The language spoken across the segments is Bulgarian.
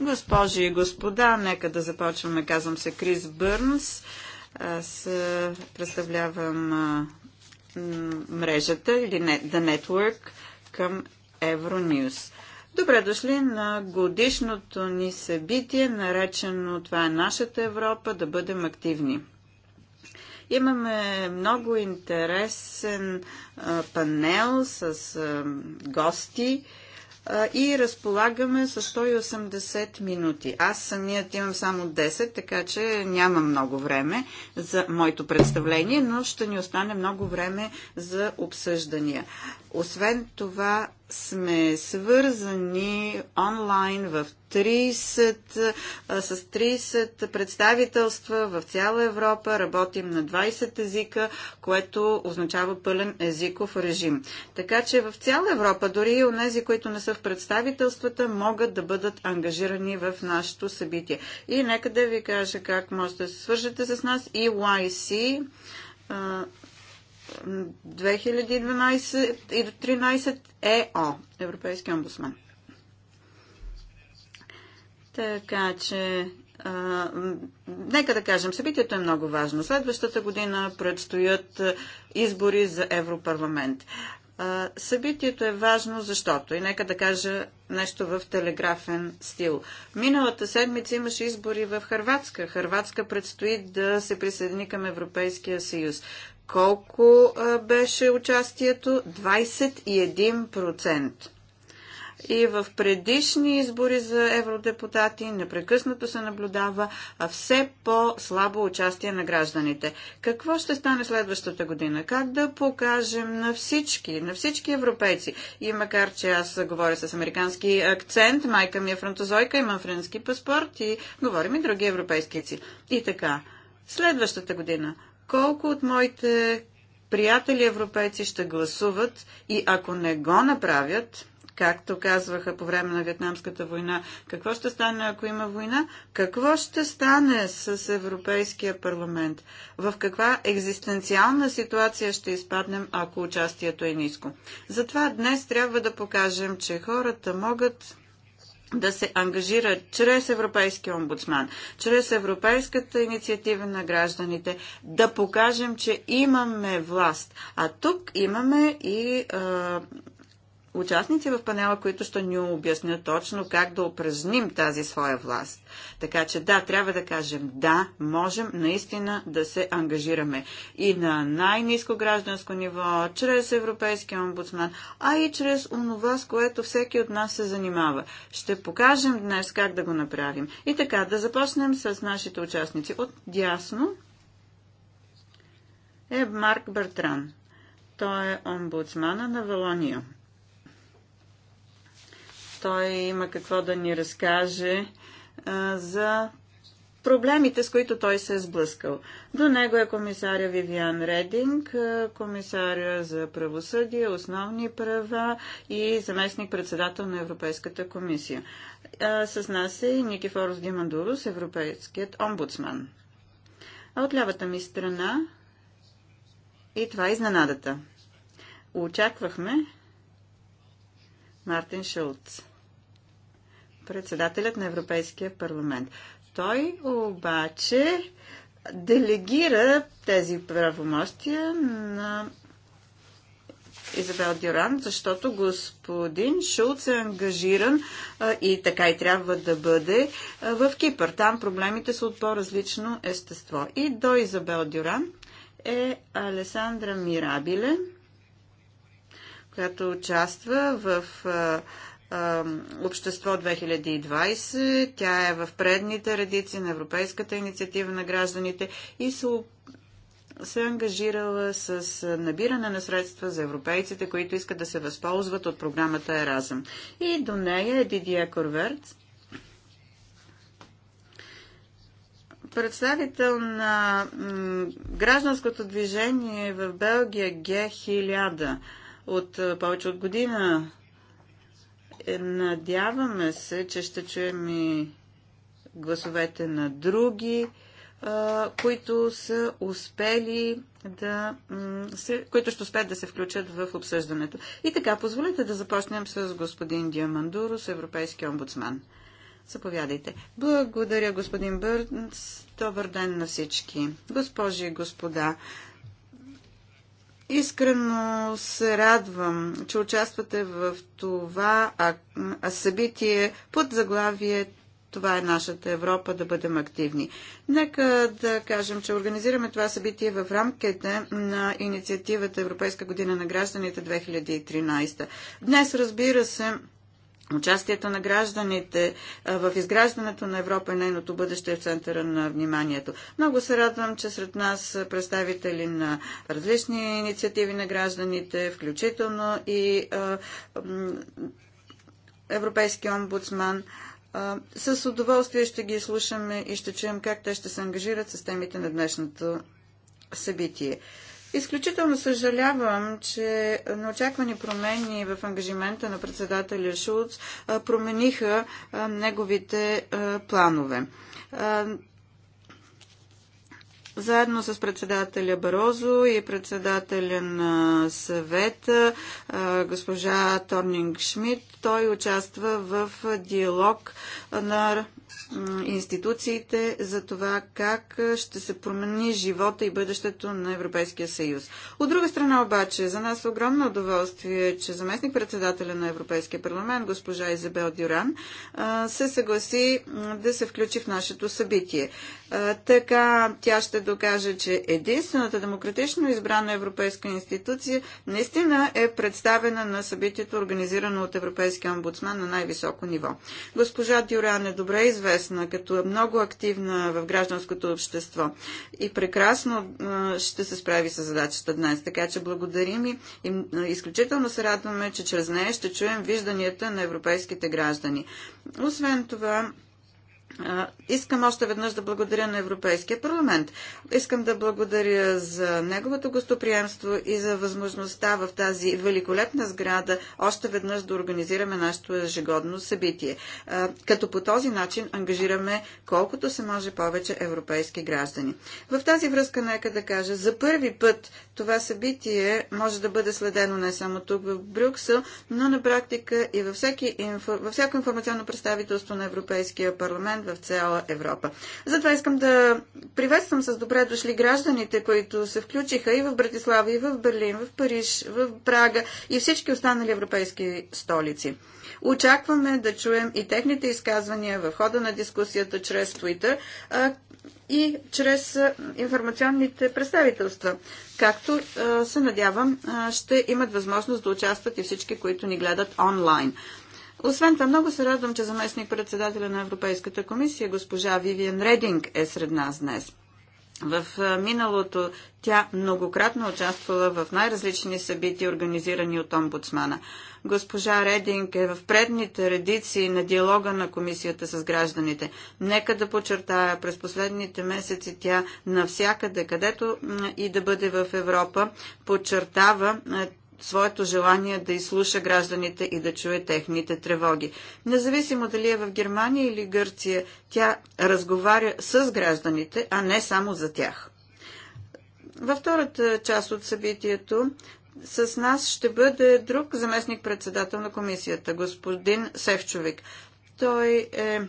Госпожи и господа, нека да започваме. Казвам се Крис Бърнс. Аз представлявам мрежата или The Network към Euronews. Добре дошли на годишното ни събитие, наречено Това е нашата Европа, да бъдем активни. Имаме много интересен панел с гости и разполагаме с 180 минути. Аз самият имам само 10, така че няма много време за моето представление, но ще ни остане много време за обсъждания. Освен това, сме свързани онлайн в 30, с 30 представителства в цяла Европа, работим на 20 езика, което означава пълен езиков режим. Така че в цяла Европа, дори и онези, които не са в представителствата, могат да бъдат ангажирани в нашето събитие. И нека да ви кажа как можете да се свържете с нас. EYC 2012-13 ЕО, Европейски омбудсман. Така че, а, нека да кажем, събитието е много важно. Следващата година предстоят избори за Европарламент. А, събитието е важно, защото, и нека да кажа нещо в телеграфен стил. Миналата седмица имаше избори в Харватска. Харватска предстои да се присъедини към Европейския съюз. Колко беше участието? 21%. И в предишни избори за евродепутати непрекъснато се наблюдава все по-слабо участие на гражданите. Какво ще стане следващата година? Как да покажем на всички, на всички европейци? И макар, че аз говоря с американски акцент, майка ми е французойка, имам френски паспорт и говорим и други европейски ци. И така, следващата година – колко от моите приятели европейци ще гласуват и ако не го направят, както казваха по време на Вьетнамската война, какво ще стане, ако има война? Какво ще стане с Европейския парламент? В каква екзистенциална ситуация ще изпаднем, ако участието е ниско? Затова днес трябва да покажем, че хората могат да се ангажира чрез Европейския омбудсман, чрез Европейската инициатива на гражданите, да покажем, че имаме власт. А тук имаме и участници в панела, които ще ни обяснят точно как да упражним тази своя власт. Така че да, трябва да кажем да, можем наистина да се ангажираме и на най-низко гражданско ниво, чрез Европейския омбудсман, а и чрез онова, с което всеки от нас се занимава. Ще покажем днес как да го направим. И така, да започнем с нашите участници. От дясно е Марк Бертран. Той е омбудсмана на Валония. Той има какво да ни разкаже а, за проблемите, с които той се е сблъскал. До него е комисаря Вивиан Рединг, комисаря за правосъдие, основни права и заместник-председател на Европейската комисия. А, с нас е Никифорос Димандурус, европейският омбудсман. А от лявата ми страна и това е изненадата. Очаквахме Мартин Шулц председателят на Европейския парламент. Той обаче делегира тези правомощия на Изабел Дюран, защото господин Шулц е ангажиран и така и трябва да бъде в Кипър. Там проблемите са от по-различно естество. И до Изабел Дюран е Алесандра Мирабиле, която участва в а, Общество 2020. Тя е в предните редици на Европейската инициатива на гражданите и се се ангажирала с набиране на средства за европейците, които искат да се възползват от програмата Еразъм. И до нея е Дидия Корверт. представител на гражданското движение в Белгия Г1000 от повече от година е, надяваме се, че ще чуем и гласовете на други, които са успели да се, които ще успеят да се включат в обсъждането. И така, позволете да започнем с господин Диамандуро, с Европейски омбудсман. Заповядайте. Благодаря, господин Бърнс. Добър ден на всички. Госпожи и господа, Искрено се радвам, че участвате в това събитие под заглавие това е нашата Европа да бъдем активни. Нека да кажем, че организираме това събитие в рамките на инициативата Европейска година на гражданите 2013. Днес, разбира се, Участието на гражданите в изграждането на Европа и нейното бъдеще е в центъра на вниманието. Много се радвам, че сред нас представители на различни инициативи на гражданите, включително и Европейски омбудсман. С удоволствие ще ги слушаме и ще чуем как те ще се ангажират с темите на днешното събитие. Изключително съжалявам, че неочаквани промени в ангажимента на председателя Шулц промениха неговите планове. Заедно с председателя Барозо и председателя на съвета, госпожа Торнинг Шмидт, той участва в диалог на институциите за това как ще се промени живота и бъдещето на Европейския съюз. От друга страна обаче, за нас е огромно удоволствие, че заместник председателя на Европейския парламент, госпожа Изабел Дюран, се съгласи да се включи в нашето събитие така тя ще докаже, че единствената демократично избрана европейска институция наистина е представена на събитието, организирано от Европейския омбудсман на най-високо ниво. Госпожа Дюран е добре известна, като е много активна в гражданското общество и прекрасно ще се справи с задачата днес. Така че благодарим и изключително се радваме, че чрез нея ще чуем вижданията на европейските граждани. Освен това, Искам още веднъж да благодаря на Европейския парламент. Искам да благодаря за неговото гостоприемство и за възможността в тази великолепна сграда още веднъж да организираме нашето ежегодно събитие. Като по този начин ангажираме колкото се може повече европейски граждани. В тази връзка нека да кажа, за първи път това събитие може да бъде следено не само тук в Брюксел, но на практика и във, всеки, във всяко информационно представителство на Европейския парламент в цяла Европа. Затова искам да приветствам с добре дошли гражданите, които се включиха и в Братислава, и в Берлин, в Париж, в Прага и всички останали европейски столици. Очакваме да чуем и техните изказвания в хода на дискусията чрез Twitter а, и чрез информационните представителства, както а, се надявам а, ще имат възможност да участват и всички, които ни гледат онлайн. Освен това, много се радвам, че заместник председателя на Европейската комисия, госпожа Вивиан Рединг, е сред нас днес. В миналото тя многократно участвала в най-различни събития, организирани от омбудсмана. Госпожа Рединг е в предните редици на диалога на комисията с гражданите. Нека да подчертая, през последните месеци тя навсякъде, където и да бъде в Европа, подчертава своето желание да изслуша гражданите и да чуе техните тревоги. Независимо дали е в Германия или Гърция, тя разговаря с гражданите, а не само за тях. Във втората част от събитието с нас ще бъде друг заместник-председател на комисията, господин Севчовик. Той е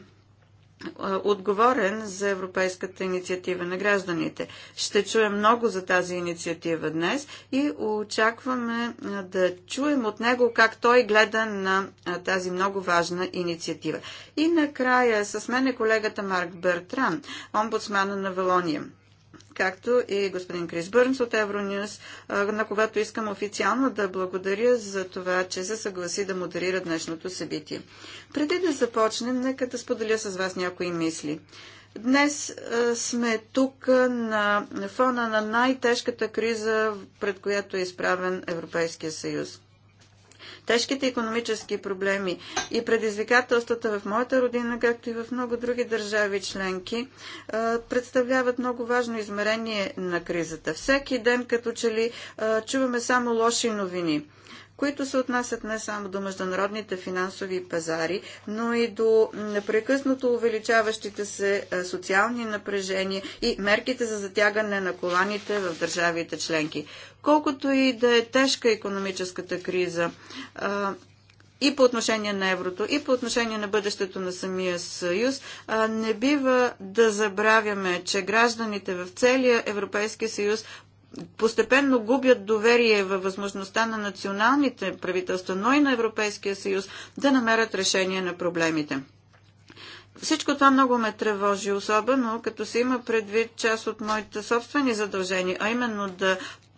отговорен за Европейската инициатива на гражданите. Ще чуем много за тази инициатива днес и очакваме да чуем от него как той гледа на тази много важна инициатива. И накрая с мен е колегата Марк Бертран, омбудсмана на Валония както и господин Крис Бърнс от Евронюс, на когато искам официално да благодаря за това, че се съгласи да модерира днешното събитие. Преди да започнем, нека да споделя с вас някои мисли. Днес сме тук на фона на най-тежката криза, пред която е изправен Европейския съюз тежките економически проблеми и предизвикателствата в моята родина, както и в много други държави членки, представляват много важно измерение на кризата. Всеки ден като че ли чуваме само лоши новини които се отнасят не само до международните финансови пазари, но и до непрекъснато увеличаващите се социални напрежения и мерките за затягане на коланите в държавите членки. Колкото и да е тежка економическата криза, и по отношение на еврото, и по отношение на бъдещето на самия съюз, не бива да забравяме, че гражданите в целия Европейски съюз постепенно губят доверие във възможността на националните правителства, но и на Европейския съюз да намерят решение на проблемите. Всичко това много ме тревожи, особено като се има предвид част от моите собствени задължения, а именно да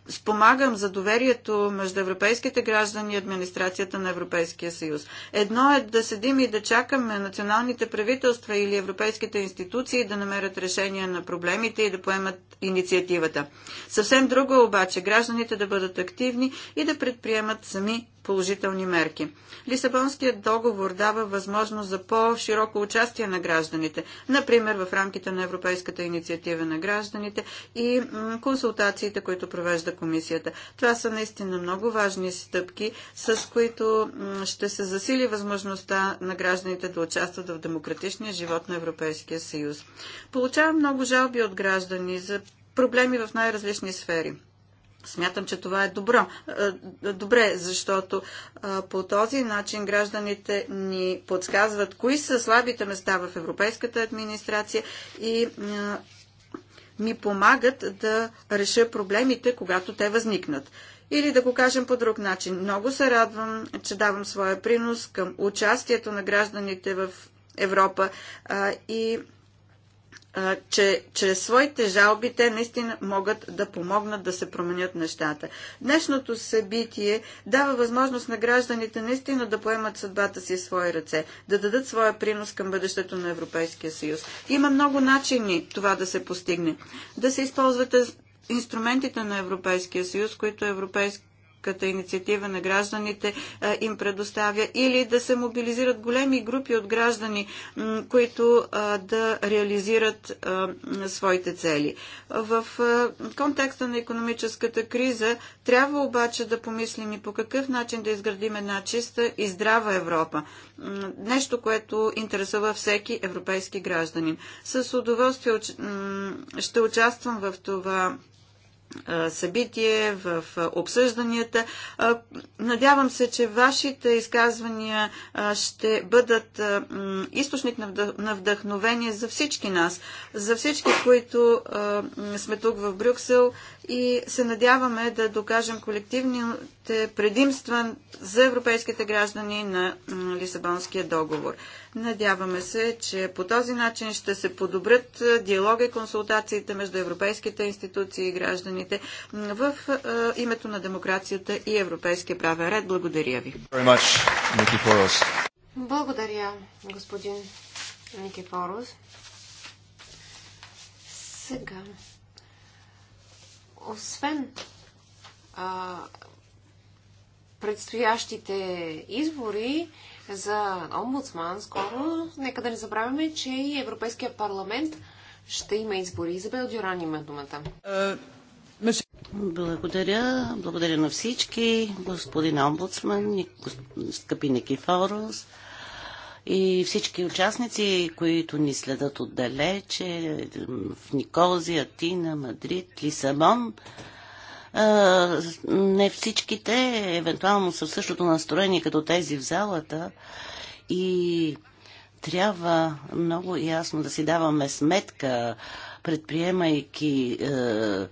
спомагам за доверието между европейските граждани и администрацията на Европейския съюз. Едно е да седим и да чакаме националните правителства или европейските институции да намерят решение на проблемите и да поемат инициативата. Съвсем друго е обаче гражданите да бъдат активни и да предприемат сами положителни мерки. Лисабонският договор дава възможност за по-широко участие на гражданите, например в рамките на Европейската инициатива на гражданите и консултациите, които провежда комисията. Това са наистина много важни стъпки, с които ще се засили възможността на гражданите да участват в демократичния живот на Европейския съюз. Получавам много жалби от граждани за проблеми в най-различни сфери Смятам, че това е добро. Е, е, добре, защото е, по този начин гражданите ни подсказват кои са слабите места в европейската администрация и ми помагат да реша проблемите, когато те възникнат. Или да го кажем по друг начин. Много се радвам, че давам своя принос към участието на гражданите в Европа и че чрез своите жалби те наистина могат да помогнат да се променят нещата. Днешното събитие дава възможност на гражданите наистина да поемат съдбата си в свои ръце, да дадат своя принос към бъдещето на Европейския съюз. Има много начини това да се постигне. Да се използвате инструментите на Европейския съюз, които Европейския гражданската инициатива на гражданите е, им предоставя или да се мобилизират големи групи от граждани, които е, да реализират е, своите цели. В контекста на економическата криза трябва обаче да помислим и по какъв начин да изградим една чиста и здрава Европа. Нещо, което интересува всеки европейски гражданин. С удоволствие ще участвам в това събитие, в обсъжданията. Надявам се, че вашите изказвания ще бъдат източник на вдъхновение за всички нас, за всички, които сме тук в Брюксел и се надяваме да докажем колективните предимства за европейските граждани на Лисабонския договор. Надяваме се, че по този начин ще се подобрят е, диалога и консултациите между европейските институции и гражданите в е, името на демокрацията и европейския правен ред. Благодаря ви. Благодаря, господин Никифорос. Сега, освен а, предстоящите избори, за омбудсман скоро, нека да не забравяме, че и Европейския парламент ще има избори. Изабел Дюран има думата. Благодаря. Благодаря на всички, господин омбудсман, скъпи Никифорос и всички участници, които ни следят отдалече в Никозия, Атина, Мадрид, Лисабон не всичките евентуално са в същото настроение като тези в залата и трябва много ясно да си даваме сметка, предприемайки е, е,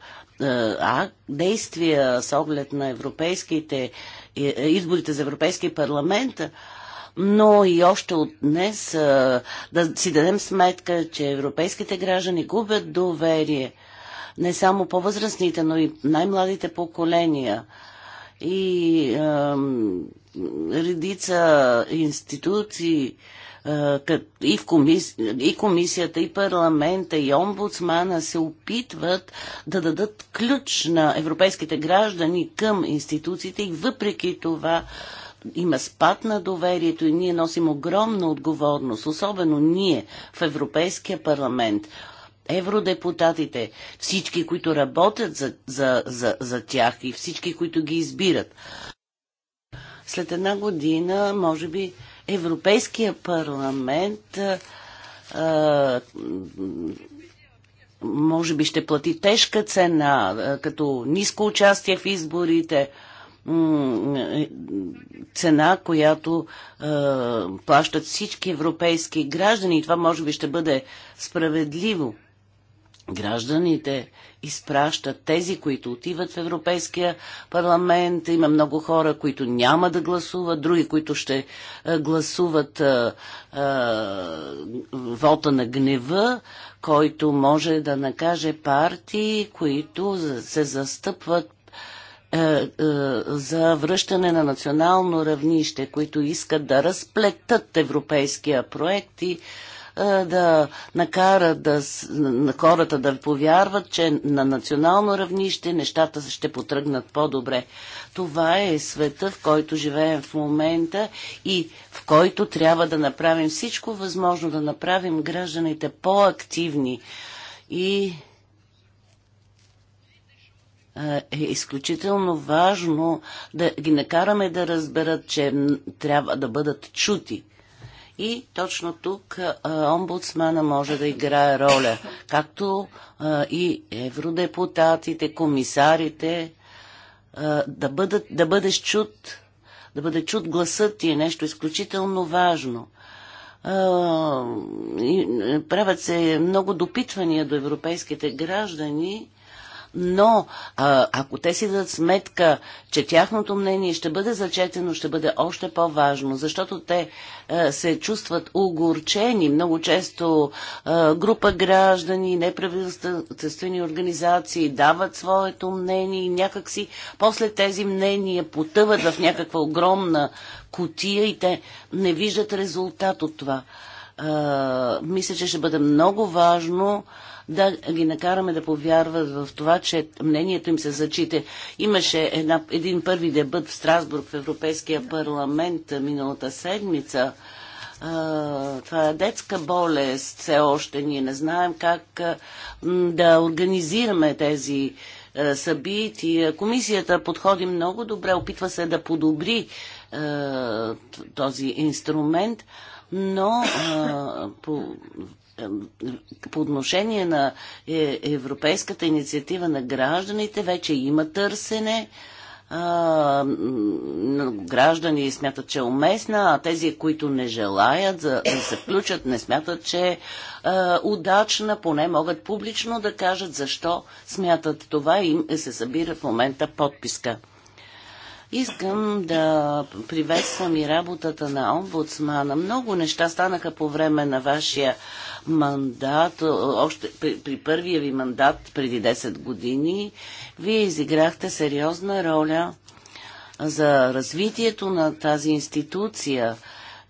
а, действия с оглед на европейските е, е изборите за Европейски парламент, но и още от днес да си дадем сметка, че европейските граждани губят доверие не само по-възрастните, но и най-младите поколения. И е, редица институции, и, в комис... и комисията, и парламента, и омбудсмана се опитват да дадат ключ на европейските граждани към институциите и въпреки това има спад на доверието и ние носим огромна отговорност, особено ние в Европейския парламент евродепутатите, всички, които работят за, за, за, за тях и всички, които ги избират. След една година, може би, Европейския парламент а, може би ще плати тежка цена, а, като ниско участие в изборите, цена, която е, плащат всички европейски граждани. И това може би ще бъде справедливо гражданите изпращат тези, които отиват в Европейския парламент. Има много хора, които няма да гласуват, други, които ще е, гласуват а, е, а, е, вота на гнева, който може да накаже партии, които се застъпват за връщане на национално равнище, които искат да разплетат европейския проект и е, да накарат да, на хората да повярват, че на национално равнище нещата ще потръгнат по-добре. Това е света, в който живеем в момента и в който трябва да направим всичко възможно, да направим гражданите по-активни и е, е изключително важно да ги накараме да разберат, че трябва да бъдат чути. И точно тук омбудсмана може да играе роля, както и евродепутатите, комисарите, да, бъдат, да бъдеш чут, да бъде чут гласът ти е нещо изключително важно е, правят се много допитвания до европейските граждани но а, ако те си дадат сметка, че тяхното мнение ще бъде зачетено, ще бъде още по-важно, защото те а, се чувстват огорчени. Много често а, група граждани, неправителствени организации дават своето мнение и някакси после тези мнения потъват в някаква огромна котия и те не виждат резултат от това. А, мисля, че ще бъде много важно а, да ги накараме да повярват в това, че мнението им се зачите. Имаше една, един първи дебът в Страсбург в Европейския парламент миналата седмица. Това е детска болест, все още ние не знаем как да организираме тези събития. Комисията подходи много добре, опитва се да подобри този инструмент, но а, по, по отношение на е, Европейската инициатива на гражданите вече има търсене. А, граждани смятат, че е уместна, а тези, които не желаят да се включат, не смятат, че е удачна, поне могат публично да кажат защо смятат това и се събира в момента подписка. Искам да приветствам и работата на омбудсмана. Много неща станаха по време на вашия мандат, още при, при първия ви мандат преди 10 години, вие изиграхте сериозна роля за развитието на тази институция.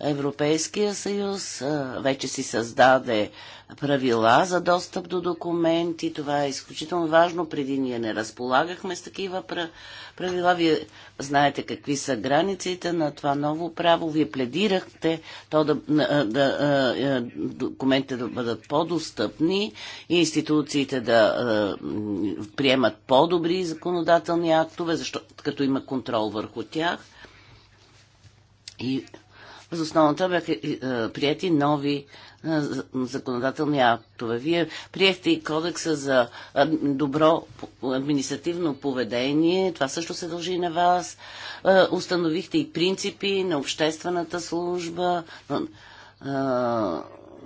Европейския съюз вече си създаде правила за достъп до документи. Това е изключително важно. Преди ние не разполагахме с такива правила. Вие знаете какви са границите на това ново право. Вие пледирахте то да, да, да, документите да бъдат по-достъпни и институциите да приемат по-добри законодателни актове, защото като има контрол върху тях. И Въз основната бяха е, прияти нови на е, законодателни актове. Вие приехте и кодекса за е, добро административно поведение. Това също се дължи на вас. Е, установихте и принципи на обществената служба,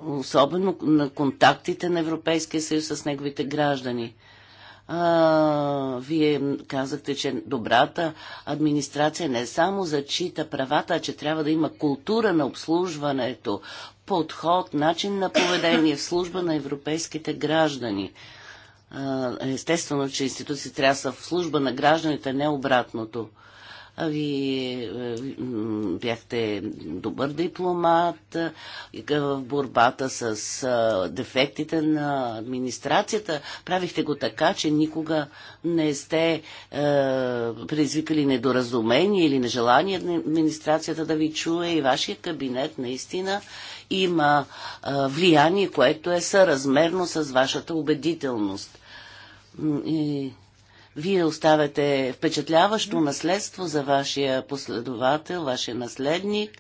особено на контактите на Европейския съюз с неговите граждани. А, вие казахте, че добрата администрация не само зачита правата, а че трябва да има култура на обслужването, подход, начин на поведение в служба на европейските граждани. А, естествено, че институции трябва да са в служба на гражданите, не обратното. Вие бяхте добър дипломат е, в борбата с е, дефектите на администрацията. Правихте го така, че никога не сте е, предизвикали недоразумение или нежелание на администрацията да ви чуе и вашия кабинет наистина има е, влияние, което е съразмерно с вашата убедителност. И вие оставяте впечатляващо наследство за вашия последовател, вашия наследник.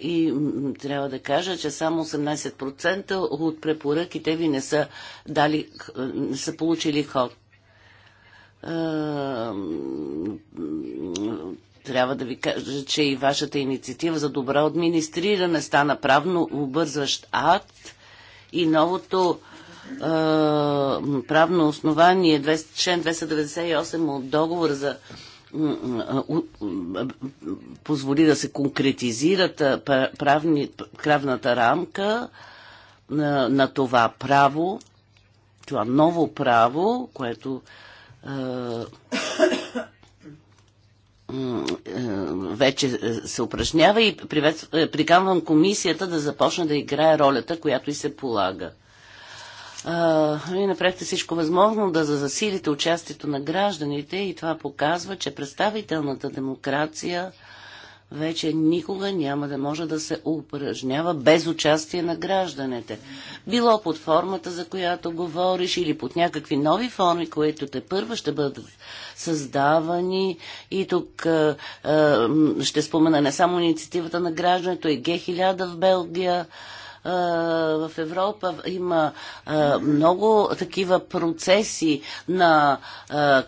И трябва да кажа, че само 18% от препоръките ви не са, дали, не са получили ход. Трябва да ви кажа, че и вашата инициатива за добро администриране стана правно обързващ акт и новото правно основание, член 298 от договора за позволи да се конкретизират правни, правната рамка на, на това право, това ново право, което е, вече се упражнява и приканвам комисията да започне да играе ролята, която и се полага вие направихте всичко възможно да засилите участието на гражданите и това показва, че представителната демокрация вече никога няма да може да се упражнява без участие на гражданите. Било под формата, за която говориш, или под някакви нови форми, които те първа ще бъдат създавани. И тук ще спомена не само инициативата на гражданите, и Г1000 в Белгия в Европа има много такива процеси на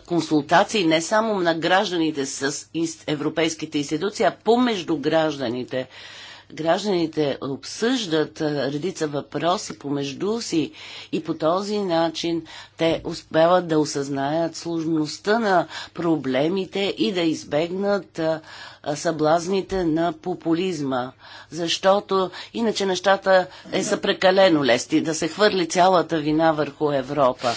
консултации, не само на гражданите с европейските институции, а помежду гражданите. Гражданите обсъждат редица въпроси помежду си и по този начин те успяват да осъзнаят сложността на проблемите и да избегнат съблазните на популизма, защото иначе нещата е, са прекалено лести да се хвърли цялата вина върху Европа.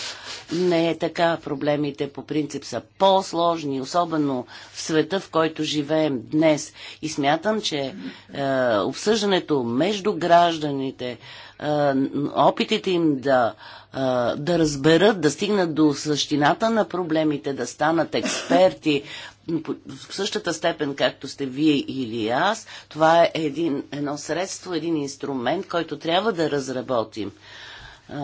Не е така. Проблемите по принцип са по-сложни, особено в света, в който живеем днес. И смятам, че е, обсъждането между гражданите, е, опитите им да, е, да разберат, да стигнат до същината на проблемите, да станат експерти, в същата степен, както сте вие или аз, това е един, едно средство, един инструмент, който трябва да разработим. Е,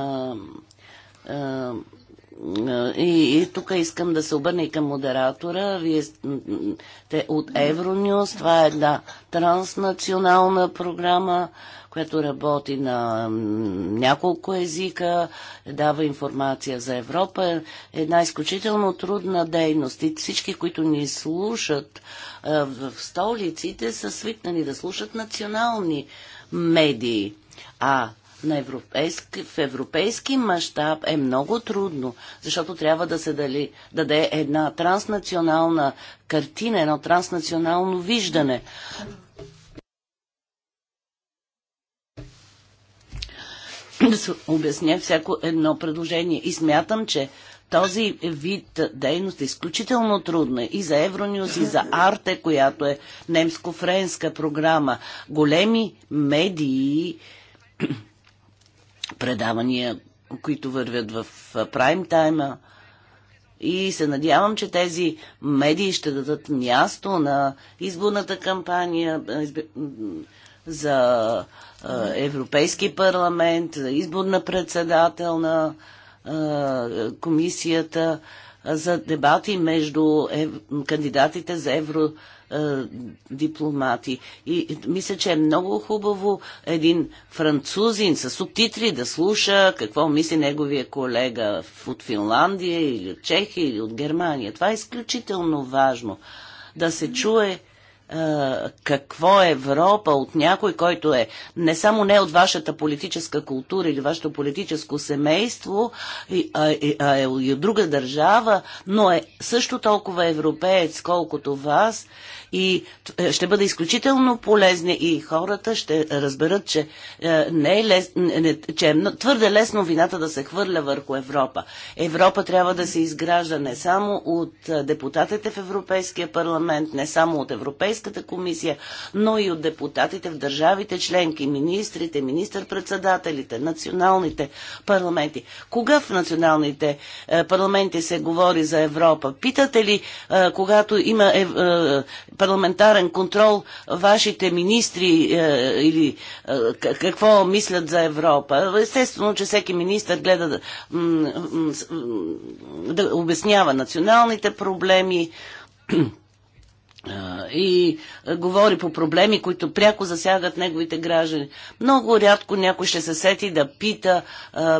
е, и, и тук искам да се обърна и към модератора. Вие сте от Евронюс. Това е една транснационална програма, която работи на няколко езика, дава информация за Европа. Е една изключително трудна дейност. И всички, които ни слушат е, в столиците, са свикнали да слушат национални медии. А на европейски, в европейски мащаб е много трудно, защото трябва да се дали, даде една транснационална картина, едно транснационално виждане. Да се обясня всяко едно предложение. И смятам, че този вид дейност е изключително трудна и за Евронюс, и за Арте, която е немско-френска програма. Големи медии предавания, които вървят в прайм тайма. И се надявам, че тези медии ще дадат място на изборната кампания за Европейски парламент, за избор на председател на комисията, за дебати между кандидатите за евро е, дипломати. И мисля, че е много хубаво един французин с субтитри да слуша какво мисли неговия колега от Финландия или от Чехия или от Германия. Това е изключително важно. Да се чуе какво е Европа от някой, който е не само не от вашата политическа култура или вашето политическо семейство, а е от друга държава, но е също толкова европеец, колкото вас и е, ще бъде изключително полезни, и хората ще разберат, че, е, не е лес, не, че е твърде лесно вината да се хвърля върху Европа. Европа трябва да се изгражда не само от е, депутатите в Европейския парламент, не само от Европейската комисия, но и от депутатите в държавите членки, министрите, министър-председателите, националните парламенти. Кога в националните парламенти се говори за Европа? Питате ли, когато има парламентарен контрол вашите министри е, или е, какво мислят за Европа. Естествено, че всеки министр гледа да, да обяснява националните проблеми и говори по проблеми, които пряко засягат неговите граждани. Много рядко някой ще се сети да пита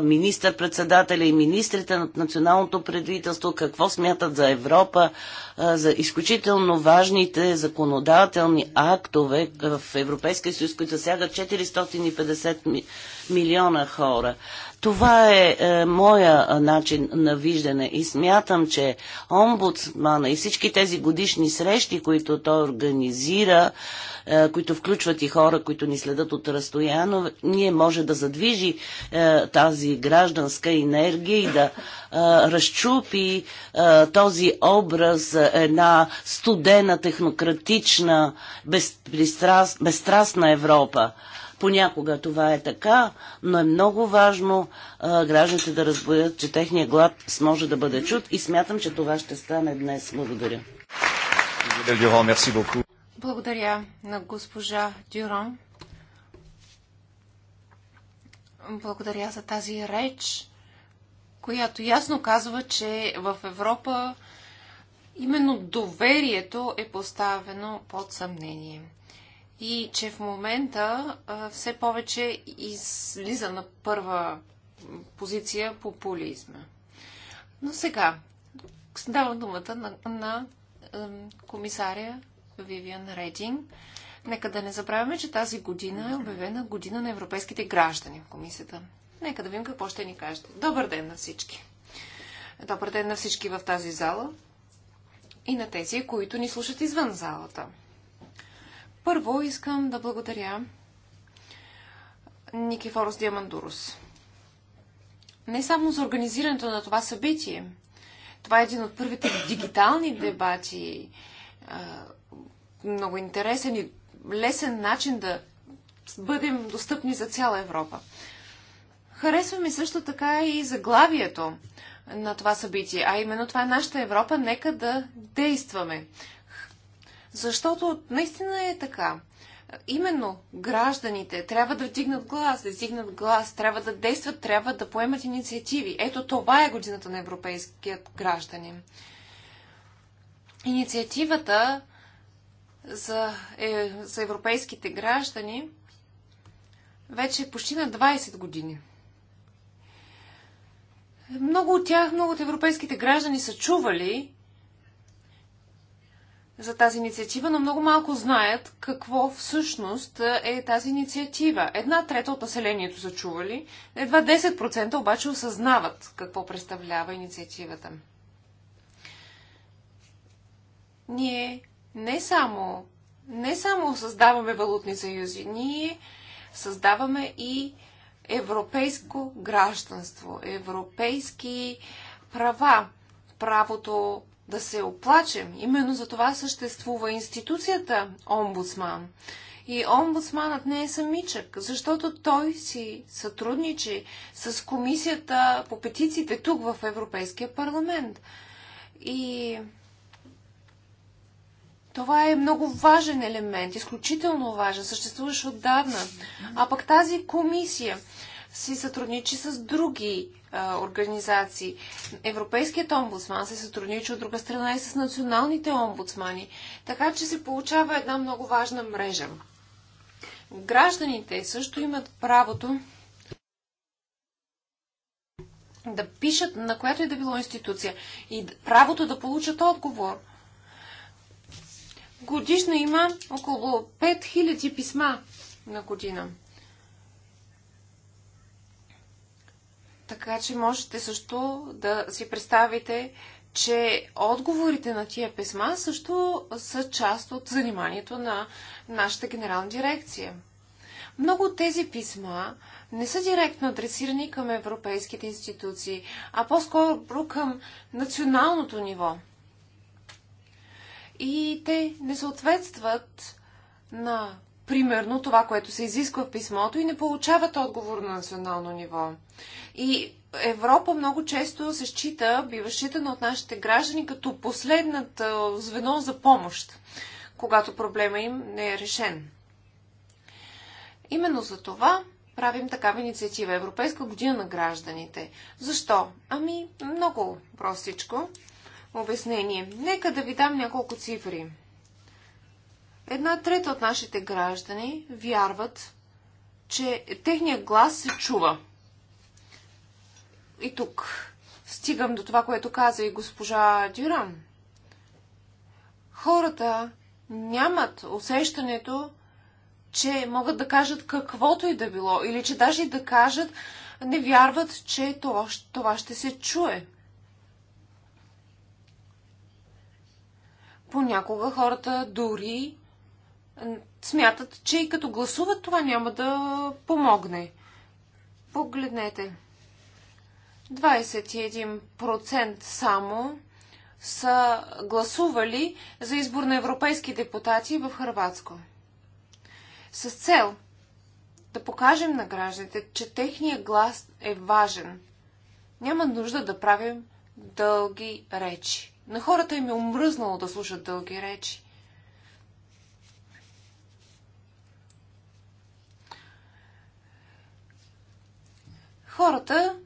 министър-председателя и министрите на националното правителство какво смятат за Европа, за изключително важните законодателни актове в Европейския съюз, които засягат 450 милиона хора. Това е, е моя начин на виждане и смятам, че омбудсмана и всички тези годишни срещи, които той организира, е, които включват и хора, които ни следят от разстояно, ние може да задвижи е, тази гражданска енергия и да е, разчупи е, този образ е, една студена, технократична, безпристрастна Европа. Понякога това е така, но е много важно а, гражданите да разбоят, че техният глад може да бъде чут и смятам, че това ще стане днес. Благодаря. Благодаря на госпожа Дюрон. Благодаря за тази реч, която ясно казва, че в Европа именно доверието е поставено под съмнение и че в момента все повече излиза на първа позиция популизма. Но сега давам думата на, на комисаря Вивиан Рединг. Нека да не забравяме, че тази година е обявена година на европейските граждани в комисията. Нека да видим какво ще ни кажете. Добър ден на всички! Добър ден на всички в тази зала и на тези, които ни слушат извън залата. Първо искам да благодаря Никифорос Диамандурус. Не само за организирането на това събитие. Това е един от първите дигитални дебати. Много интересен и лесен начин да бъдем достъпни за цяла Европа. Харесва ми също така и заглавието на това събитие, а именно това е нашата Европа, нека да действаме. Защото наистина е така. Именно гражданите трябва да вдигнат глас, да вдигнат глас, трябва да действат, трябва да поемат инициативи. Ето това е годината на европейският гражданин. Инициативата за, е, за европейските граждани вече е почти на 20 години. Много от тях, много от европейските граждани са чували за тази инициатива, но много малко знаят какво всъщност е тази инициатива. Една трета от населението са чували, едва 10% обаче осъзнават какво представлява инициативата. Ние не само, не само създаваме валутни съюзи, ние създаваме и европейско гражданство, европейски права, правото да се оплачем. Именно за това съществува институцията омбудсман. И омбудсманът не е самичък, защото той си сътрудничи с комисията по петициите тук в Европейския парламент. И това е много важен елемент, изключително важен, съществуваш отдавна. А пък тази комисия си сътрудничи с други организации. Европейският омбудсман се сътрудничи от друга страна и с националните омбудсмани, така че се получава една много важна мрежа. Гражданите също имат правото да пишат на която и е да било институция и правото да получат отговор. Годишно има около 5000 писма на година. Така че можете също да си представите, че отговорите на тия писма също са част от заниманието на нашата генерална дирекция. Много от тези писма не са директно адресирани към европейските институции, а по-скоро към националното ниво. И те не съответстват на примерно това, което се изисква в писмото и не получават отговор на национално ниво. И Европа много често се счита, бива считана от нашите граждани като последната звено за помощ, когато проблема им не е решен. Именно за това правим такава инициатива Европейска година на гражданите. Защо? Ами, много простичко обяснение. Нека да ви дам няколко цифри. Една трета от нашите граждани вярват, че техният глас се чува. И тук стигам до това, което каза и госпожа Дюран. Хората нямат усещането, че могат да кажат каквото и да било, или че даже и да кажат, не вярват, че това, това ще се чуе. Понякога хората дори смятат, че и като гласуват това няма да помогне. Погледнете. 21% само са гласували за избор на европейски депутати в Хрватско. С цел да покажем на гражданите, че техният глас е важен. Няма нужда да правим дълги речи. На хората им е омръзнало да слушат дълги речи. хората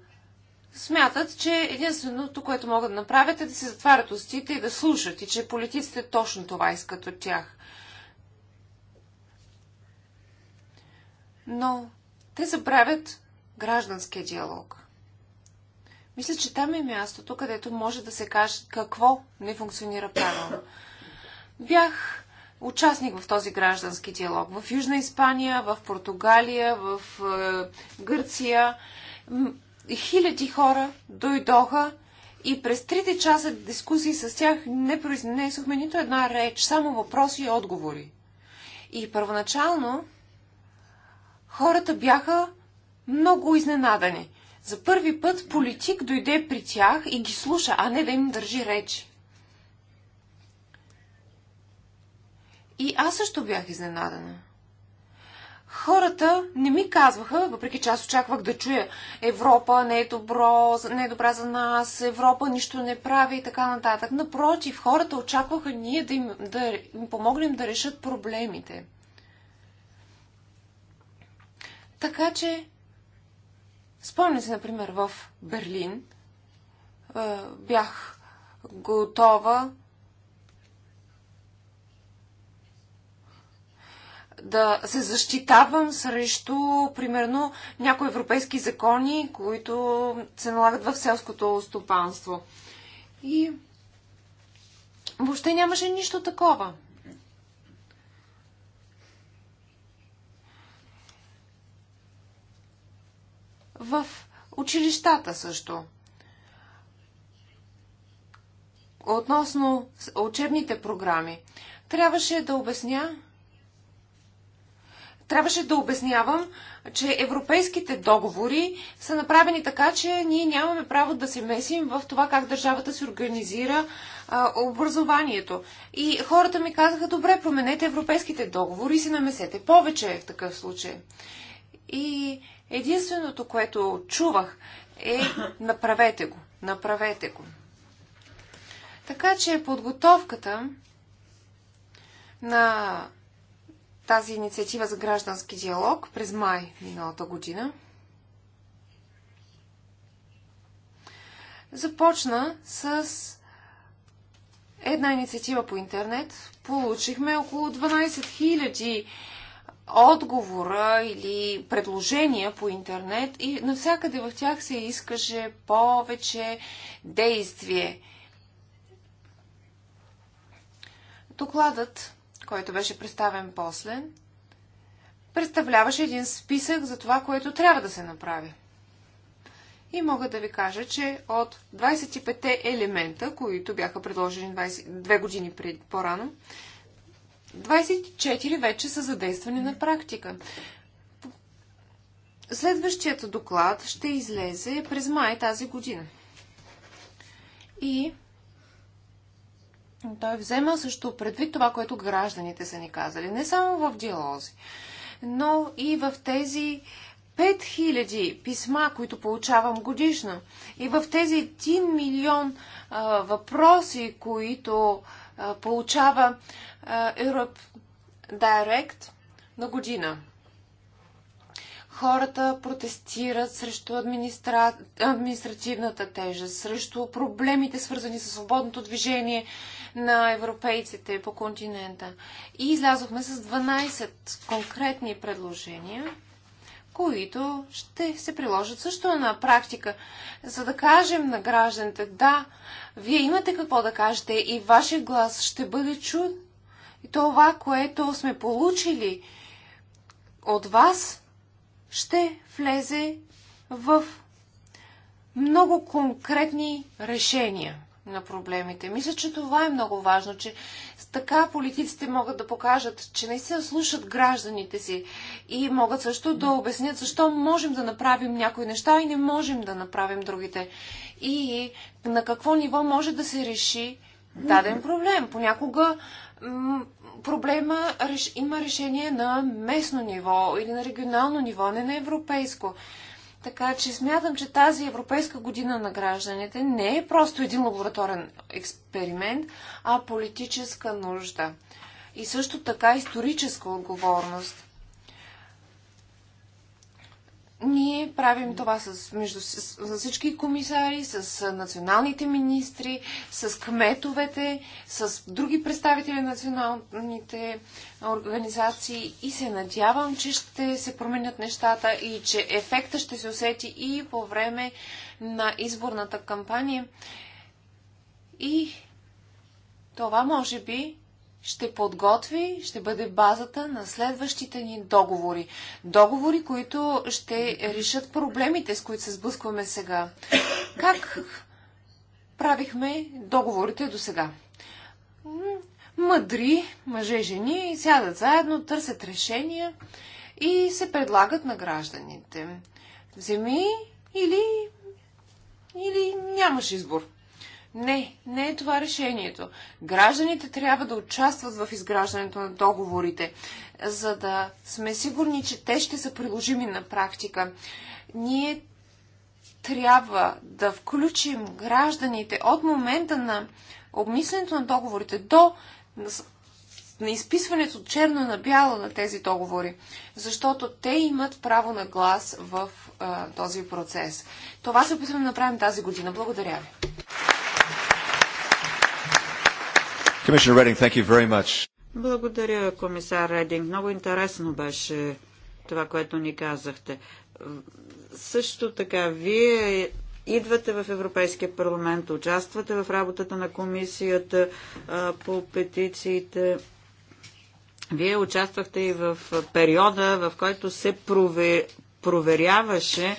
смятат, че единственото, което могат да направят е да се затварят устите и да слушат и че политиците точно това искат от тях. Но те забравят гражданския диалог. Мисля, че там е мястото, където може да се каже какво не функционира правилно. Бях участник в този граждански диалог в Южна Испания, в Португалия, в е, Гърция хиляди хора дойдоха и през трите часа дискусии с тях не произнесохме нито една реч, само въпроси и отговори. И първоначално хората бяха много изненадани. За първи път политик дойде при тях и ги слуша, а не да им държи речи. И аз също бях изненадана хората не ми казваха, въпреки че аз очаквах да чуя Европа не е, добро, не е добра за нас, Европа нищо не прави и така нататък. Напротив, хората очакваха ние да им, да им помогнем да решат проблемите. Така че, спомням се, например, в Берлин бях готова да се защитавам срещу, примерно, някои европейски закони, които се налагат в селското стопанство. И въобще нямаше нищо такова. В училищата също. Относно учебните програми, трябваше да обясня трябваше да обяснявам, че европейските договори са направени така, че ние нямаме право да се месим в това как държавата се организира а, образованието. И хората ми казаха, добре, променете европейските договори и се намесете повече е в такъв случай. И единственото, което чувах е направете го, направете го. Така че подготовката на тази инициатива за граждански диалог през май миналата година. Започна с една инициатива по интернет. Получихме около 12 000 отговора или предложения по интернет и навсякъде в тях се искаше повече действие. Докладът който беше представен после, представляваше един списък за това, което трябва да се направи. И мога да ви кажа, че от 25-те елемента, които бяха предложени 20, две години пред, по-рано, 24 вече са задействани на практика. Следващият доклад ще излезе през май тази година. И той взема също предвид това, което гражданите са ни казали. Не само в диалози, но и в тези 5000 писма, които получавам годишно, и в тези 1 милион а, въпроси, които а, получава а, Europe Direct на година хората протестират срещу администра... административната тежест, срещу проблемите, свързани с свободното движение на европейците по континента. И излязохме с 12 конкретни предложения, които ще се приложат също на практика, за да кажем на гражданите, да, вие имате какво да кажете и вашия глас ще бъде чуд. И това, което сме получили от вас, ще влезе в много конкретни решения на проблемите. Мисля, че това е много важно, че така политиците могат да покажат, че не се слушат гражданите си и могат също да обяснят защо можем да направим някои неща и не можем да направим другите. И на какво ниво може да се реши даден проблем. Понякога проблема има решение на местно ниво или на регионално ниво, не на европейско. Така че смятам, че тази Европейска година на гражданите не е просто един лабораторен експеримент, а политическа нужда. И също така историческа отговорност. Ние правим това с, между, с, с всички комисари, с националните министри, с кметовете, с други представители на националните организации и се надявам, че ще се променят нещата и че ефекта ще се усети и по време на изборната кампания. И това може би ще подготви, ще бъде базата на следващите ни договори. Договори, които ще решат проблемите, с които се сблъскваме сега. Как правихме договорите до сега? Мъдри мъже и жени сядат заедно, търсят решения и се предлагат на гражданите. Вземи или, или нямаш избор. Не, не е това решението. Гражданите трябва да участват в изграждането на договорите, за да сме сигурни, че те ще са приложими на практика. Ние трябва да включим гражданите от момента на обмисленето на договорите до на изписването черно на бяло на тези договори, защото те имат право на глас в а, този процес. Това се опитваме да направим тази година. Благодаря ви. Commissioner Redding, thank you very much. Благодаря, комисар Рединг. Много интересно беше това, което ни казахте. Също така, вие идвате в Европейския парламент, участвате в работата на комисията по петициите. Вие участвахте и в периода, в който се проверяваше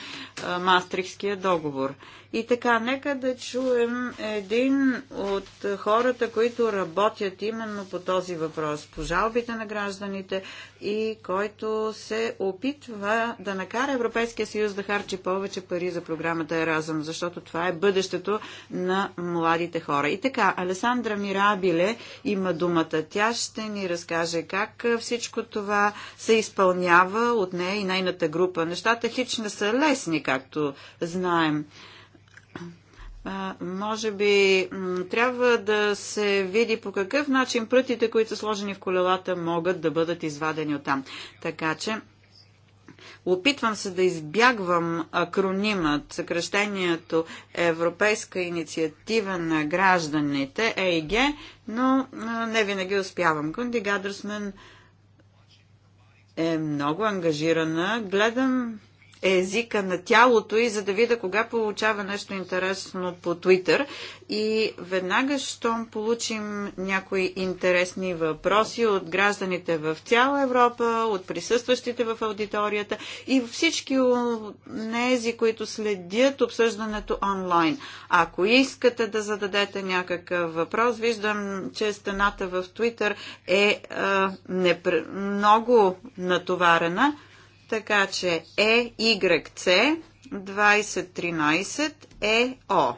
Мастрихския договор. И така, нека да чуем един от хората, които работят именно по този въпрос, по жалбите на гражданите и който се опитва да накара Европейския съюз да харчи повече пари за програмата Еразъм, защото това е бъдещето на младите хора. И така, Алесандра Мирабиле има думата. Тя ще ни разкаже как всичко това се изпълнява от нея и нейната група. Нещата хич не са лесни, както знаем. А, може би трябва да се види по какъв начин прътите, които са сложени в колелата, могат да бъдат извадени от там. Така че опитвам се да избягвам акронимът, съкръщението Европейска инициатива на гражданите, ЕИГ, но не винаги успявам. Кунди Гадърсмен е много ангажирана. Гледам езика на тялото и за да видя кога получава нещо интересно по Twitter. И веднага, щом получим някои интересни въпроси от гражданите в цяла Европа, от присъстващите в аудиторията и всички нези, които следят обсъждането онлайн. Ако искате да зададете някакъв въпрос, виждам, че стената в Twitter е е, непр... много натоварена. Така че EYC 2013 EO.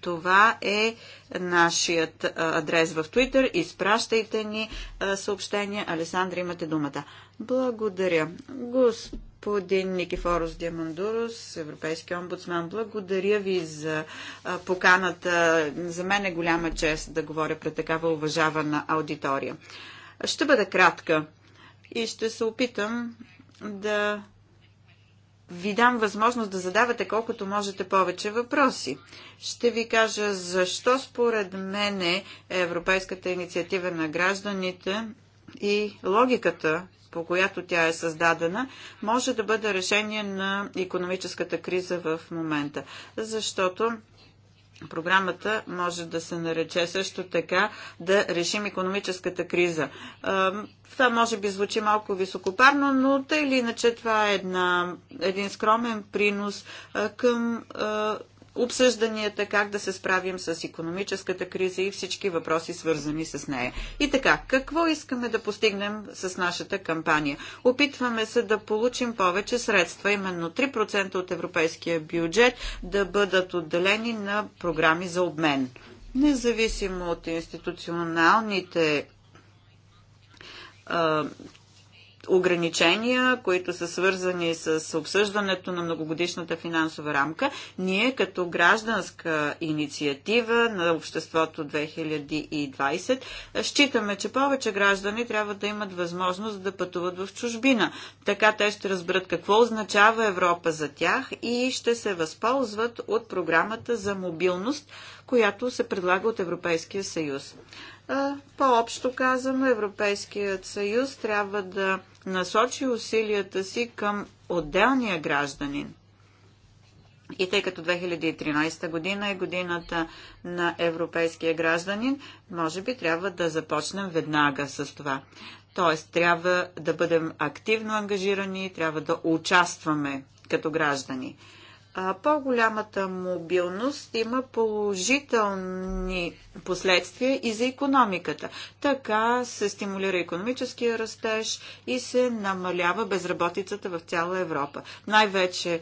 Това е нашият адрес в Twitter. Изпращайте ни съобщения. Александра, имате думата. Благодаря. Господин Никифорос Диамандурос, Европейски омбудсман, благодаря ви за поканата. За мен е голяма чест да говоря пред такава уважавана аудитория. Ще бъда кратка и ще се опитам да ви дам възможност да задавате колкото можете повече въпроси. Ще ви кажа защо според мене Европейската инициатива на гражданите и логиката, по която тя е създадена, може да бъде решение на економическата криза в момента. Защото Програмата може да се нарече също така да решим економическата криза. Това може би звучи малко високопарно, но тъй или иначе това е една, един скромен принос към обсъжданията, как да се справим с економическата криза и всички въпроси свързани с нея. И така, какво искаме да постигнем с нашата кампания? Опитваме се да получим повече средства, именно 3% от европейския бюджет да бъдат отделени на програми за обмен. Независимо от институционалните ограничения, които са свързани с обсъждането на многогодишната финансова рамка, ние като гражданска инициатива на обществото 2020 считаме, че повече граждани трябва да имат възможност да пътуват в чужбина. Така те ще разберат какво означава Европа за тях и ще се възползват от програмата за мобилност, която се предлага от Европейския съюз. По-общо казано, Европейският съюз трябва да насочи усилията си към отделния гражданин. И тъй като 2013 година е годината на европейския гражданин, може би трябва да започнем веднага с това. Тоест, трябва да бъдем активно ангажирани, трябва да участваме като граждани по-голямата мобилност има положителни последствия и за економиката. Така се стимулира економическия растеж и се намалява безработицата в цяла Европа. Най-вече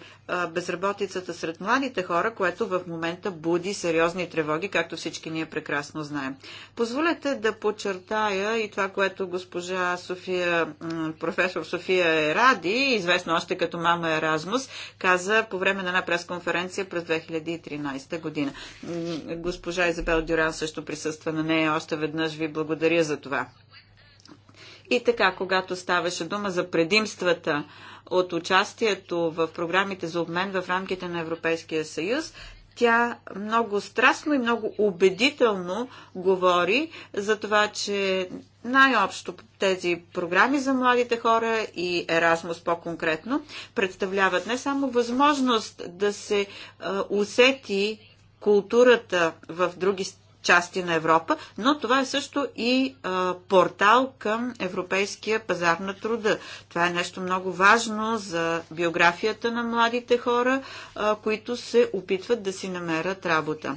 безработицата сред младите хора, което в момента буди сериозни тревоги, както всички ние прекрасно знаем. Позволете да подчертая и това, което госпожа София, професор София Еради, известна още като мама Еразмус, каза по време на една пресконференция през 2013 година. Госпожа Изабел Дюран също присъства на нея. Още веднъж ви благодаря за това. И така, когато ставаше дума за предимствата от участието в програмите за обмен в рамките на Европейския съюз, тя много страстно и много убедително говори за това, че най-общо тези програми за младите хора и Еразмус по-конкретно представляват не само възможност да се усети културата в други страни части на Европа, но това е също и а, портал към европейския пазар на труда. Това е нещо много важно за биографията на младите хора, а, които се опитват да си намерят работа.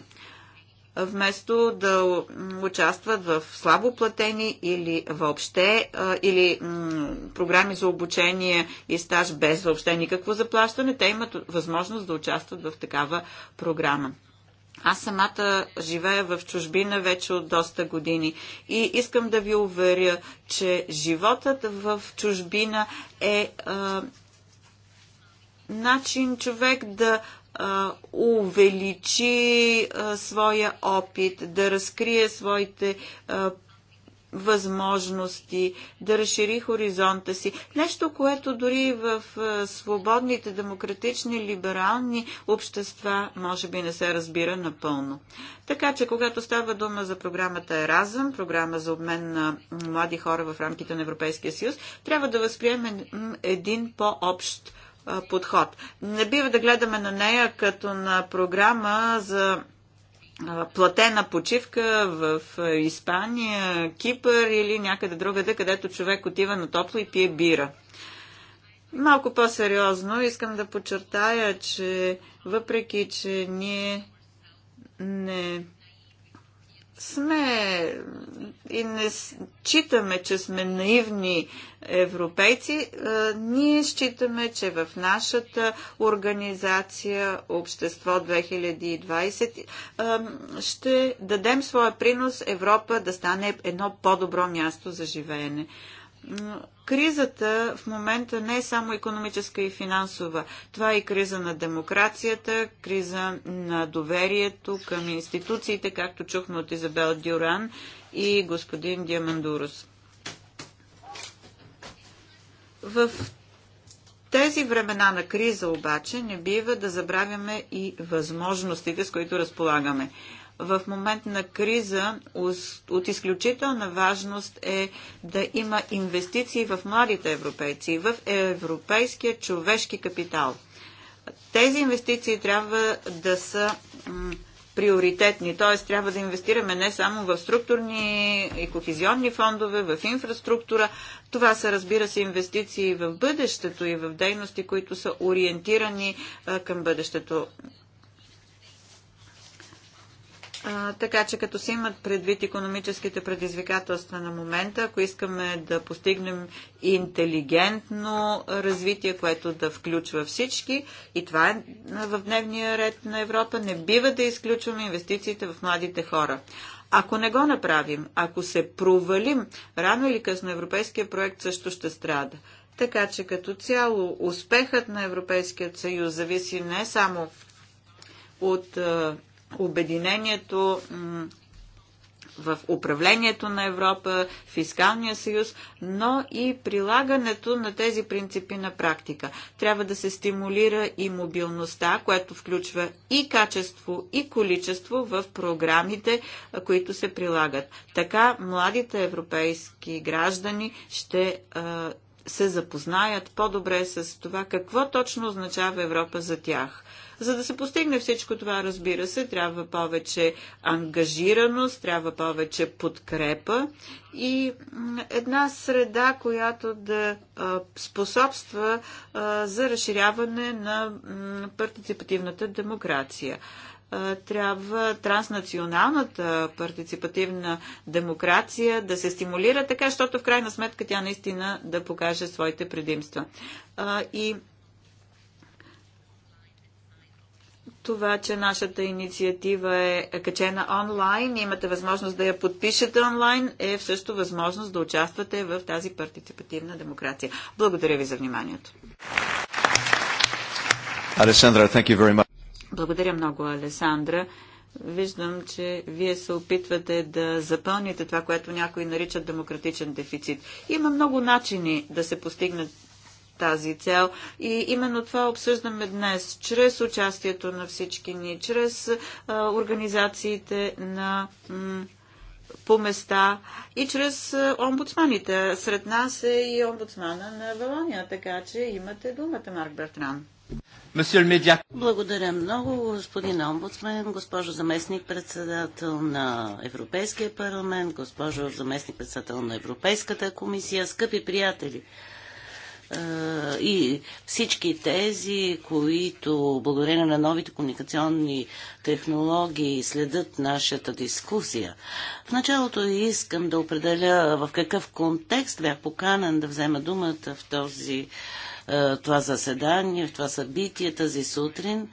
Вместо да участват в слабо платени или въобще или програми за обучение и стаж без въобще никакво заплащане, те имат възможност да участват в такава програма. Аз самата живея в чужбина вече от доста години и искам да ви уверя, че животът в чужбина е а, начин човек да а, увеличи а, своя опит, да разкрие своите а, възможности, да разшири хоризонта си. Нещо, което дори в свободните, демократични, либерални общества може би не се разбира напълно. Така че, когато става дума за програмата Еразъм, програма за обмен на млади хора в рамките на Европейския съюз, трябва да възприемем един по-общ подход. Не бива да гледаме на нея като на програма за платена почивка в Испания, Кипър или някъде другаде, където човек отива на топло и пие бира. Малко по-сериозно искам да подчертая, че въпреки, че ние не сме и не считаме, че сме наивни европейци, е, ние считаме, че в нашата организация Общество 2020 е, ще дадем своя принос Европа да стане едно по-добро място за живеене. Кризата в момента не е само економическа и финансова. Това е и криза на демокрацията, криза на доверието към институциите, както чухме от Изабел Дюран и господин Диамандурус. В тези времена на криза обаче не бива да забравяме и възможностите, с които разполагаме в момент на криза от изключителна важност е да има инвестиции в младите европейци, в европейския човешки капитал. Тези инвестиции трябва да са приоритетни, т.е. трябва да инвестираме не само в структурни и кохизионни фондове, в инфраструктура. Това са, разбира се, инвестиции в бъдещето и в дейности, които са ориентирани към бъдещето така че като се имат предвид економическите предизвикателства на момента, ако искаме да постигнем интелигентно развитие, което да включва всички, и това е в дневния ред на Европа, не бива да изключваме инвестициите в младите хора. Ако не го направим, ако се провалим, рано или късно европейския проект също ще страда. Така че като цяло успехът на Европейския съюз зависи не само от обединението в управлението на Европа, фискалния съюз, но и прилагането на тези принципи на практика. Трябва да се стимулира и мобилността, което включва и качество, и количество в програмите, които се прилагат. Така младите европейски граждани ще се запознаят по-добре с това какво точно означава Европа за тях – за да се постигне всичко това, разбира се, трябва повече ангажираност, трябва повече подкрепа и една среда, която да способства за разширяване на партиципативната демокрация трябва транснационалната партиципативна демокрация да се стимулира така, защото в крайна сметка тя наистина да покаже своите предимства. И това, че нашата инициатива е качена онлайн, имате възможност да я подпишете онлайн, е също възможност да участвате в тази партиципативна демокрация. Благодаря ви за вниманието. Алесандра, Благодаря много, Алесандра. Виждам, че вие се опитвате да запълните това, което някои наричат демократичен дефицит. Има много начини да се постигнат тази цел. И именно това обсъждаме днес, чрез участието на всички ни, чрез а, организациите на по места и чрез омбудсманите. Сред нас е и омбудсмана на Валония, така че имате думата, Марк Бертран. Благодаря много, господин омбудсмен, госпожо заместник-председател на Европейския парламент, госпожо заместник-председател на Европейската комисия, скъпи приятели и всички тези, които благодарение на новите комуникационни технологии следят нашата дискусия. В началото искам да определя в какъв контекст бях поканен да взема думата в този, това заседание, в това събитие тази сутрин.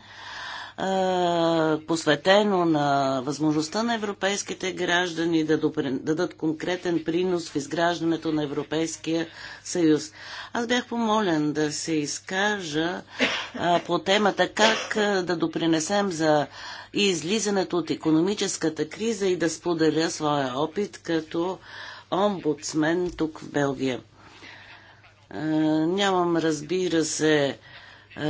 Е, посветено на възможността на европейските граждани да дадат конкретен принос в изграждането на Европейския съюз. Аз бях помолен да се изкажа е, по темата как е, да допринесем за излизането от економическата криза и да споделя своя опит като омбудсмен тук в Белгия. Нямам, разбира се, е,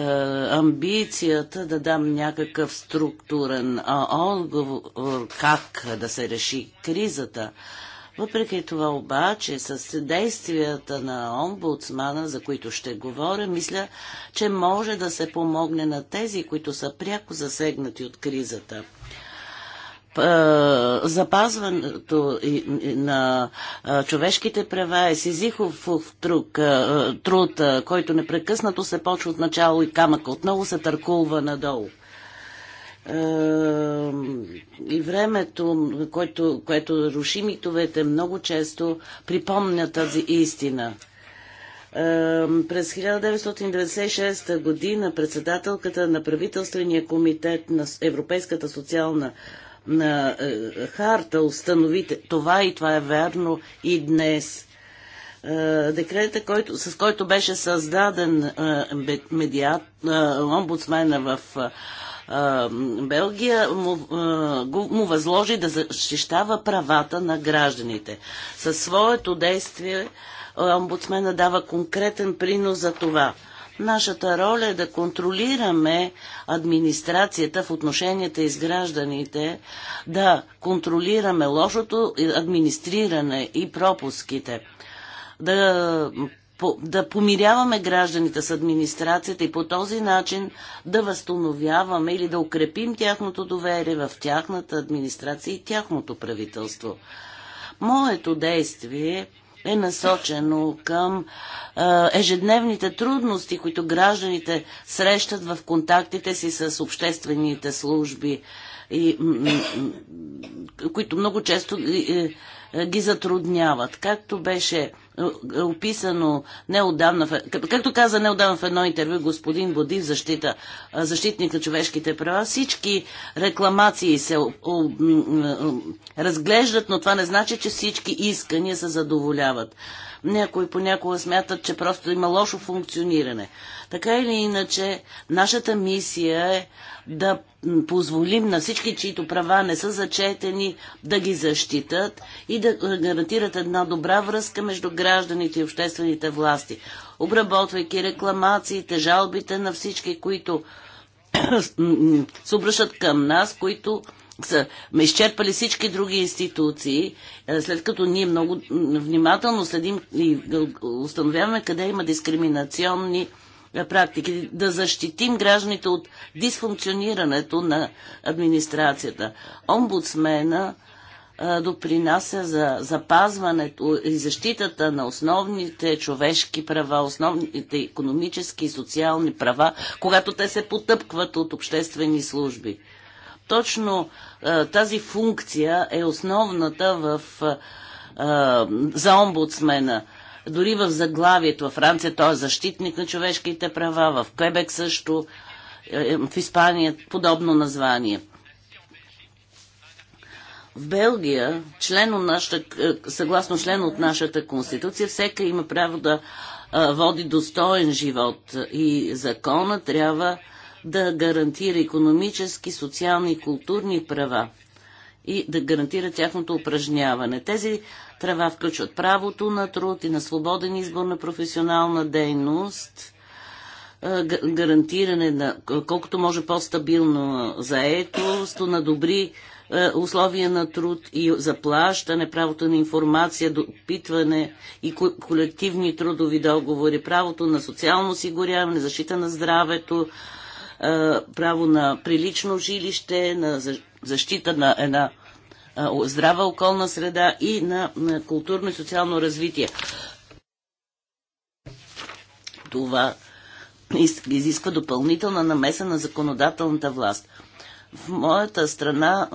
амбицията да дам някакъв структурен отговор как да се реши кризата. Въпреки това обаче, с действията на омбудсмана, за които ще говоря, мисля, че може да се помогне на тези, които са пряко засегнати от кризата. Е, запазването на е, човешките права е сизихов е, труд, труд, който непрекъснато се почва от начало и камък отново се търкулва надолу и времето, което, което руши митовете, много често припомня тази истина. През 1996 година председателката на правителствения комитет на Европейската социална на е, харта установите това и това е верно и днес. Е, декрета, който, с който беше създаден е, медиат, омбудсмена в Белгия му, му възложи да защищава правата на гражданите. Със своето действие омбудсмена дава конкретен принос за това – Нашата роля е да контролираме администрацията в отношенията и с гражданите, да контролираме лошото администриране и пропуските, да, да помиряваме гражданите с администрацията и по този начин да възстановяваме или да укрепим тяхното доверие в тяхната администрация и тяхното правителство. Моето действие е е насочено към ежедневните трудности, които гражданите срещат в контактите си с обществените служби, и, които много често ги е, е, затрудняват. Както беше е, е описано неодавна, както каза неодавна в едно интервю господин Бодив, защита, е, защитник на човешките права, всички рекламации се разглеждат, но това не значи, че всички искания се задоволяват. Някои понякога смятат, че просто има лошо функциониране. Така или иначе, нашата мисия е да позволим на всички, чието права не са зачетени, да ги защитат и да гарантират една добра връзка между гражданите и обществените власти, обработвайки рекламациите, жалбите на всички, които се обръщат към нас, които са ме изчерпали всички други институции, е, след като ние много внимателно следим и е, установяваме къде има дискриминационни практики, да защитим гражданите от дисфункционирането на администрацията. Омбудсмена допринася за запазването и защитата на основните човешки права, основните економически и социални права, когато те се потъпкват от обществени служби. Точно тази функция е основната в, за омбудсмена дори в заглавието. Във Франция той е защитник на човешките права, в Квебек също, е, е, в Испания подобно название. В Белгия, член от нашата, е, съгласно член от нашата конституция, всека има право да води достоен живот и закона трябва да гарантира економически, социални и културни права и да гарантира тяхното упражняване. Тези трева включват правото на труд и на свободен избор на професионална дейност, гарантиране на колкото може по-стабилно заетост, на добри условия на труд и заплащане, правото на информация, допитване и колективни трудови договори, правото на социално осигуряване, защита на здравето, право на прилично жилище, на защита на една здрава околна среда и на, културно и социално развитие. Това изисква допълнителна намеса на законодателната власт. В моята страна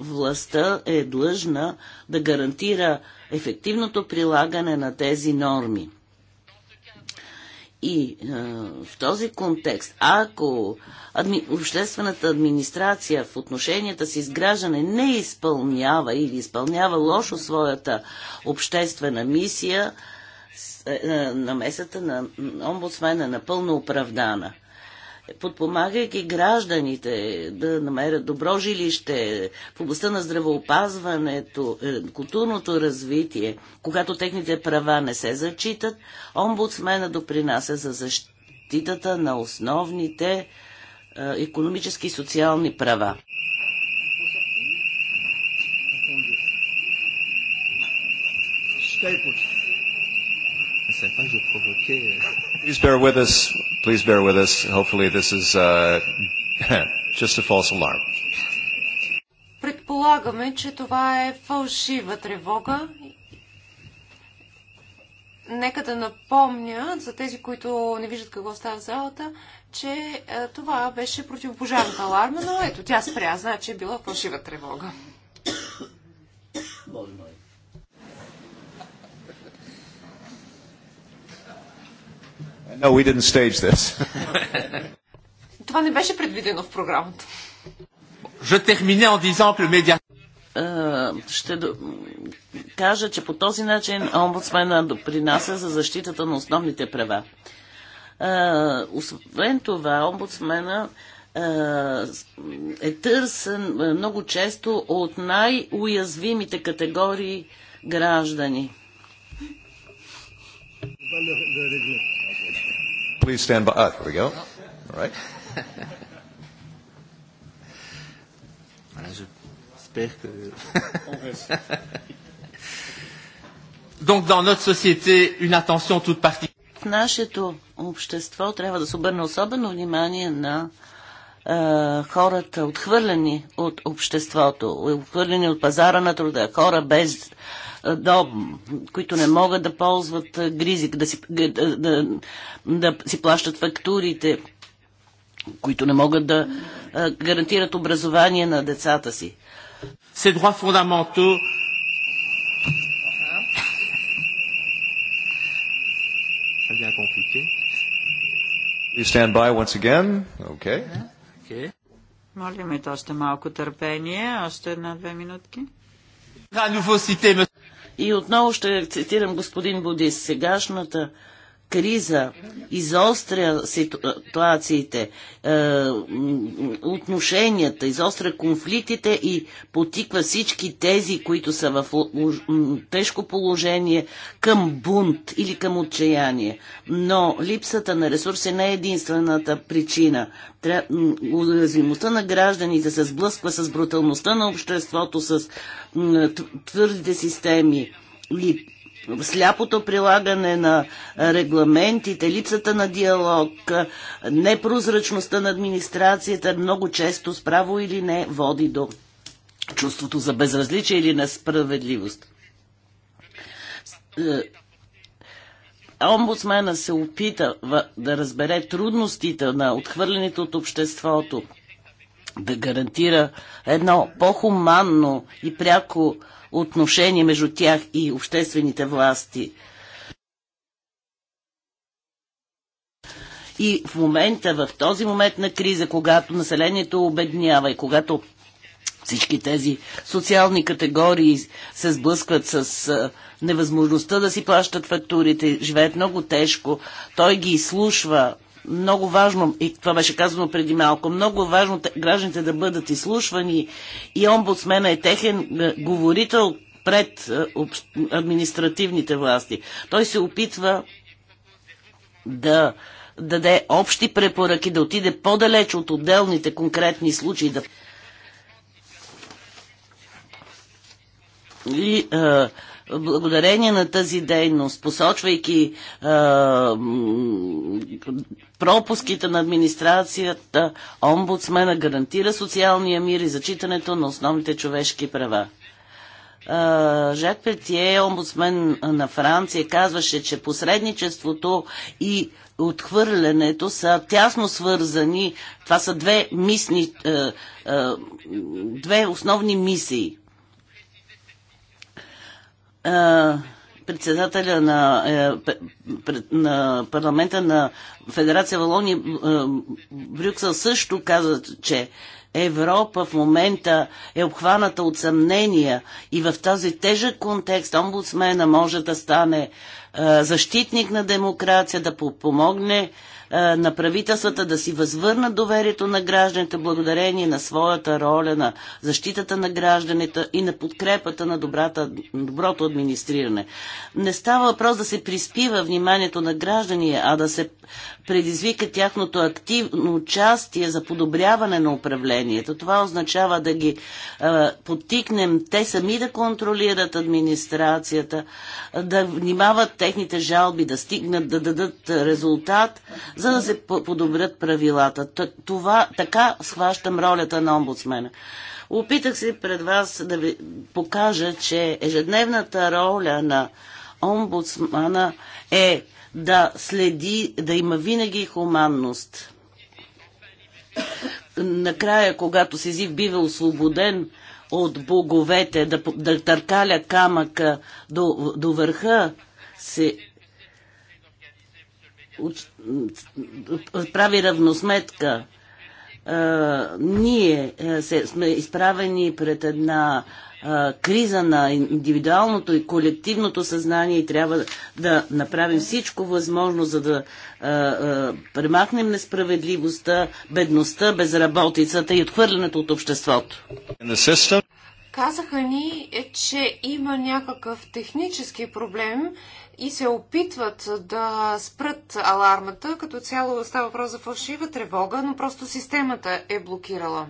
властта е длъжна да гарантира ефективното прилагане на тези норми – и а, в този контекст, ако адми, обществената администрация в отношенията си с граждане не изпълнява или изпълнява лошо своята обществена мисия, е, е, намесата на омбудсмена е напълно оправдана подпомагайки гражданите да намерят добро жилище в областта на здравеопазването, е, културното развитие, когато техните права не се зачитат, омбудсмена допринася за защитата на основните економически и социални права. Stay savais pas que je provoquais. Euh. Please bear with us. Please bear with us. Hopefully this is uh, just a false alarm. Предполагаме, че това е фалшива тревога. Нека да напомня за тези, които не виждат какво става в залата, че е, това беше противопожарната аларма, но ето тя спря, значи е била фалшива тревога. Боже мой. No, we didn't stage this. Това не беше предвидено в програмата. Je terminais en disant que le média... Е, ще кажа, че по този начин омбудсмена допринася за защитата на основните права. Е, освен това, омбудсмена е, е търсен много често от най-уязвимите категории граждани please stand by. Ah, here we go. All right. Donc, dans notre société, une attention toute particulière. В нашето общество трябва да се обърне особено внимание на е, хората, отхвърлени от обществото, отхвърлени от пазара на труда, хора без uh, до, които не могат да ползват гризи, да си, да, да, да си плащат фактурите, които не могат да гарантират образование на децата си. Се droits fondamentaux bien stand by once again. Okay. okay. Моля още малко търпение, още една-две минутки. И отново ще цитирам господин Будис. Сегашната криза изостря ситуациите, е, отношенията, изостря конфликтите и потиква всички тези, които са в тежко положение, към бунт или към отчаяние. Но липсата на ресурси не е единствената причина. Уязвимостта на гражданите се сблъсква с бруталността на обществото, с твърдите системи и сляпото прилагане на регламентите, липсата на диалог, непрозрачността на администрацията много често справо или не води до чувството за безразличие или несправедливост. Е, омбудсмена се опита да разбере трудностите на отхвърлените от обществото, да гарантира едно по-хуманно и пряко отношение между тях и обществените власти. И в момента, в този момент на криза, когато населението обеднява и когато всички тези социални категории се сблъскват с невъзможността да си плащат фактурите, живеят много тежко, той ги изслушва много важно, и това беше казано преди малко, много важно гражданите да бъдат изслушвани и омбудсмена е техен е, говорител пред е, административните власти. Той се опитва да даде общи препоръки, да отиде по-далеч от отделните конкретни случаи. Да... И, а, е, благодарение на тази дейност, посочвайки а, е, пропуските на администрацията, омбудсмена гарантира социалния мир и зачитането на основните човешки права. Е, Жак Петие, омбудсмен на Франция, казваше, че посредничеството и отхвърлянето са тясно свързани. Това са две, мисни, е, две основни мисии. Е, председателя на, е, на парламента на Федерация Валония е, Брюксел също каза, че Европа в момента е обхваната от съмнения и в този тежък контекст омбудсмена може да стане защитник на демокрация, да помогне е, на правителствата да си възвърнат доверието на гражданите благодарение на своята роля на защитата на гражданите и на подкрепата на добрата, доброто администриране. Не става въпрос да се приспива вниманието на граждани, а да се предизвика тяхното активно участие за подобряване на управлението. Това означава да ги а, е, подтикнем те сами да контролират администрацията, да внимават техните жалби, да стигнат, да дадат резултат, за да се подобрят правилата. Това, така схващам ролята на омбудсмена. Опитах се пред вас да ви покажа, че ежедневната роля на омбудсмана е да следи, да има винаги хуманност. Накрая, когато Сизив бива освободен от боговете, да, да търкаля камъка до, до върха, се прави равносметка. Ние сме изправени пред една криза на индивидуалното и колективното съзнание и трябва да направим всичко възможно, за да премахнем несправедливостта, бедността, безработицата и отхвърлянето от обществото. Казаха ни, е, че има някакъв технически проблем и се опитват да спрат алармата. Като цяло става въпрос за фалшива тревога, но просто системата е блокирала.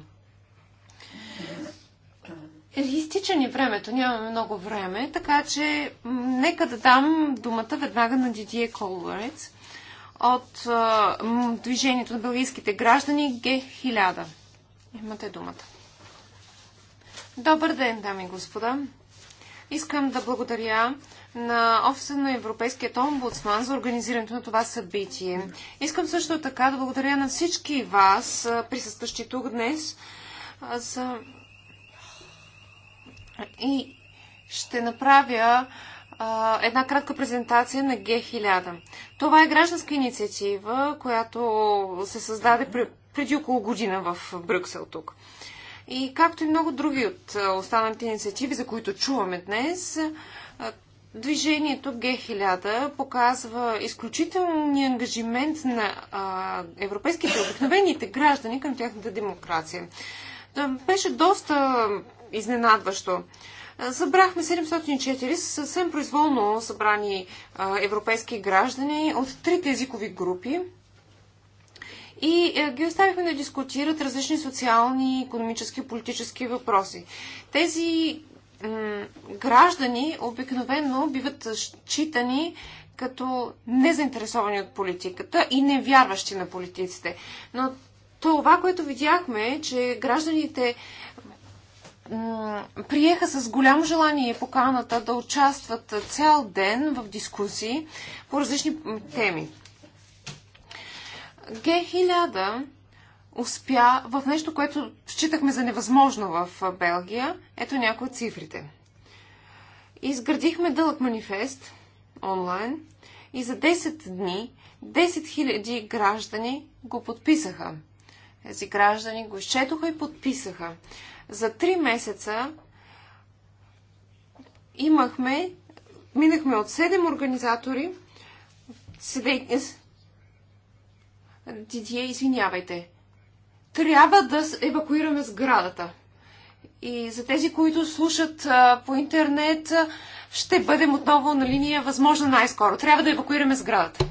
Е, изтича ни времето, нямаме много време, така че нека да дам думата веднага на Дидие Колорец от uh, Движението на бългийските граждани Г1000. Имате думата. Добър ден, дами и господа. Искам да благодаря на офиса на Европейският омбудсман за организирането на това събитие. Искам също така да благодаря на всички вас, присъстващи тук днес, за... и ще направя а, една кратка презентация на Г1000. Това е гражданска инициатива, която се създаде преди около година в Брюксел тук. И както и много други от останалите инициативи, за които чуваме днес, Движението Г1000 показва изключителния ангажимент на а, европейските обикновените граждани към тяхната демокрация. Беше доста изненадващо. Събрахме 704 съвсем произволно събрани а, европейски граждани от трите езикови групи и а, ги оставихме да дискутират различни социални, економически, политически въпроси. Тези е, граждани обикновено биват считани като незаинтересовани от политиката и невярващи на политиците. Но това, което видяхме е, че гражданите приеха с голямо желание поканата да участват цял ден в дискусии по различни теми. Г-1000 успя в нещо, което считахме за невъзможно в Белгия. Ето някои от цифрите. Изградихме дълъг манифест онлайн и за 10 дни 10 000 граждани го подписаха. Тези граждани го изчетоха и подписаха. За 3 месеца имахме, минахме от 7 организатори, Дидие, извинявайте, трябва да евакуираме сградата. И за тези, които слушат а, по интернет, ще бъдем отново на линия възможно най-скоро. Трябва да евакуираме сградата.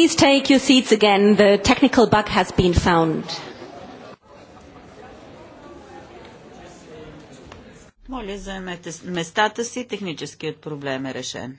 Please take your seats again. The technical bug has been found. Моля, заемете местата си. Техническият проблем е решен.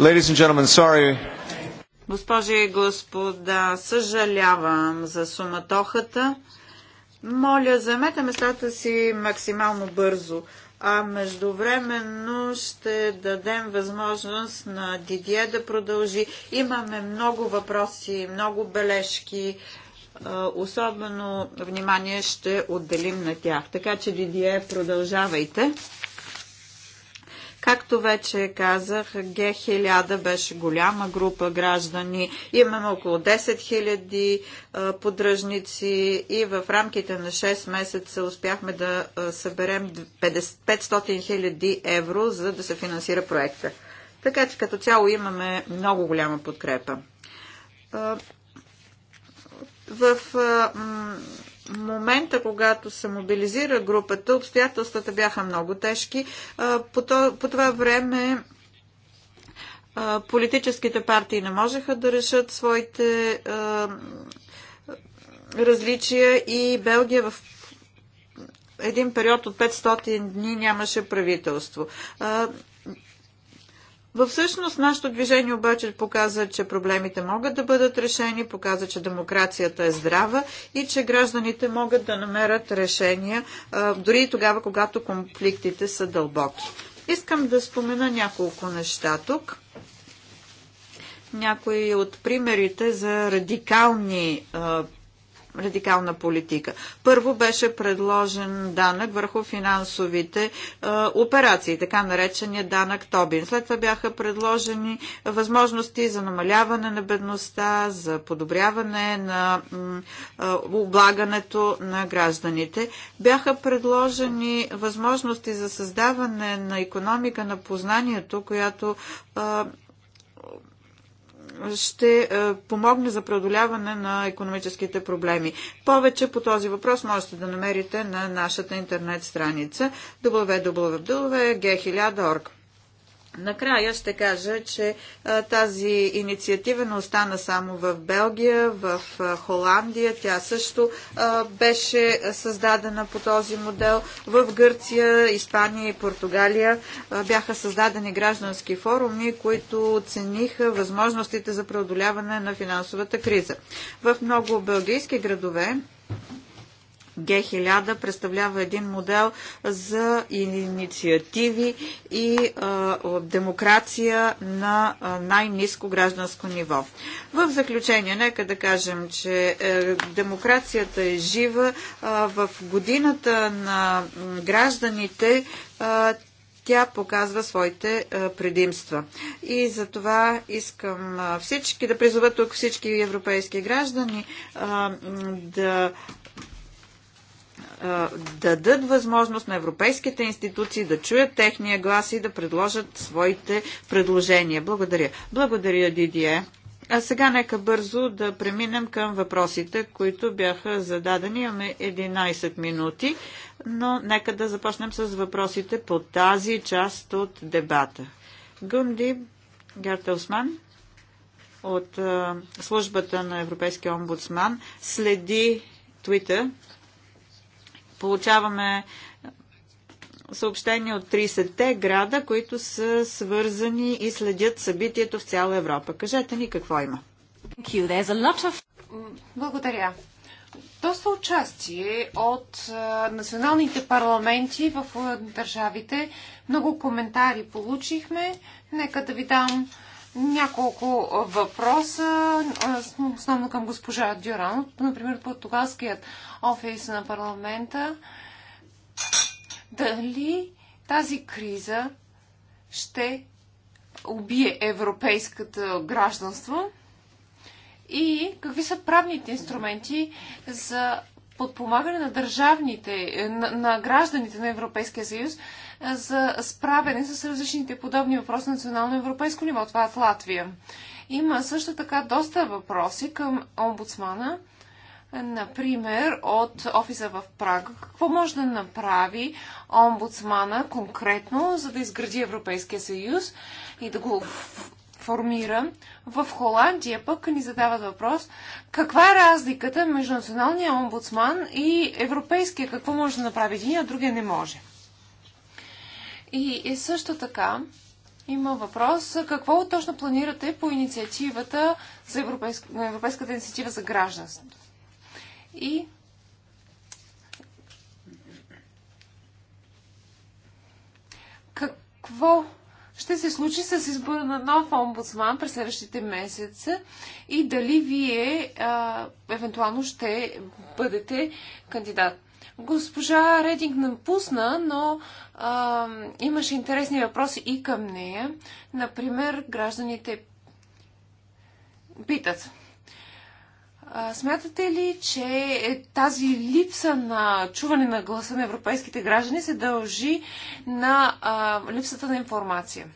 Ladies and gentlemen, sorry. Госпожи и господа, съжалявам за суматохата. Моля, заемете местата си максимално бързо. А междувременно ще дадем възможност на Дидие да продължи. Имаме много въпроси, много бележки. Е, особено внимание ще отделим на тях. Така че, Дидие, продължавайте. Както вече казах, Г-1000 беше голяма група граждани. Имаме около 10 000 поддръжници и в рамките на 6 месеца успяхме да съберем 500 000 евро, за да се финансира проекта. Така че като цяло имаме много голяма подкрепа. В момента, когато се мобилизира групата, обстоятелствата бяха много тежки. По това време политическите партии не можеха да решат своите различия и Белгия в един период от 500 дни нямаше правителство. Във всъщност нашето движение обаче показа, че проблемите могат да бъдат решени, показа, че демокрацията е здрава и че гражданите могат да намерят решения дори и тогава, когато конфликтите са дълбоки. Искам да спомена няколко неща тук. Някои от примерите за радикални радикална политика. Първо беше предложен данък върху финансовите е, операции, така наречения данък Тобин. След това бяха предложени възможности за намаляване на бедността, за подобряване на е, облагането на гражданите. Бяха предложени възможности за създаване на економика на познанието, която е, ще е, помогне за преодоляване на економическите проблеми. Повече по този въпрос можете да намерите на нашата интернет страница www.g1000.org. Накрая ще кажа, че а, тази инициатива не остана само в Белгия, в а, Холандия. Тя също а, беше създадена по този модел. В Гърция, Испания и Португалия бяха създадени граждански форуми, които оцениха възможностите за преодоляване на финансовата криза. В много белгийски градове г1000 представлява един модел за инициативи и а, демокрация на най-низко гражданско ниво. В заключение, нека да кажем, че е, демокрацията е жива. А, в годината на гражданите а, тя показва своите предимства. И за това искам всички да призоват тук всички европейски граждани да дадат възможност на европейските институции да чуят техния глас и да предложат своите предложения. Благодаря. Благодаря, Дидие. А сега нека бързо да преминем към въпросите, които бяха зададени. Имаме 11 минути, но нека да започнем с въпросите по тази част от дебата. Гунди Гертелсман от службата на Европейския омбудсман следи Твитър Получаваме съобщения от 30-те града, които са свързани и следят събитието в цяла Европа. Кажете ни какво има. Благодаря. Доста участие от националните парламенти в държавите. Много коментари получихме. Нека да ви дам няколко въпроса, основно към госпожа Дюран, например португалският офис на парламента. Дали тази криза ще убие европейското гражданство? И какви са правните инструменти за подпомагане на държавните, е, на, на гражданите на Европейския съюз е, за справяне с различните подобни въпроси на национално европейско ниво. Това е в Латвия. Има също така доста въпроси към омбудсмана, например от офиса в Прага. Какво може да направи омбудсмана конкретно, за да изгради Европейския съюз и да го формира? В Холандия пък ни задават въпрос каква е разликата между националния омбудсман и европейския, какво може да направи един, а другия не може. И, и също така има въпрос какво точно планирате по инициативата за европейск, Европейската инициатива за гражданството. И какво ще се случи с избора на нов омбудсман през следващите месеца и дали вие а, евентуално ще бъдете кандидат. Госпожа Рединг напусна, но а, имаше интересни въпроси и към нея. Например, гражданите питат Смятате ли, че е, тази липса на чуване на гласа на европейските граждани се дължи на а, липсата на информация?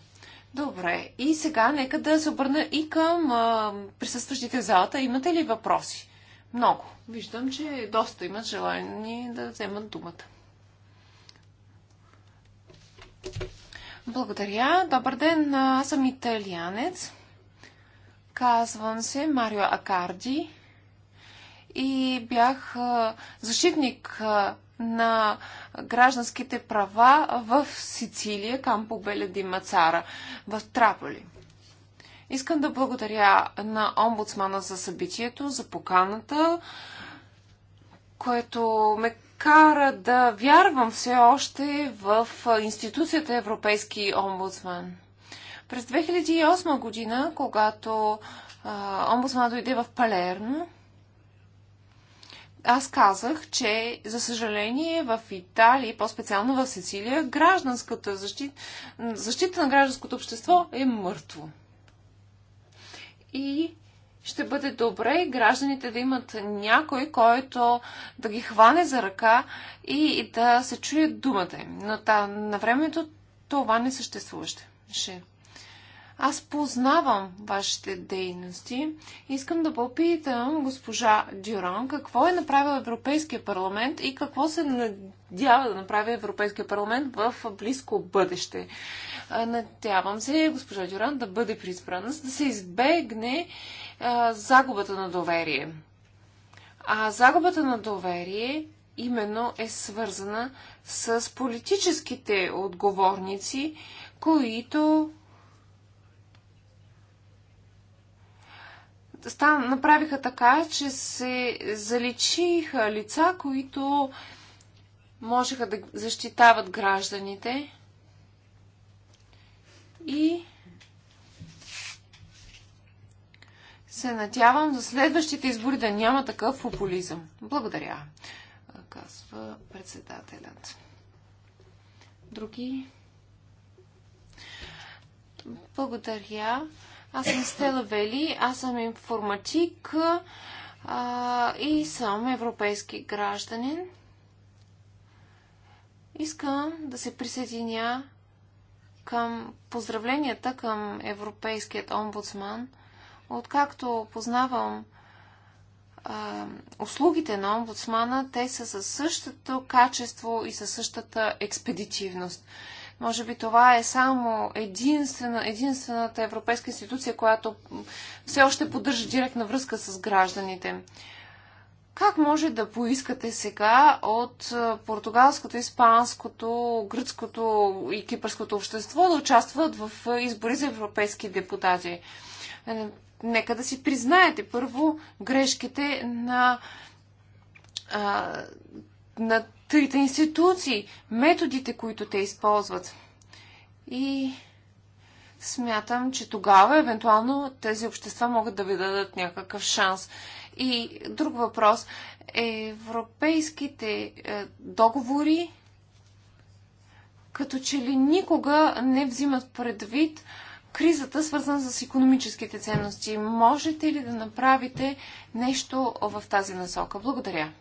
Добре. И сега нека да се обърна и към а, присъстващите в залата. Имате ли въпроси? Много. Виждам, че доста имат желание да вземат думата. Благодаря. Добър ден. Аз съм италианец. Казвам се Марио Акарди и бях защитник на гражданските права в Сицилия, Кампо Беледи Мацара, в Траполи. Искам да благодаря на омбудсмана за събитието, за поканата, което ме кара да вярвам все още в институцията Европейски омбудсман. През 2008 година, когато омбудсмана омбудсман дойде в Палерно, аз казах, че за съжаление в Италия, по-специално в Сицилия, гражданската защита, защита на гражданското общество е мъртво. И ще бъде добре гражданите да имат някой, който да ги хване за ръка и да се чуят думата им. Но та, на времето това не съществуваше. Аз познавам вашите дейности. Искам да попитам госпожа Дюран какво е направил Европейския парламент и какво се надява да направи Европейския парламент в близко бъдеще. Надявам се госпожа Дюран да бъде призбрана, за да се избегне а, загубата на доверие. А загубата на доверие именно е свързана с политическите отговорници, които стан, направиха така, че се заличиха лица, които можеха да защитават гражданите и се надявам за следващите избори да няма такъв популизъм. Благодаря, казва председателят. Други? Благодаря. Аз съм Стела Вели, аз съм информатик а, и съм европейски гражданин. Искам да се присъединя към поздравленията към Европейският омбудсман. Откакто познавам а, услугите на омбудсмана, те са със същото качество и със същата експедитивност. Може би това е само единствена, единствената европейска институция, която все още поддържа директна връзка с гражданите. Как може да поискате сега от португалското, испанското, гръцкото и кипърското общество да участват в избори за европейски депутати? Е, нека да си признаете първо грешките на, на трите институции, методите, които те използват. И смятам, че тогава евентуално тези общества могат да ви дадат някакъв шанс. И друг въпрос. Европейските е, договори като че ли никога не взимат предвид кризата, свързана с економическите ценности. Можете ли да направите нещо в тази насока? Благодаря.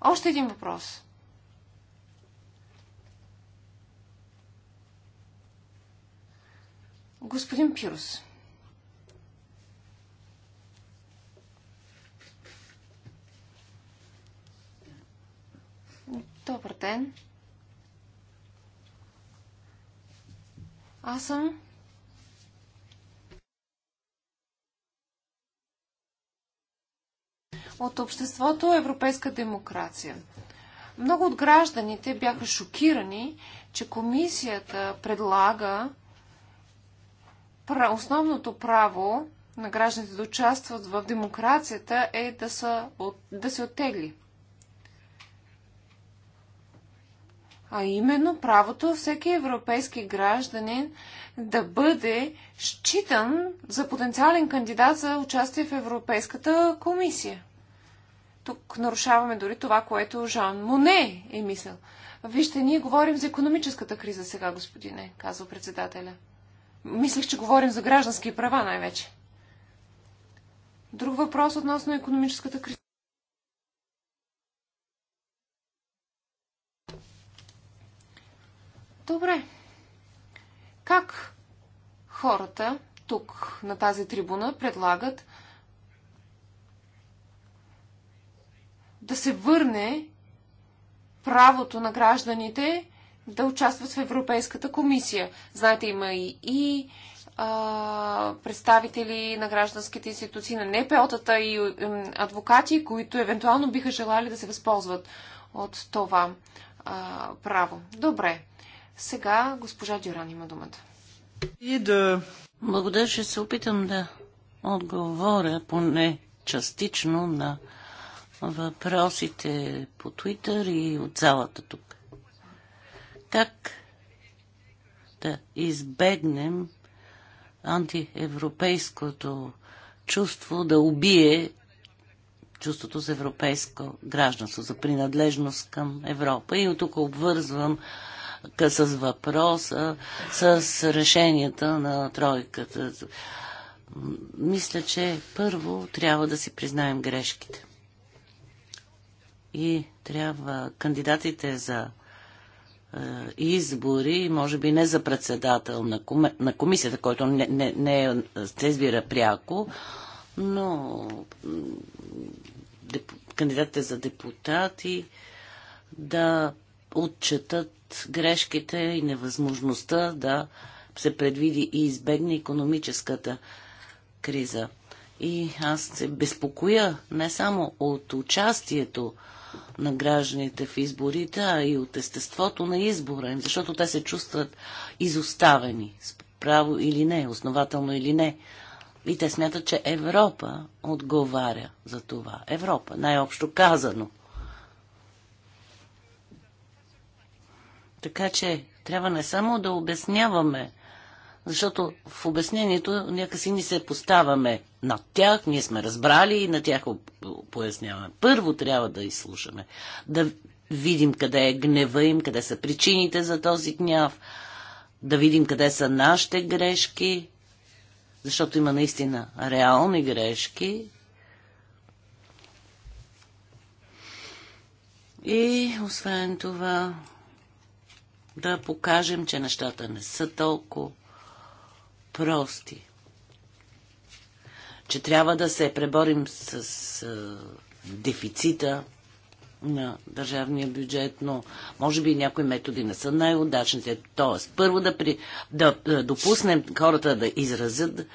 Още един въпрос. Господин Пирус. Добър ден. Аз съм от обществото Европейска демокрация. Много от гражданите бяха шокирани, че комисията предлага основното право на гражданите да участват в демокрацията е да, са, да се оттегли. А именно правото всеки европейски гражданин да бъде считан за потенциален кандидат за участие в Европейската комисия. Тук нарушаваме дори това, което Жан Моне е мислил. Вижте, ние говорим за економическата криза сега, господине, казва председателя. Мислех, че говорим за граждански права най-вече. Друг въпрос относно економическата криза. Добре. Как хората тук на тази трибуна предлагат да се върне правото на гражданите да участват в Европейската комисия. Знаете, има и, и а, представители на гражданските институции, на НПО-тата и адвокати, които евентуално биха желали да се възползват от това а, право. Добре. Сега госпожа Дюран има думата. И да... Благодаря, ще се опитам да отговоря поне частично на въпросите по Твитър и от залата тук. Как да избегнем антиевропейското чувство да убие чувството за европейско гражданство, за принадлежност към Европа. И от тук обвързвам с въпроса, с решенията на тройката. Мисля, че първо трябва да си признаем грешките. И трябва кандидатите за избори, може би не за председател на, ком... на комисията, който не, не, не се избира пряко, но деп... кандидатите за депутати да отчетат грешките и невъзможността да се предвиди и избегне економическата криза. И аз се безпокоя не само от участието на гражданите в изборите, а и от естеството на избора им, защото те се чувстват изоставени, право или не, основателно или не. И те смятат, че Европа отговаря за това. Европа, най-общо казано. Така че трябва не само да обясняваме защото в обяснението някакси ни се поставаме над тях, ние сме разбрали и на тях поясняваме. Първо трябва да изслушаме, да видим къде е гнева им, къде са причините за този гняв, да видим къде са нашите грешки, защото има наистина реални грешки. И освен това да покажем, че нещата не са толкова прости. Че трябва да се преборим с, с дефицита на държавния бюджет, но може би някои методи не са най-удачните. Тоест, първо да, при, да, да допуснем хората да изразят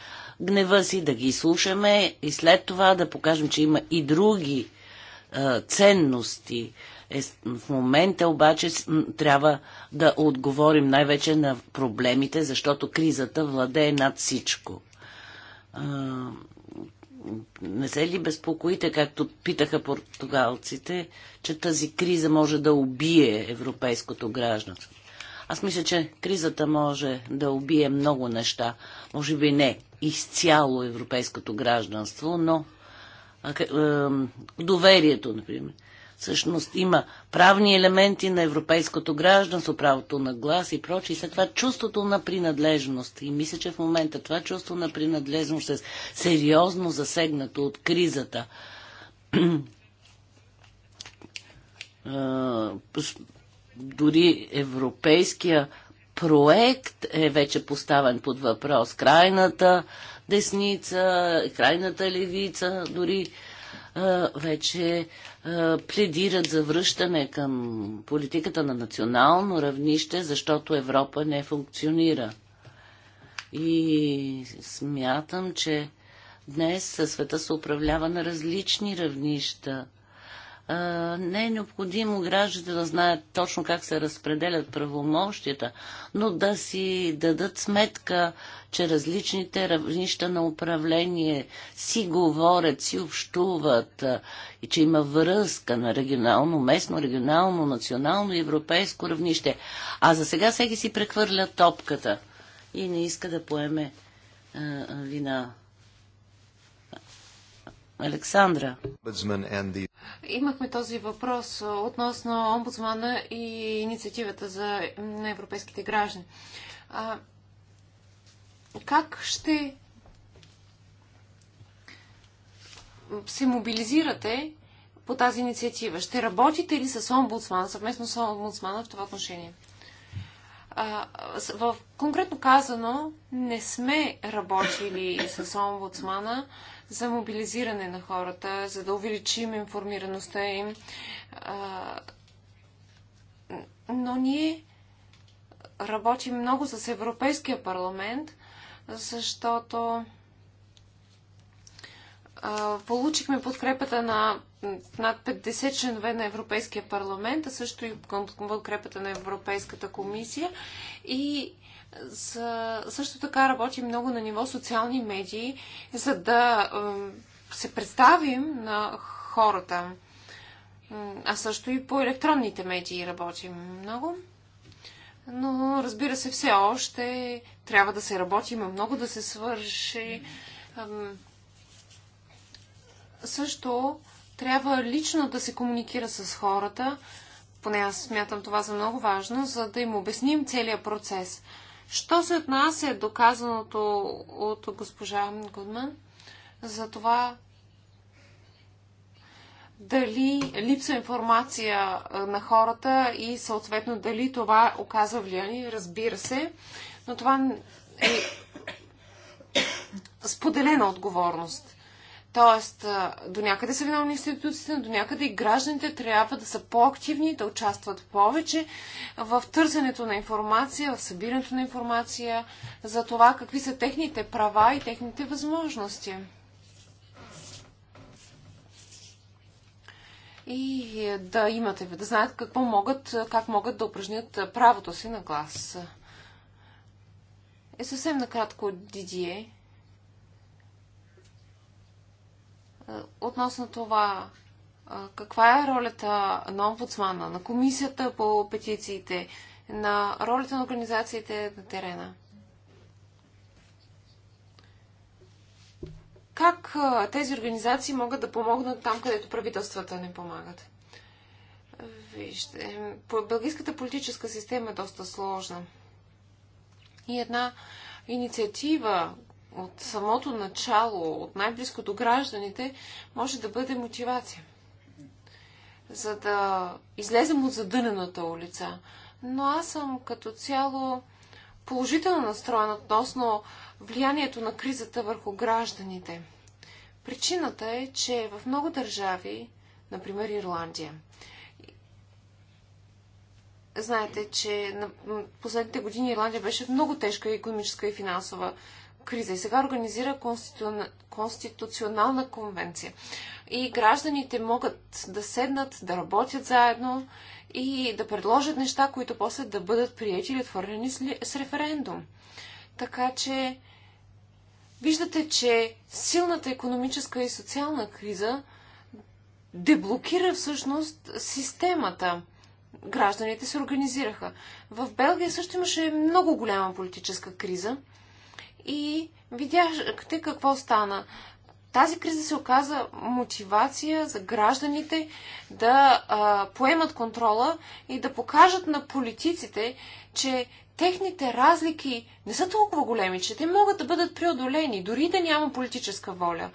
гнева си, да ги слушаме и след това да покажем, че има и други ценности, е, в момента обаче трябва да отговорим най-вече на проблемите, защото кризата владее над всичко. А, не се ли безпокоите, както питаха португалците, че тази криза може да убие европейското гражданство? Аз мисля, че кризата може да убие много неща. Може би не изцяло европейското гражданство, но доверието, например. Всъщност има правни елементи на европейското гражданство, правото на глас и прочи. И след това чувството на принадлежност. И мисля, че в момента това чувство на принадлежност е сериозно засегнато от кризата. Дори европейския проект е вече поставен под въпрос. Крайната десница, крайната левица, дори вече пледират за връщане към политиката на национално равнище, защото Европа не функционира. И смятам, че днес света се управлява на различни равнища не е необходимо гражданите да знаят точно как се разпределят правомощията, но да си дадат сметка, че различните равнища на управление си говорят, си общуват и че има връзка на регионално, местно, регионално, национално и европейско равнище. А за сега всеки си прехвърля топката и не иска да поеме вина Александра. Имахме този въпрос относно омбудсмана и инициативата за на европейските граждани. А, как ще се мобилизирате по тази инициатива? Ще работите ли с омбудсмана, съвместно с омбудсмана в това отношение? А, в, конкретно казано, не сме работили с омбудсмана за мобилизиране на хората, за да увеличим информираността им. Но ние работим много с Европейския парламент, защото получихме подкрепата на над 50 членове на Европейския парламент, а също и подкрепата на Европейската комисия. И за... Също така работим много на ниво социални медии, за да се представим на хората. А също и по електронните медии работим много. Но, разбира се, все още трябва да се работи, има много да се свърши. Също трябва лично да се комуникира с хората, поне аз смятам това за много важно, за да им обясним целият процес – Що се отнася до казаното от госпожа Гудман за това дали липсва информация на хората и съответно дали това оказва влияние, разбира се, но това е споделена отговорност. Тоест, до някъде са виновни институциите, но до някъде и гражданите трябва да са по-активни, да участват повече в търсенето на информация, в събирането на информация за това какви са техните права и техните възможности. И е, да имате, да знаят какво могат, как могат да упражнят правото си на глас. Е съвсем накратко, Дидие. Е, относно това е, каква е ролята на омбудсмана, на комисията по петициите, на ролята на организациите на терена. Как е, тези организации могат да помогнат там, където правителствата не помагат? Вижте, бългийската политическа система е доста сложна. И една инициатива, от самото начало, от най-близко до гражданите, може да бъде мотивация. За да излезем от задънената улица. Но аз съм като цяло положително настроен относно влиянието на кризата върху гражданите. Причината е, че в много държави, например Ирландия, знаете, че на последните години Ирландия беше в много тежка економическа и финансова криза и сега организира конститу... конституционална конвенция. И гражданите могат да седнат, да работят заедно и да предложат неща, които после да бъдат приети или отворени с референдум. Така че виждате, че силната економическа и социална криза деблокира всъщност системата. Гражданите се организираха. В Белгия също имаше много голяма политическа криза и видяхте какво стана. Тази криза се оказа мотивация за гражданите да а, поемат контрола и да покажат на политиците, че техните разлики не са толкова големи, че те могат да бъдат преодолени, дори да няма политическа воля.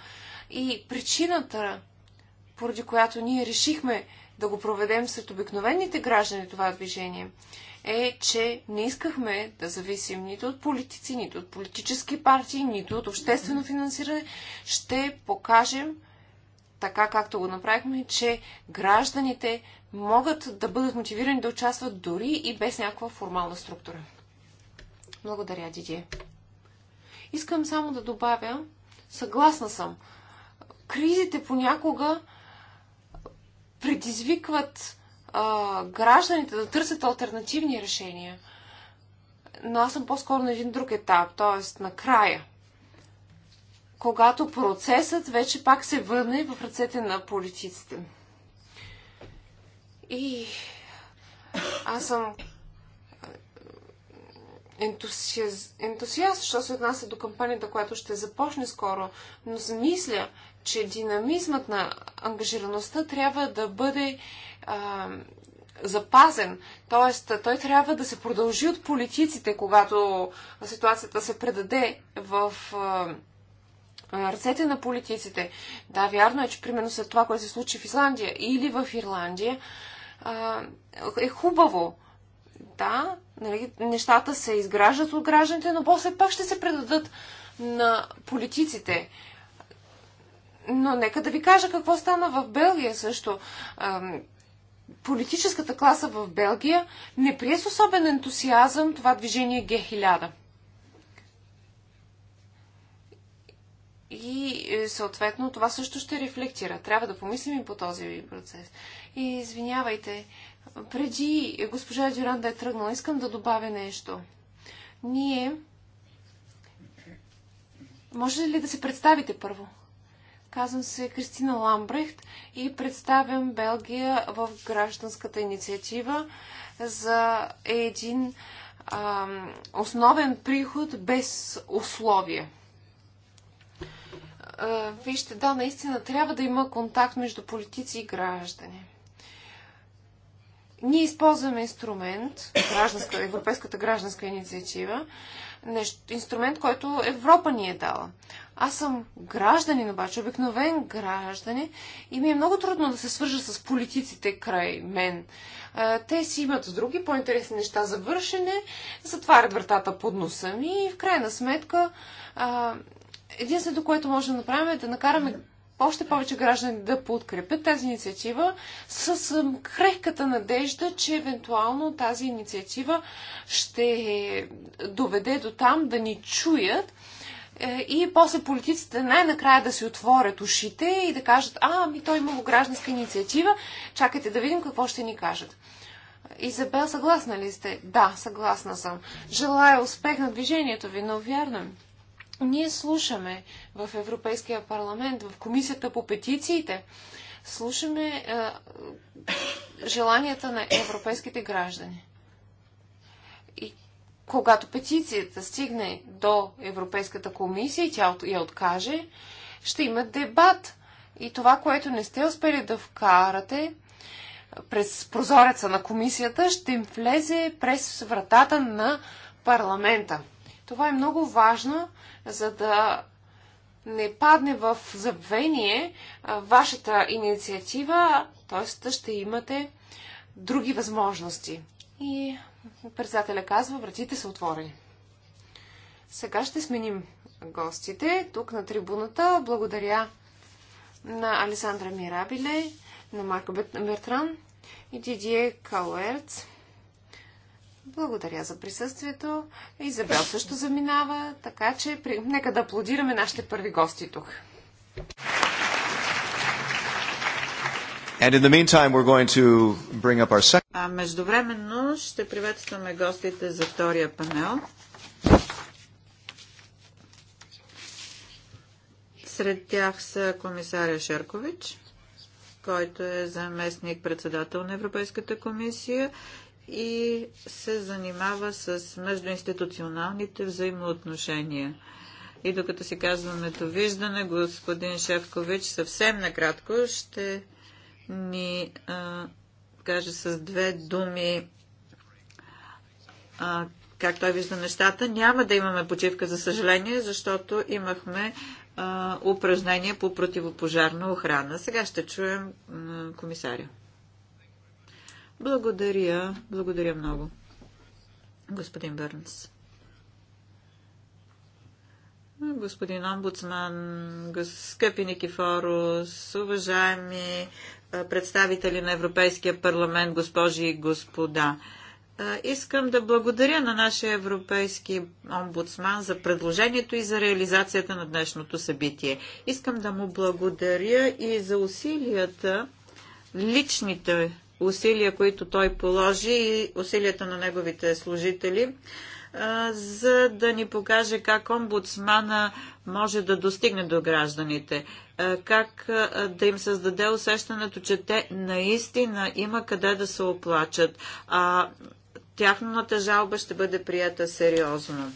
И причината, поради която ние решихме да го проведем сред обикновените граждани това движение, е, че не искахме да зависим нито от политици, нито от политически партии, нито от обществено финансиране. Ще покажем, така както го направихме, че гражданите могат да бъдат мотивирани да участват дори и без някаква формална структура. Благодаря, Диди. Искам само да добавя, съгласна съм, кризите понякога предизвикват а, гражданите да търсят альтернативни решения. Но аз съм по-скоро на един друг етап, т.е. накрая, когато процесът вече пак се върне в ръцете на политиците. И аз съм ентусиаст, ентусиаст, що се отнася до кампанията, която ще започне скоро, но мисля, че динамизмът на ангажираността трябва да бъде а, запазен. Тоест, той трябва да се продължи от политиците, когато ситуацията се предаде в а, ръцете на политиците. Да, вярно е, че примерно след това, което се случи в Исландия или в Ирландия, а, е хубаво. Да, нали, нещата се изграждат от гражданите, но после пак ще се предадат на политиците. Но нека да ви кажа какво стана в Белгия също. Политическата класа в Белгия не прие с особен ентусиазъм това движение Г-1000. И е, съответно това също ще рефлектира. Трябва да помислим и по този процес. И извинявайте, преди госпожа Дюран да е тръгнала, искам да добавя нещо. Ние. Може ли да се представите първо? Казвам се Кристина Ламбрехт и представям Белгия в гражданската инициатива за един а, основен приход без условия. А, вижте, да, наистина трябва да има контакт между политици и граждани. Ние използваме инструмент, гражданска, Европейската гражданска инициатива, нещо, инструмент, който Европа ни е дала. Аз съм гражданин, обаче обикновен гражданин и ми е много трудно да се свържа с политиците край мен. Те си имат други по-интересни неща за вършене, затварят вратата под носа ми и в крайна сметка единственото, което можем да направим е да накараме още повече граждани да подкрепят тази инициатива с крехката надежда, че евентуално тази инициатива ще доведе до там да ни чуят е, и после политиците най-накрая да си отворят ушите и да кажат, а, ми той има гражданска инициатива, чакайте да видим какво ще ни кажат. Изабел, съгласна ли сте? Да, съгласна съм. Желая успех на движението ви, но вярно е, ние слушаме в Европейския парламент, в Комисията по петициите, слушаме е, желанията на европейските граждани. И когато петицията стигне до Европейската комисия и тя я откаже, ще има дебат. И това, което не сте успели да вкарате през прозореца на комисията, ще им влезе през вратата на парламента. Това е много важно за да не падне в забвение вашата инициатива, т.е. ще имате други възможности. И председателя казва, вратите са отворени. Сега ще сменим гостите тук на трибуната. Благодаря на Алесандра Мирабиле, на Марко Бертран и Дидие Калуерц. Благодаря за присъствието. Изабел също заминава, така че при... нека да аплодираме нашите първи гости тук. And in the meantime, we're going to bring up our second... А междувременно ще приветстваме гостите за втория панел. Сред тях са комисаря Шеркович, който е заместник председател на Европейската комисия и се занимава с междуинституционалните взаимоотношения. И докато си казваме довиждане, господин Шевкович съвсем накратко ще ни а, каже с две думи а, как той вижда нещата. Няма да имаме почивка, за съжаление, защото имахме а, упражнение по противопожарна охрана. Сега ще чуем а, комисаря. Благодаря. Благодаря много, господин Бърнс. Господин омбудсман, скъпи Никифорус, уважаеми представители на Европейския парламент, госпожи и господа. Искам да благодаря на нашия европейски омбудсман за предложението и за реализацията на днешното събитие. Искам да му благодаря и за усилията, личните усилия, които той положи и усилията на неговите служители, за да ни покаже как омбудсмана може да достигне до гражданите, как да им създаде усещането, че те наистина има къде да се оплачат, а тяхната жалба ще бъде прията сериозно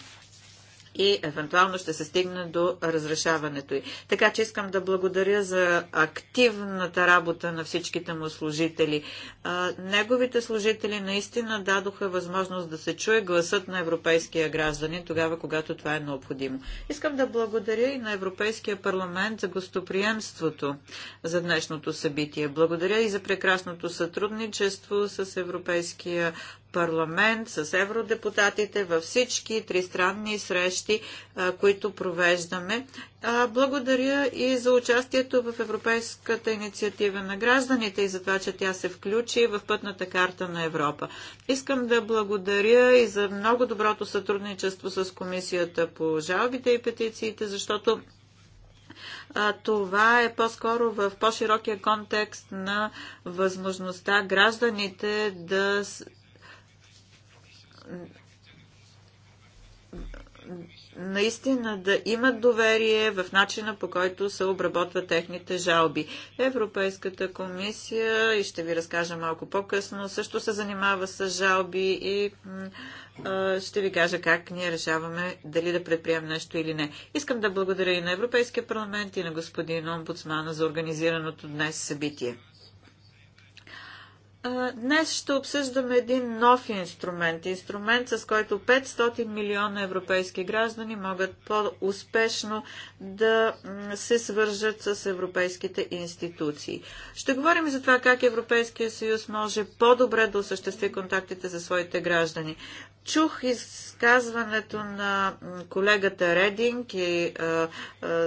и евентуално ще се стигне до разрешаването й. Така че искам да благодаря за активната работа на всичките му служители. Неговите служители наистина дадоха възможност да се чуе гласът на европейския гражданин тогава, когато това е необходимо. Искам да благодаря и на Европейския парламент за гостоприемството за днешното събитие. Благодаря и за прекрасното сътрудничество с Европейския парламент, с евродепутатите, във всички тристранни срещи, които провеждаме. Благодаря и за участието в Европейската инициатива на гражданите и за това, че тя се включи в пътната карта на Европа. Искам да благодаря и за много доброто сътрудничество с Комисията по жалбите и петициите, защото това е по-скоро в по-широкия контекст на възможността гражданите да наистина да имат доверие в начина по който се обработват техните жалби. Европейската комисия, и ще ви разкажа малко по-късно, също се занимава с жалби и ще ви кажа как ние решаваме дали да предприем нещо или не. Искам да благодаря и на Европейския парламент и на господин омбудсмана за организираното днес събитие. Днес ще обсъждаме един нов инструмент. Инструмент, с който 500 милиона европейски граждани могат по-успешно да се свържат с европейските институции. Ще говорим за това как Европейския съюз може по-добре да осъществи контактите за своите граждани. Чух изказването на колегата Рединг и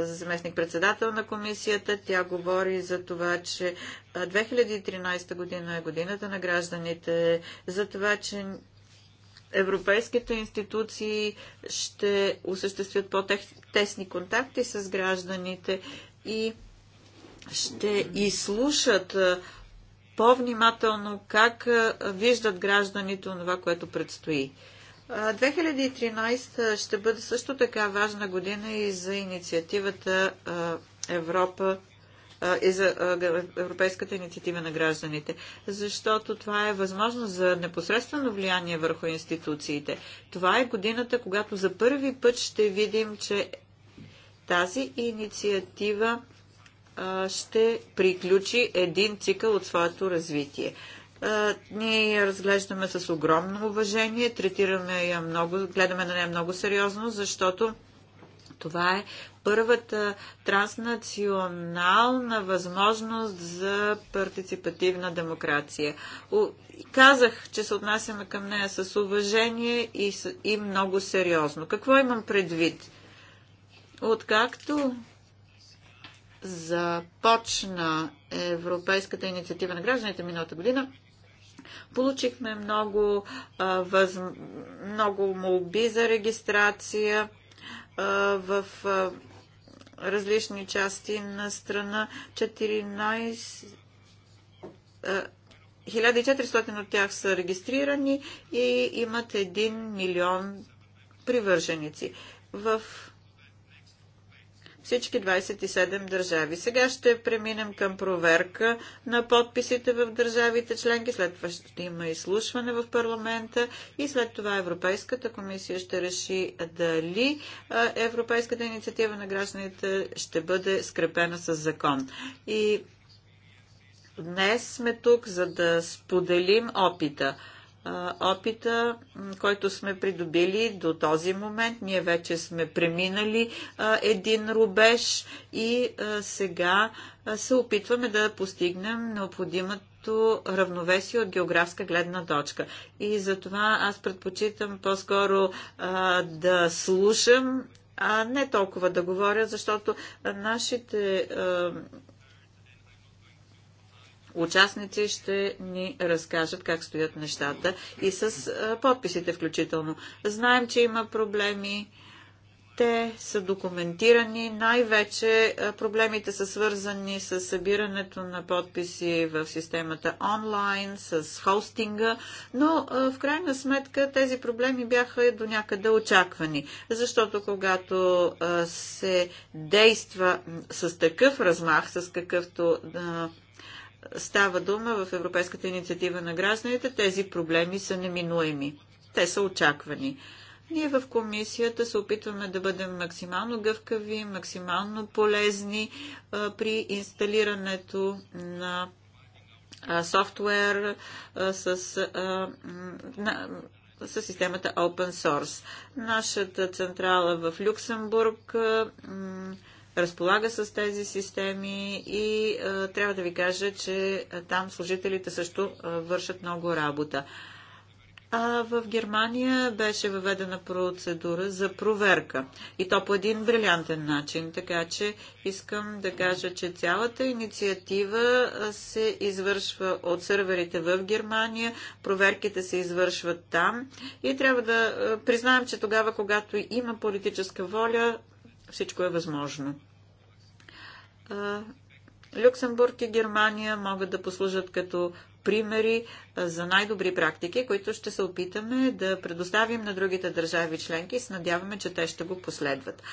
заместник-председател на комисията. Тя говори за това, че 2013 година е годината на гражданите за това, че европейските институции ще осъществят по-тесни контакти с гражданите и ще изслушат по-внимателно как виждат гражданите това, което предстои. 2013 ще бъде също така важна година и за инициативата Европа и за Европейската инициатива на гражданите, защото това е възможност за непосредствено влияние върху институциите. Това е годината, когато за първи път ще видим, че тази инициатива ще приключи един цикъл от своето развитие. Ние я разглеждаме с огромно уважение, третираме я много, гледаме на нея много сериозно, защото това е първата транснационална възможност за партиципативна демокрация. Казах, че се отнасяме към нея с уважение и, и много сериозно. Какво имам предвид? Откакто започна Европейската инициатива на гражданите миналата година, получихме много, а, много молби за регистрация в различни части на страна. 14 1400 от тях са регистрирани и имат 1 милион привърженици. В всички 27 държави. Сега ще преминем към проверка на подписите в държавите членки, след това ще има изслушване в парламента и след това Европейската комисия ще реши дали Европейската инициатива на гражданите ще бъде скрепена с закон. И днес сме тук, за да споделим опита опита, който сме придобили до този момент. Ние вече сме преминали един рубеж и сега се опитваме да постигнем необходимото равновесие от географска гледна точка. И затова аз предпочитам по-скоро да слушам а не толкова да говоря, защото нашите участници ще ни разкажат как стоят нещата и с подписите включително. Знаем, че има проблеми. Те са документирани. Най-вече проблемите са свързани с събирането на подписи в системата онлайн, с хостинга, но в крайна сметка тези проблеми бяха до някъде очаквани. Защото когато се действа с такъв размах, с какъвто става дума в Европейската инициатива на гражданите, тези проблеми са неминуеми. Те са очаквани. Ние в комисията се опитваме да бъдем максимално гъвкави, максимално полезни а, при инсталирането на а, софтуер а, с, а, на, с системата Open Source. Нашата централа в Люксембург а, разполага с тези системи и а, трябва да ви кажа, че а, там служителите също а, вършат много работа. А в Германия беше въведена процедура за проверка. И то по един брилянтен начин. Така че искам да кажа, че цялата инициатива се извършва от сърверите в Германия. Проверките се извършват там. И трябва да признаем, че тогава, когато има политическа воля, всичко е възможно. Люксембург и Германия могат да послужат като примери за най-добри практики, които ще се опитаме да предоставим на другите държави членки и се надяваме, че те ще го последват.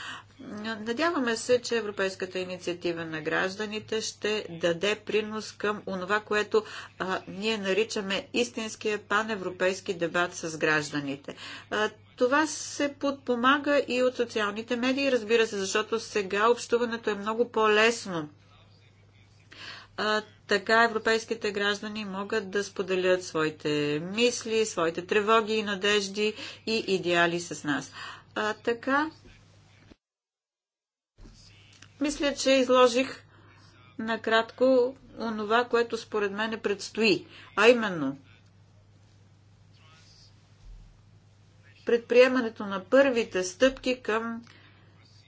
Надяваме се, че Европейската инициатива на гражданите ще даде принос към онова, което а, ние наричаме истинския паневропейски дебат с гражданите. А, това се подпомага и от социалните медии, разбира се, защото сега общуването е много по-лесно така европейските граждани могат да споделят своите мисли, своите тревоги и надежди и идеали с нас. А, така, мисля, че изложих накратко онова, което според мен предстои, а именно предприемането на първите стъпки към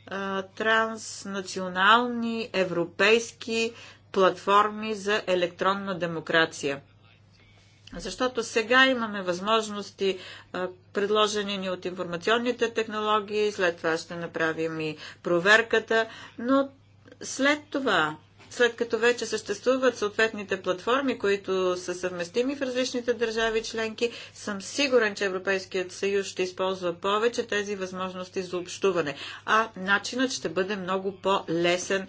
а, транснационални, европейски платформи за електронна демокрация. Защото сега имаме възможности, предложени ни от информационните технологии, след това ще направим и проверката, но след това, след като вече съществуват съответните платформи, които са съвместими в различните държави членки, съм сигурен, че Европейският съюз ще използва повече тези възможности за общуване, а начинът ще бъде много по-лесен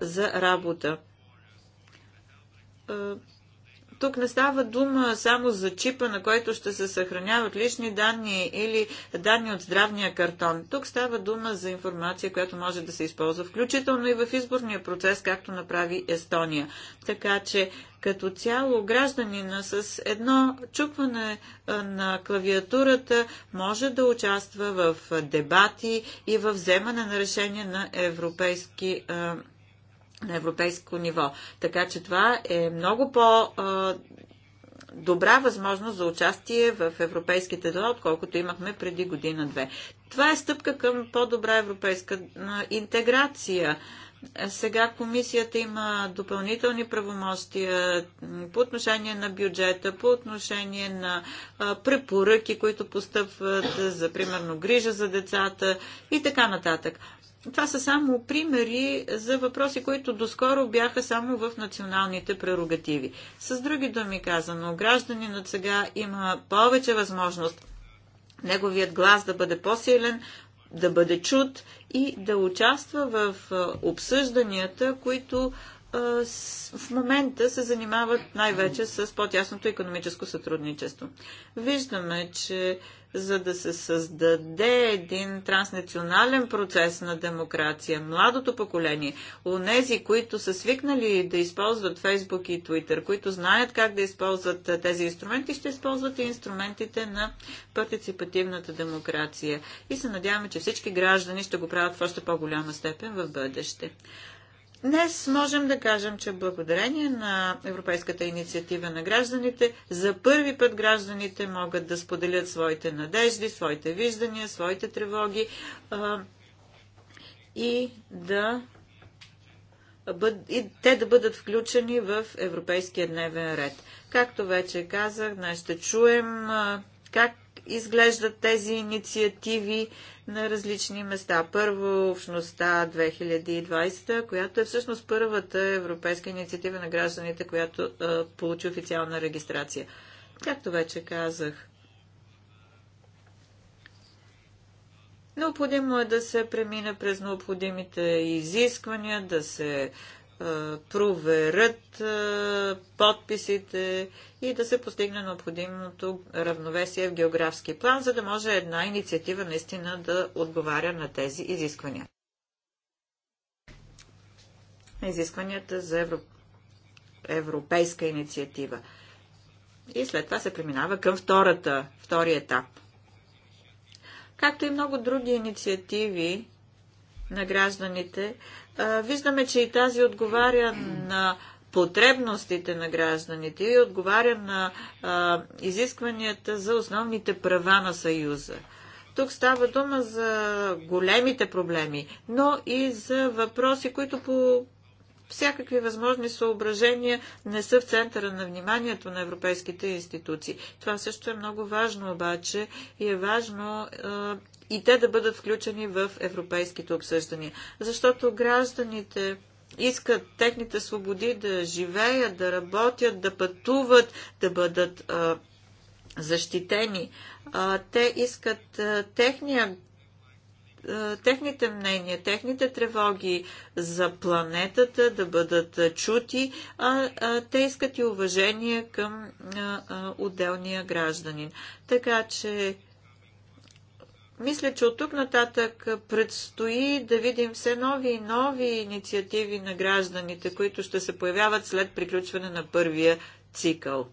за работа. Е, тук не става дума само за чипа, на който ще се съхраняват лични данни или данни от здравния картон. Тук става дума за информация, която може да се използва включително и в изборния процес, както направи Естония. Така че като цяло гражданина с едно чупване е, на клавиатурата може да участва в дебати и в вземане на решения на европейски е, на европейско ниво. Така че това е много по- добра възможност за участие в европейските дела, отколкото имахме преди година-две. Това е стъпка към по-добра европейска интеграция. Сега комисията има допълнителни правомощия по отношение на бюджета, по отношение на препоръки, които постъпват за, примерно, грижа за децата и така нататък. Това са само примери за въпроси, които доскоро бяха само в националните прерогативи. С други думи казано, гражданинът сега има повече възможност неговият глас да бъде по-силен, да бъде чут и да участва в обсъжданията, които в момента се занимават най-вече с по-тясното економическо сътрудничество. Виждаме, че за да се създаде един транснационален процес на демокрация, младото поколение, унези, които са свикнали да използват Фейсбук и Твитър, които знаят как да използват тези инструменти, ще използват и инструментите на партиципативната демокрация. И се надяваме, че всички граждани ще го правят в още по-голяма степен в бъдеще. Днес можем да кажем, че благодарение на Европейската инициатива на гражданите, за първи път гражданите могат да споделят своите надежди, своите виждания, своите тревоги а, и да бъд, и те да бъдат включени в Европейския дневен ред. Както вече казах, днес ще чуем а, как изглеждат тези инициативи на различни места. Първо Общността 2020, която е всъщност първата европейска инициатива на гражданите, която е, получи официална регистрация. Както вече казах, Необходимо е да се премине през необходимите изисквания, да се е, проверят е, подписите и да се постигне необходимото равновесие в географски план, за да може една инициатива наистина да отговаря на тези изисквания. Изискванията за евро... европейска инициатива. И след това се преминава към втората, втори етап. Както и много други инициативи на гражданите, виждаме, че и тази отговаря на потребностите на гражданите и отговаря на а, изискванията за основните права на Съюза. Тук става дума за големите проблеми, но и за въпроси, които по всякакви възможни съображения не са в центъра на вниманието на европейските институции. Това също е много важно обаче и е важно и те да бъдат включени в европейските обсъждания. Защото гражданите искат техните свободи да живеят, да работят, да пътуват, да бъдат а, защитени. А, те искат а, техния техните мнения, техните тревоги за планетата да бъдат чути, а, а те искат и уважение към а, а, отделния гражданин. Така че мисля, че от тук нататък предстои да видим все нови и нови инициативи на гражданите, които ще се появяват след приключване на първия цикъл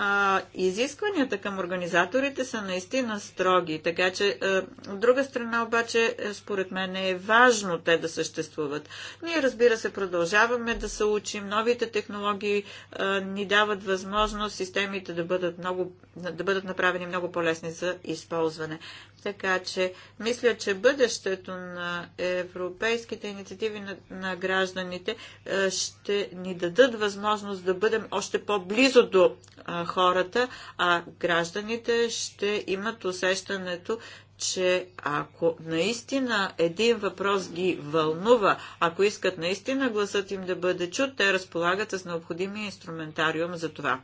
а, изискванията към организаторите са наистина строги, така че а, от друга страна обаче е, според мен е важно те да съществуват. Ние разбира се продължаваме да се учим, новите технологии а, ни дават възможност системите да бъдат, много, да бъдат направени много по-лесни за използване. Така че мисля, че бъдещето на европейските инициативи на, на гражданите а, ще ни дадат възможност да бъдем още по-близо до а, хората, а гражданите ще имат усещането, че ако наистина един въпрос ги вълнува, ако искат наистина гласът им да бъде чут, те разполагат с необходимия инструментариум за това.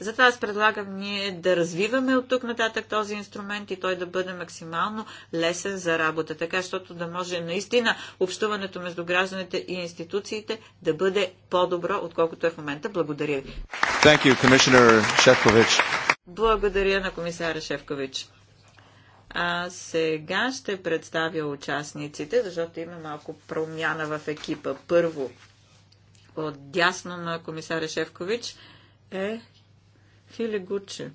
Затова аз предлагам ние да развиваме от тук нататък този инструмент и той да бъде максимално лесен за работа, така защото да може наистина общуването между гражданите и институциите да бъде по-добро, отколкото е в момента. Благодаря ви. Thank you, Благодаря на комисаря Шефкович. А сега ще представя участниците, защото има малко промяна в екипа. Първо, от дясно на комисаря Шефкович е Хиле Гуче.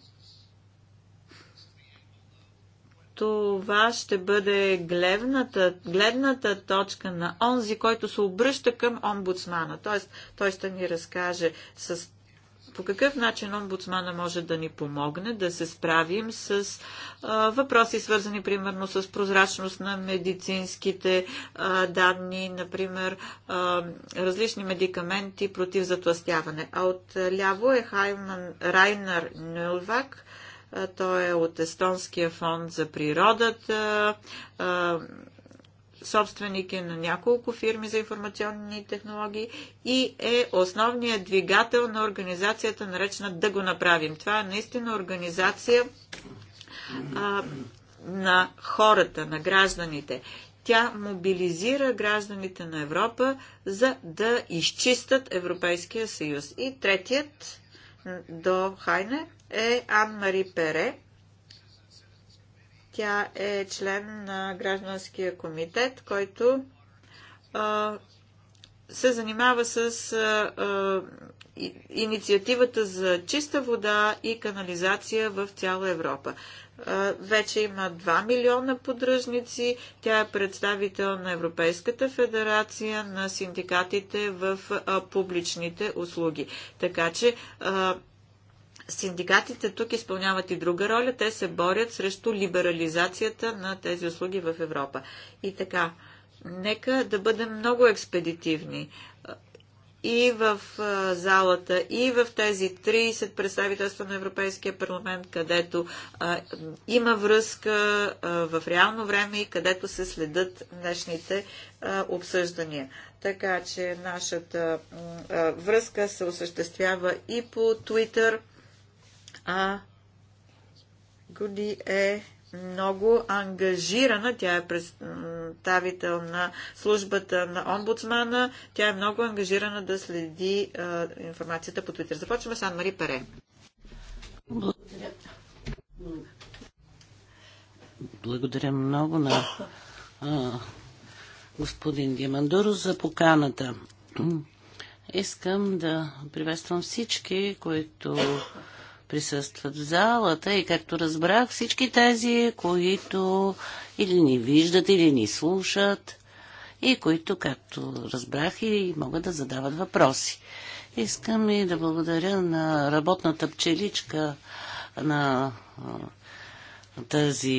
Това ще бъде гледната, гледната точка на онзи, който се обръща към омбудсмана. Т.е. той ще ни разкаже с по какъв начин омбудсмана може да ни помогне да се справим с а, въпроси, свързани примерно с прозрачност на медицинските а, данни, например а, различни медикаменти против затластяване. А от ляво е Хайман, Райнар Нюлвак, той е от Естонския фонд за природата, собственик е на няколко фирми за информационни технологии и е основният двигател на организацията, наречена Да го направим. Това е наистина организация а, на хората, на гражданите. Тя мобилизира гражданите на Европа за да изчистат Европейския съюз. И третият до Хайне е Ан-Мари Пере тя е член на гражданския комитет, който се занимава с инициативата за чиста вода и канализация в цяла Европа. вече има 2 милиона поддръжници. Тя е представител на Европейската федерация на синдикатите в публичните услуги. Така че Синдикатите тук изпълняват и друга роля. Те се борят срещу либерализацията на тези услуги в Европа. И така, нека да бъдем много експедитивни и в залата, и в тези 30 представителства на Европейския парламент, където а, има връзка а, в реално време и където се следят днешните а, обсъждания. Така че нашата а, връзка се осъществява и по Twitter а Гуди е много ангажирана. Тя е представител на службата на омбудсмана. Тя е много ангажирана да следи а, информацията по Твитър. Започваме с Анмари Паре. Пере. Благодаря. Благодаря много на а, господин Димандуро за поканата. Искам да приветствам всички, които присъстват в залата и както разбрах всички тези, които или ни виждат, или ни слушат и които, както разбрах, и могат да задават въпроси. Искам и да благодаря на работната пчеличка на тази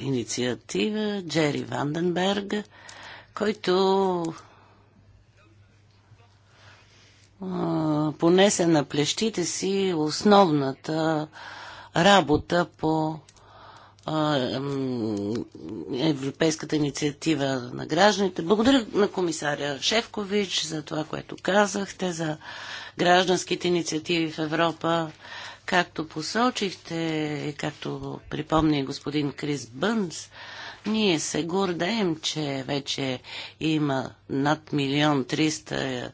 инициатива, Джери Ванденберг, който понесе на плещите си основната работа по Европейската инициатива на гражданите. Благодаря на комисаря Шевкович за това, което казахте, за гражданските инициативи в Европа. Както посочихте, както припомни господин Крис Бънс, ние се гордеем, че вече има над милион триста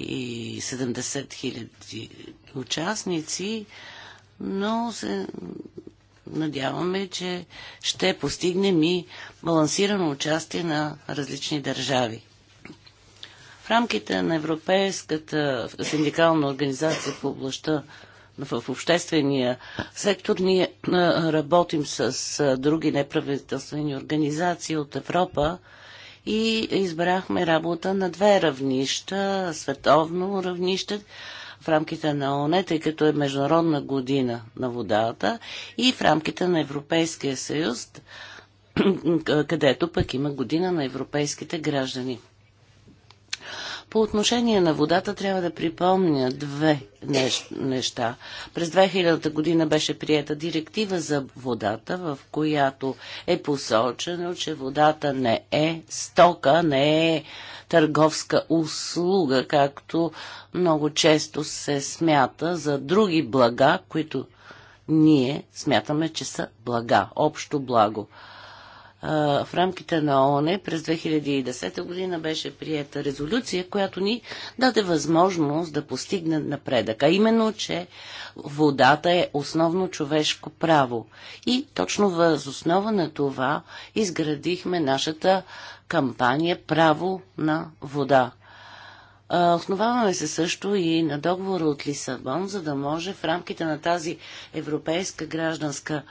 и 70 хиляди участници, но се надяваме, че ще постигнем и балансирано участие на различни държави. В рамките на Европейската синдикална организация в областта в обществения сектор ние работим с други неправителствени организации от Европа, и избрахме работа на две равнища, световно равнище в рамките на ОНЕ, тъй като е Международна година на водата и в рамките на Европейския съюз, където пък има година на европейските граждани. По отношение на водата трябва да припомня две неща. През 2000 година беше приета директива за водата, в която е посочено, че водата не е стока, не е търговска услуга, както много често се смята за други блага, които ние смятаме, че са блага, общо благо в рамките на ООН през 2010 година беше приета резолюция, която ни даде възможност да постигне напредък. А именно, че водата е основно човешко право. И точно въз основа на това изградихме нашата кампания Право на вода. Основаваме се също и на договора от Лисабон, за да може в рамките на тази европейска гражданска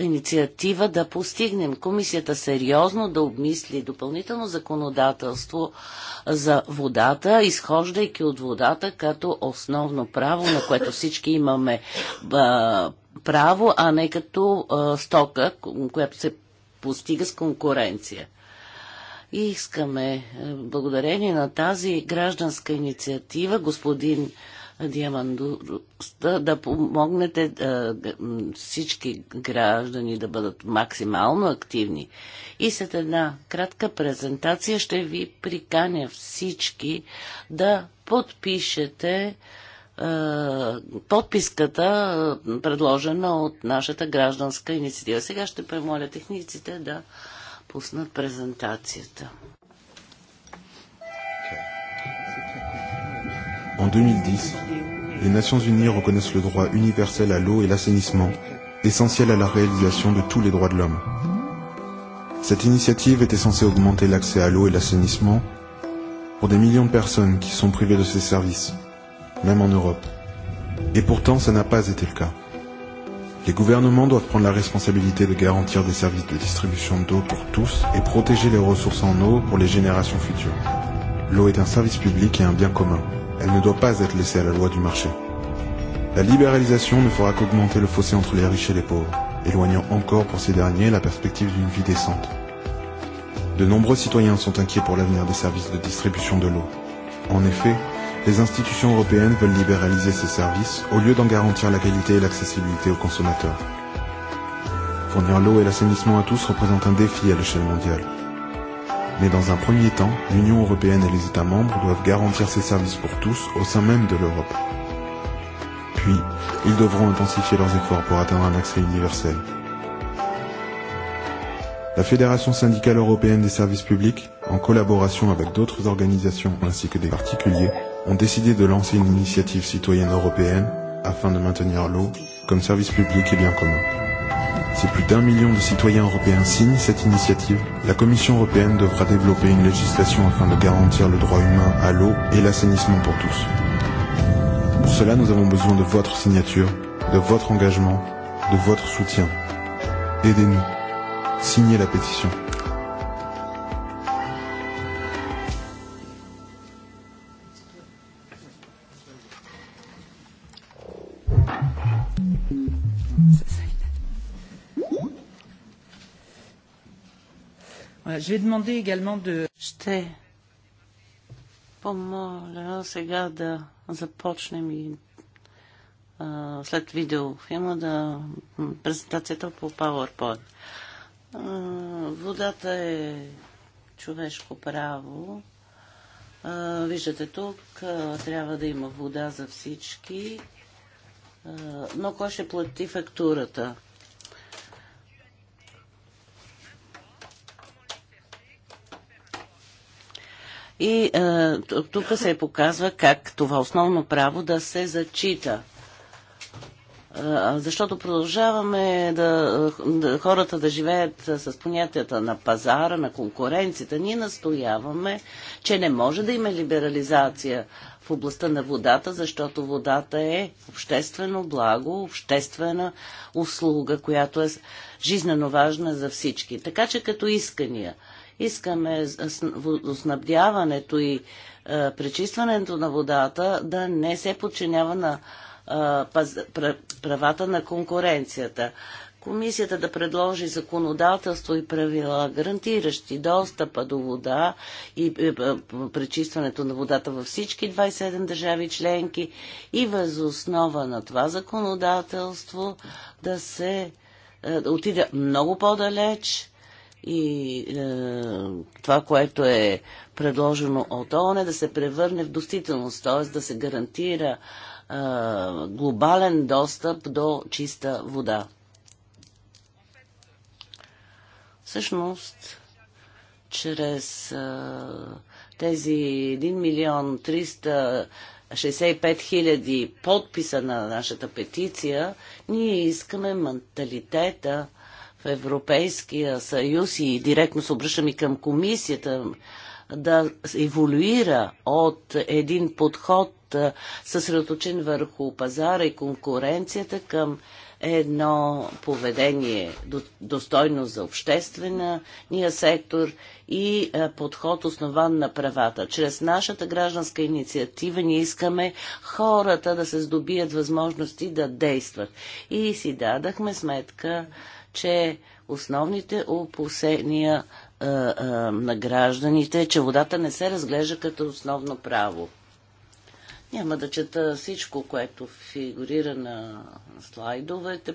инициатива да постигнем комисията сериозно да обмисли допълнително законодателство за водата, изхождайки от водата като основно право, на което всички имаме а, право, а не като а, стока, която се постига с конкуренция. И искаме, е, благодарение на тази гражданска инициатива, господин Диамандур, да, да помогнете да, всички граждани да бъдат максимално активни. И след една кратка презентация ще ви приканя всички да подпишете подписката, предложена от нашата гражданска инициатива. Сега ще премоля техниците да пуснат презентацията. En 2010, les Nations Unies reconnaissent le droit universel à l'eau et l'assainissement, essentiel à la réalisation de tous les droits de l'homme. Cette initiative était censée augmenter l'accès à l'eau et l'assainissement pour des millions de personnes qui sont privées de ces services, même en Europe. Et pourtant, ça n'a pas été le cas. Les gouvernements doivent prendre la responsabilité de garantir des services de distribution d'eau pour tous et protéger les ressources en eau pour les générations futures. L'eau est un service public et un bien commun. Elle ne doit pas être laissée à la loi du marché. La libéralisation ne fera qu'augmenter le fossé entre les riches et les pauvres, éloignant encore pour ces derniers la perspective d'une vie décente. De nombreux citoyens sont inquiets pour l'avenir des services de distribution de l'eau. En effet, les institutions européennes veulent libéraliser ces services au lieu d'en garantir la qualité et l'accessibilité aux consommateurs. Fournir l'eau et l'assainissement à tous représente un défi à l'échelle mondiale. Mais dans un premier temps, l'Union européenne et les États membres doivent garantir ces services pour tous au sein même de l'Europe. Puis, ils devront intensifier leurs efforts pour atteindre un accès universel. La Fédération syndicale européenne des services publics, en collaboration avec d'autres organisations ainsi que des particuliers, ont décidé de lancer une initiative citoyenne européenne afin de maintenir l'eau comme service public et bien commun. Si plus d'un million de citoyens européens signent cette initiative, la Commission européenne devra développer une législation afin de garantir le droit humain à l'eau et l'assainissement pour tous. Pour cela, nous avons besoin de votre signature, de votre engagement, de votre soutien. Aidez-nous. Signez la pétition. je vais demander également de... Ще помоля сега да започнем и след видеофилма да презентацията по PowerPoint. водата е човешко право. виждате тук, трябва да има вода за всички. но кой ще плати фактурата? И е, тук се показва как това основно право да се зачита. Е, защото продължаваме да, да, хората да живеят е, с понятията на пазара, на конкуренцията. Ние настояваме, че не може да има либерализация в областта на водата, защото водата е обществено благо, обществена услуга, която е жизнено важна за всички. Така че като искания – Искаме снабдяването и пречистването на водата да не се подчинява на правата на конкуренцията. Комисията да предложи законодателство и правила, гарантиращи достъпа до вода и е, е, пречистването на водата във всички 27 държави членки и възоснова на това законодателство да се е, да много по-далеч и е, това, което е предложено от ООН е да се превърне в достителност, т.е. да се гарантира е, глобален достъп до чиста вода. Всъщност, чрез е, тези 1 милион 365 хиляди подписа на нашата петиция, ние искаме менталитета в Европейския съюз и директно се обръщам и към комисията да еволюира от един подход съсредоточен върху пазара и конкуренцията към едно поведение достойно за обществения сектор и подход основан на правата. Чрез нашата гражданска инициатива ние искаме хората да се здобият възможности да действат. И си дадахме сметка, че основните опасения на гражданите е, че водата не се разглежда като основно право. Няма да чета всичко, което фигурира на слайдовете.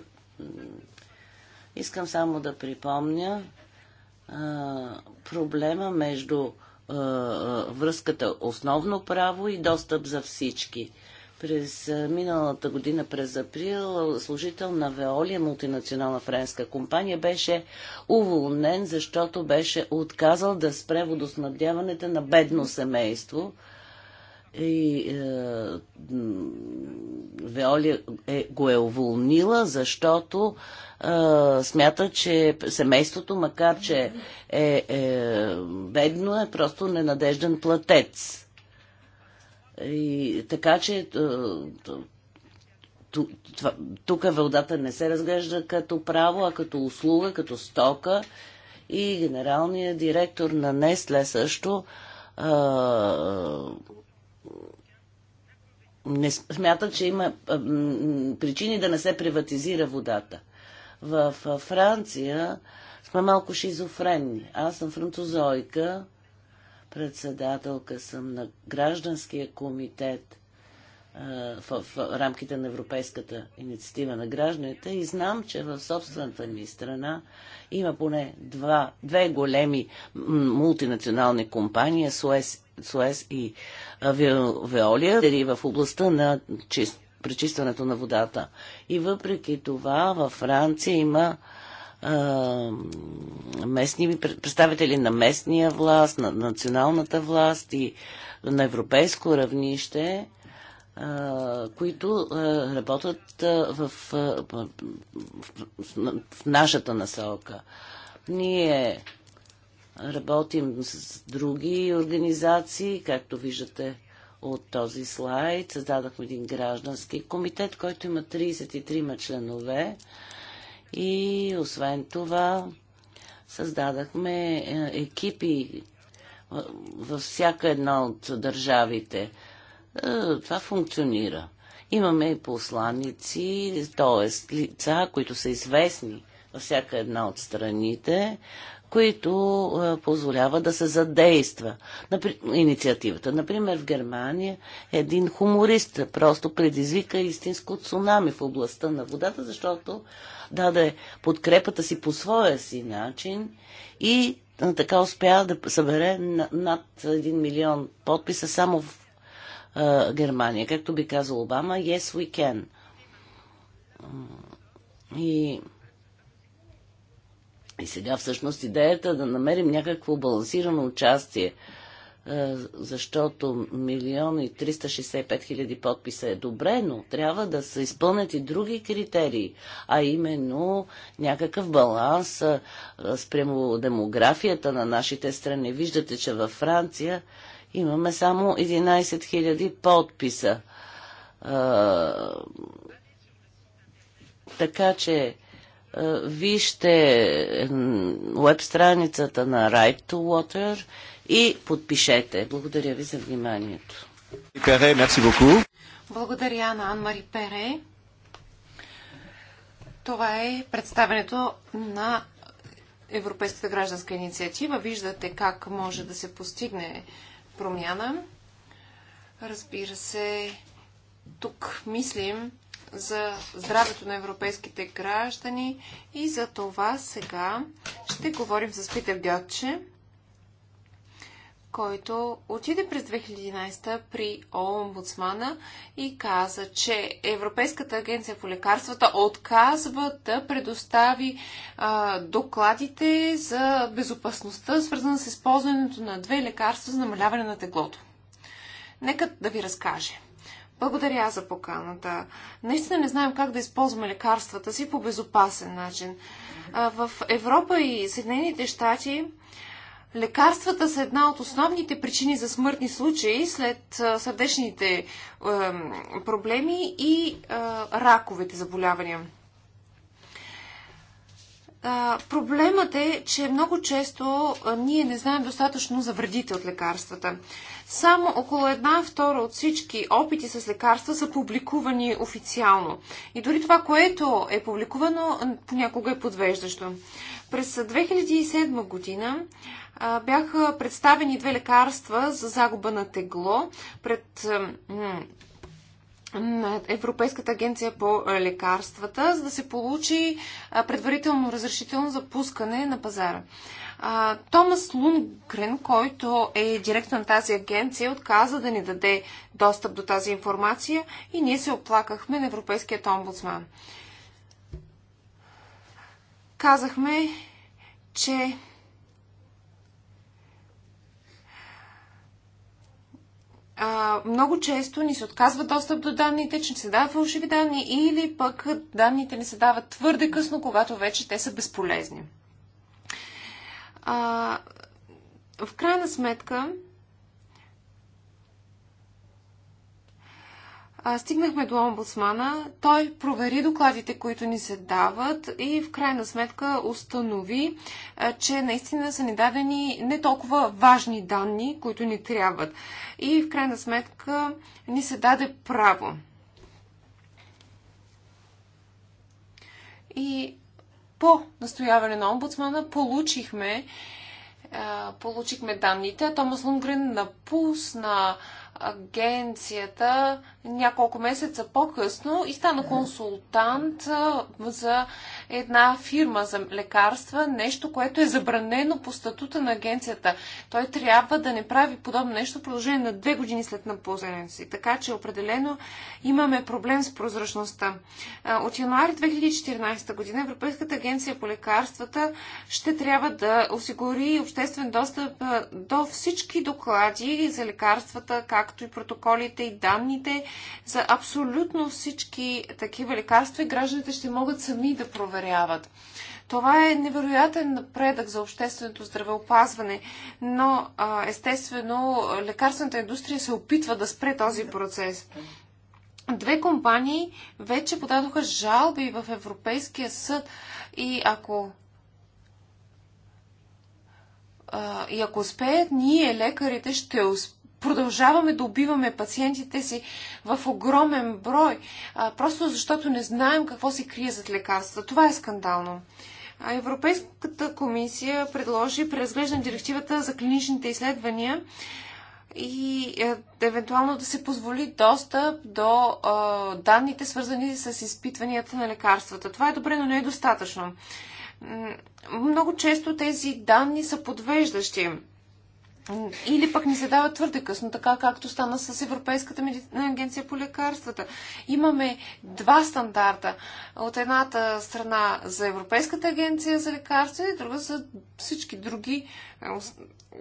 Искам само да припомня а, проблема между а, връзката основно право и достъп за всички. През миналата година, през април, служител на Веолия, мултинационална френска компания, беше уволнен, защото беше отказал да спре водоснабдяването на бедно семейство. И е, Веолия е, го е уволнила, защото е, смята, че семейството, макар че е, е бедно, е просто ненадежден платец. И, така че е, тук вълдата не се разглежда като право, а като услуга, като стока. И генералният директор на Нестле също е, не смята, че има е, причини да не се приватизира водата. в Франция сме малко шизофренни. Аз съм французойка, Председателка съм на гражданския комитет в, в, в рамките на Европейската инициатива на гражданите и знам, че в собствената ми страна има поне два, две големи мултинационални компании, Суес, Суес и Веолия, в областта на чист, пречистването на водата. И въпреки това във Франция има местни представители на местния власт, на националната власт и на европейско равнище, които работят в, в, в нашата насока. Ние работим с други организации, както виждате от този слайд. Създадахме един граждански комитет, който има 33 членове. И освен това, създадахме е, екипи е, във всяка една от държавите. Е, това функционира. Имаме и посланици, т.е. лица, които са известни във всяка една от страните, които позволява да се задейства Напри... инициативата. Например, в Германия един хуморист просто предизвика истинско цунами в областта на водата, защото даде подкрепата си по своя си начин и така успя да събере над 1 милион подписа само в Германия. Както би казал Обама, yes we can. И и сега всъщност идеята е да намерим някакво балансирано участие, е, защото милион и 365 хиляди подписа е добре, но трябва да се изпълнят и други критерии, а именно някакъв баланс е, спрямо демографията на нашите страни. Виждате, че във Франция имаме само 11 хиляди подписа. Е, така че е, вижте веб страницата на Right to Water и подпишете. Благодаря ви за вниманието. Благодаря на Анмари Пере. Това е представенето на Европейската гражданска инициатива. Виждате как може да се постигне промяна. Разбира се, тук мислим за здравето на европейските граждани и за това сега ще говорим с Питер Гьотче, който отиде през 2011 при омбудсмана и каза, че Европейската агенция по лекарствата отказва да предостави а, докладите за безопасността, свързана с използването на две лекарства за намаляване на теглото. Нека да ви разкаже. Благодаря за поканата. Наистина не знаем как да използваме лекарствата си по безопасен начин. В Европа и Съединените щати лекарствата са една от основните причини за смъртни случаи след сърдечните проблеми и раковите заболявания. Проблемът е, че много често ние не знаем достатъчно за вредите от лекарствата. Само около една втора от всички опити с лекарства са публикувани официално. И дори това, което е публикувано, понякога е подвеждащо. През 2007 година бяха представени две лекарства за загуба на тегло пред на Европейската агенция по лекарствата, за да се получи предварително разрешително за пускане на пазара. А, Томас Лунгрен, който е директор на тази агенция, отказа да ни даде достъп до тази информация и ние се оплакахме на Европейският омбудсман. Казахме, че а, много често ни се отказва достъп до данните, че не се дават фалшиви данни или пък данните ни се дават твърде късно, когато вече те са безполезни. А, в крайна сметка, а, стигнахме до омбудсмана. Той провери докладите, които ни се дават и в крайна сметка установи, а, че наистина са ни дадени не толкова важни данни, които ни трябват. И в крайна сметка ни се даде право. И по настояване на омбудсмана получихме, а, е, получихме данните. Томас Лунгрен напусна агенцията няколко месеца по-късно и стана консултант е, за една фирма за лекарства, нещо, което е забранено по статута на агенцията. Той трябва да не прави подобно нещо в продължение на две години след напълзването си. Така че определено имаме проблем с прозрачността. От януари 2014 година Европейската агенция по лекарствата ще трябва да осигури обществен достъп до всички доклади за лекарствата, както и протоколите и данните за абсолютно всички такива лекарства и гражданите ще могат сами да проверят проверяват. Това е невероятен напредък за общественото здравеопазване, но естествено лекарствената индустрия се опитва да спре този процес. Две компании вече подадоха жалби в Европейския съд и ако и ако успеят, ние лекарите ще успеем продължаваме да убиваме пациентите си в огромен брой, а, просто защото не знаем какво се крие зад лекарства. Това е скандално. Европейската комисия предложи преразглеждане директивата за клиничните изследвания и е, евентуално да се позволи достъп до е, данните, свързани с изпитванията на лекарствата. Това е добре, но не е достатъчно. Много често тези данни са подвеждащи или пък ни се дава твърде късно, така както стана с Европейската меди... агенция по лекарствата. Имаме два стандарта. От едната страна за Европейската агенция за лекарства и друга за всички други е,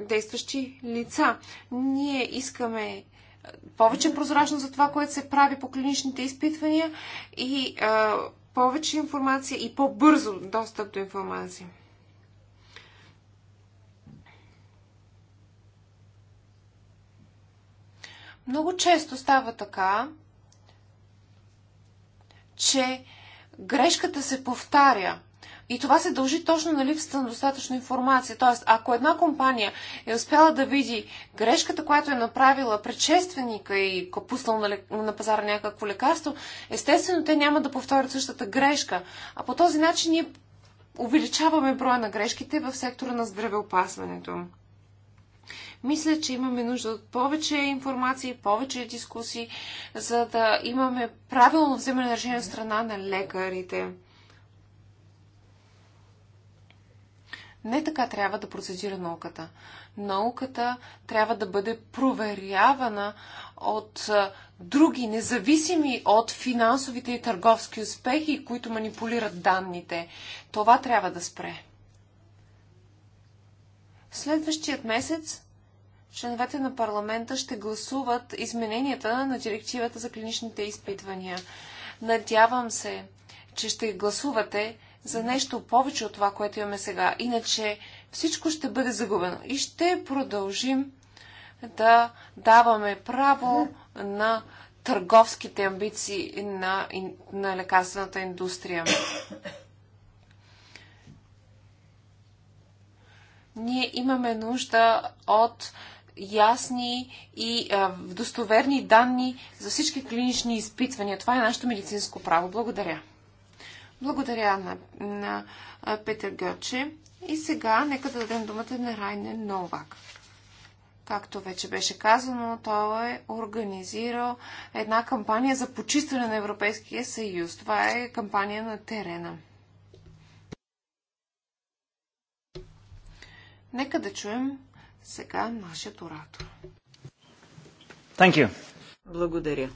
действащи лица. Ние искаме е, повече прозрачност за това, което се прави по клиничните изпитвания и е, повече информация и по-бързо достъп до информация. Много често става така, че грешката се повтаря. И това се дължи точно на липсата на достатъчно информация. Тоест, ако една компания е успяла да види грешката, която е направила предшественика и пуснал на, на пазара някакво лекарство, естествено те няма да повторят същата грешка. А по този начин ние увеличаваме броя на грешките в сектора на здравеопасването. Мисля, че имаме нужда от повече информации, повече дискусии, за да имаме правилно вземане на решение от страна на лекарите. Не така трябва да процедира науката. Науката трябва да бъде проверявана от други, независими от финансовите и търговски успехи, които манипулират данните. Това трябва да спре. Следващият месец членовете на парламента ще гласуват измененията на директивата за клиничните изпитвания. Надявам се, че ще гласувате за нещо повече от това, което имаме сега. Иначе всичко ще бъде загубено и ще продължим да даваме право на търговските амбиции на, на лекарствената индустрия. Ние имаме нужда от ясни и а, достоверни данни за всички клинични изпитвания. Това е нашето медицинско право. Благодаря. Благодаря на, на Петър Гърче. И сега нека да дадем думата на Райне Новак. Както вече беше казано, той е организирал една кампания за почистване на Европейския съюз. Това е кампания на терена. Нека да чуем сега нашият оратор. Thank you. Благодаря.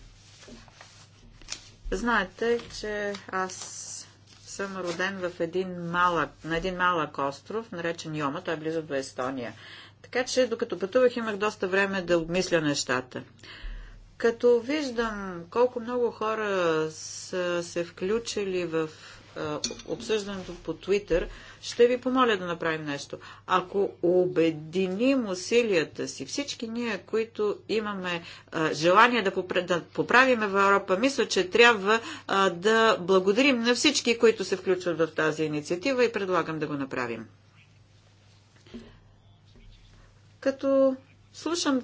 Знаете, че аз съм роден в един малък, на един малък остров, наречен Йома, той е близо до Естония. Така че, докато пътувах, имах доста време да обмисля нещата. Като виждам колко много хора са се включили в обсъждането по Твитър, ще ви помоля да направим нещо. Ако обединим усилията си, всички ние, които имаме а, желание да, попр... да поправиме в Европа, мисля, че трябва а, да благодарим на всички, които се включват в тази инициатива и предлагам да го направим. Като слушам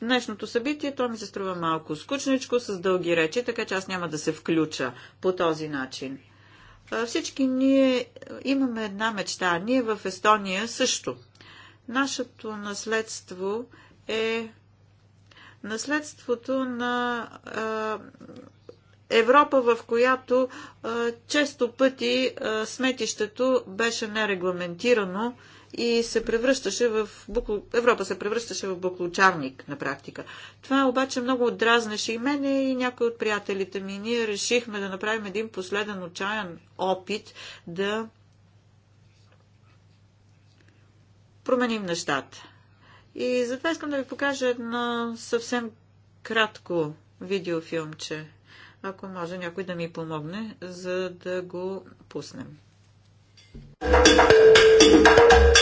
днешното събитие, то ми се струва малко скучничко, с дълги речи, така че аз няма да се включа по този начин. Всички ние имаме една мечта. Ние в Естония също. Нашето наследство е наследството на Европа, в която често пъти сметището беше нерегламентирано и се превръщаше в букло... Европа се превръщаше в буклучарник на практика. Това обаче много отдразнеше и мене и някои от приятелите ми. Ние решихме да направим един последен отчаян опит да променим нещата. И затова искам да ви покажа едно съвсем кратко видеофилмче. Ако може някой да ми помогне, за да го пуснем. Thank you.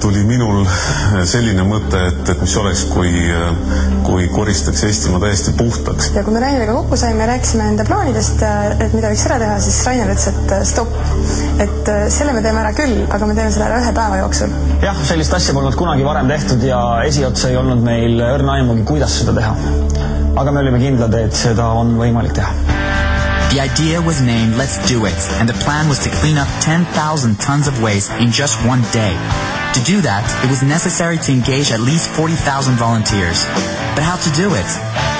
tuli minul selline mõte, et, et mis oleks, kui, kui koristaks Eestimaa täiesti puhtaks. ja kui me Raineriga kokku saime ja rääkisime enda plaanidest, et mida võiks ära teha, siis Rainer ütles, et stopp. et selle me teeme ära küll, aga me teeme selle ära ühe päeva jooksul. jah, sellist asja polnud kunagi varem tehtud ja esiotsa ei olnud meil õrna aimugi, kuidas seda teha. aga me olime kindlad, et seda on võimalik teha. The idea was named Let's Do It, and the plan was to clean up 10,000 tons of waste in just one day. To do that, it was necessary to engage at least 40,000 volunteers. But how to do it?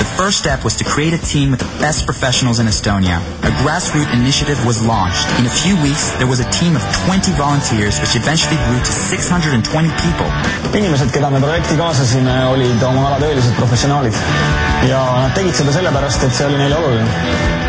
The first step was to create a team with the best professionals in Estonia. A grassroots initiative was launched. In a few weeks, there was a team of 20 volunteers, which eventually grew to 620 people. inimesed, keda me projekti kaasasime, olid oma ala töölised professionaalid ja nad tegid seda sellepärast, et see oli neile oluline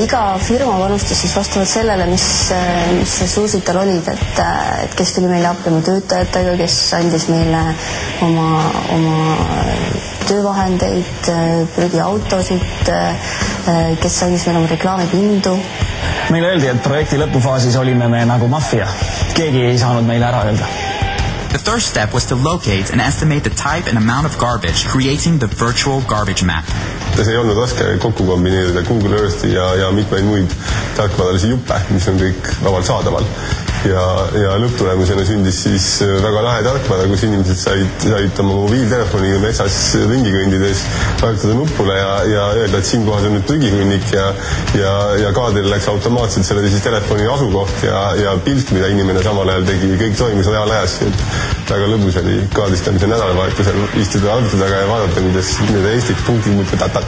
iga firma panustas siis vastavalt sellele, mis, mis ressursid olid, et, et kes tuli meile appi oma töötajatega, kes andis meile oma, oma töövahendeid, prügiautosid, kes andis meile oma reklaamipindu. meile öeldi, et projekti lõpufaasis olime me nagu maffia, keegi ei saanud meile ära öelda The first step was to locate and estimate the type and amount of garbage, creating the virtual garbage map mõttes ei olnud raske kokku kombineerida Google Earthi ja, ja mitmeid muid tarkvaralisi juppe, mis on kõik vabalt saadaval. ja, ja lõpptulemusena sündis siis väga lahe tarkvara, kus inimesed said, said oma mobiiltelefoni metsas ringi kõndides vajutada nupule ja, ja öelda, et siinkohas on nüüd prügihunnik ja ja, ja kaadril läks automaatselt selle siis telefoni asukoht ja, ja pilt, mida inimene samal ajal tegi, kõik toimis reaalajas, et väga lõbus oli kaardistamise nädalavahetusel istuda arvuti taga ja vaadata, kuidas need Eestit punktid muudkui tatat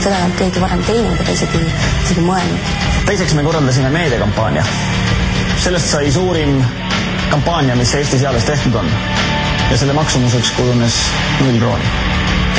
seda nad keegi varem teinud aga isegi, isegi mõelnud. teiseks me korraldasime meediakampaania. sellest sai suurim kampaania, mis Eesti seadus tehtud on. ja selle maksumuseks kujunes null krooni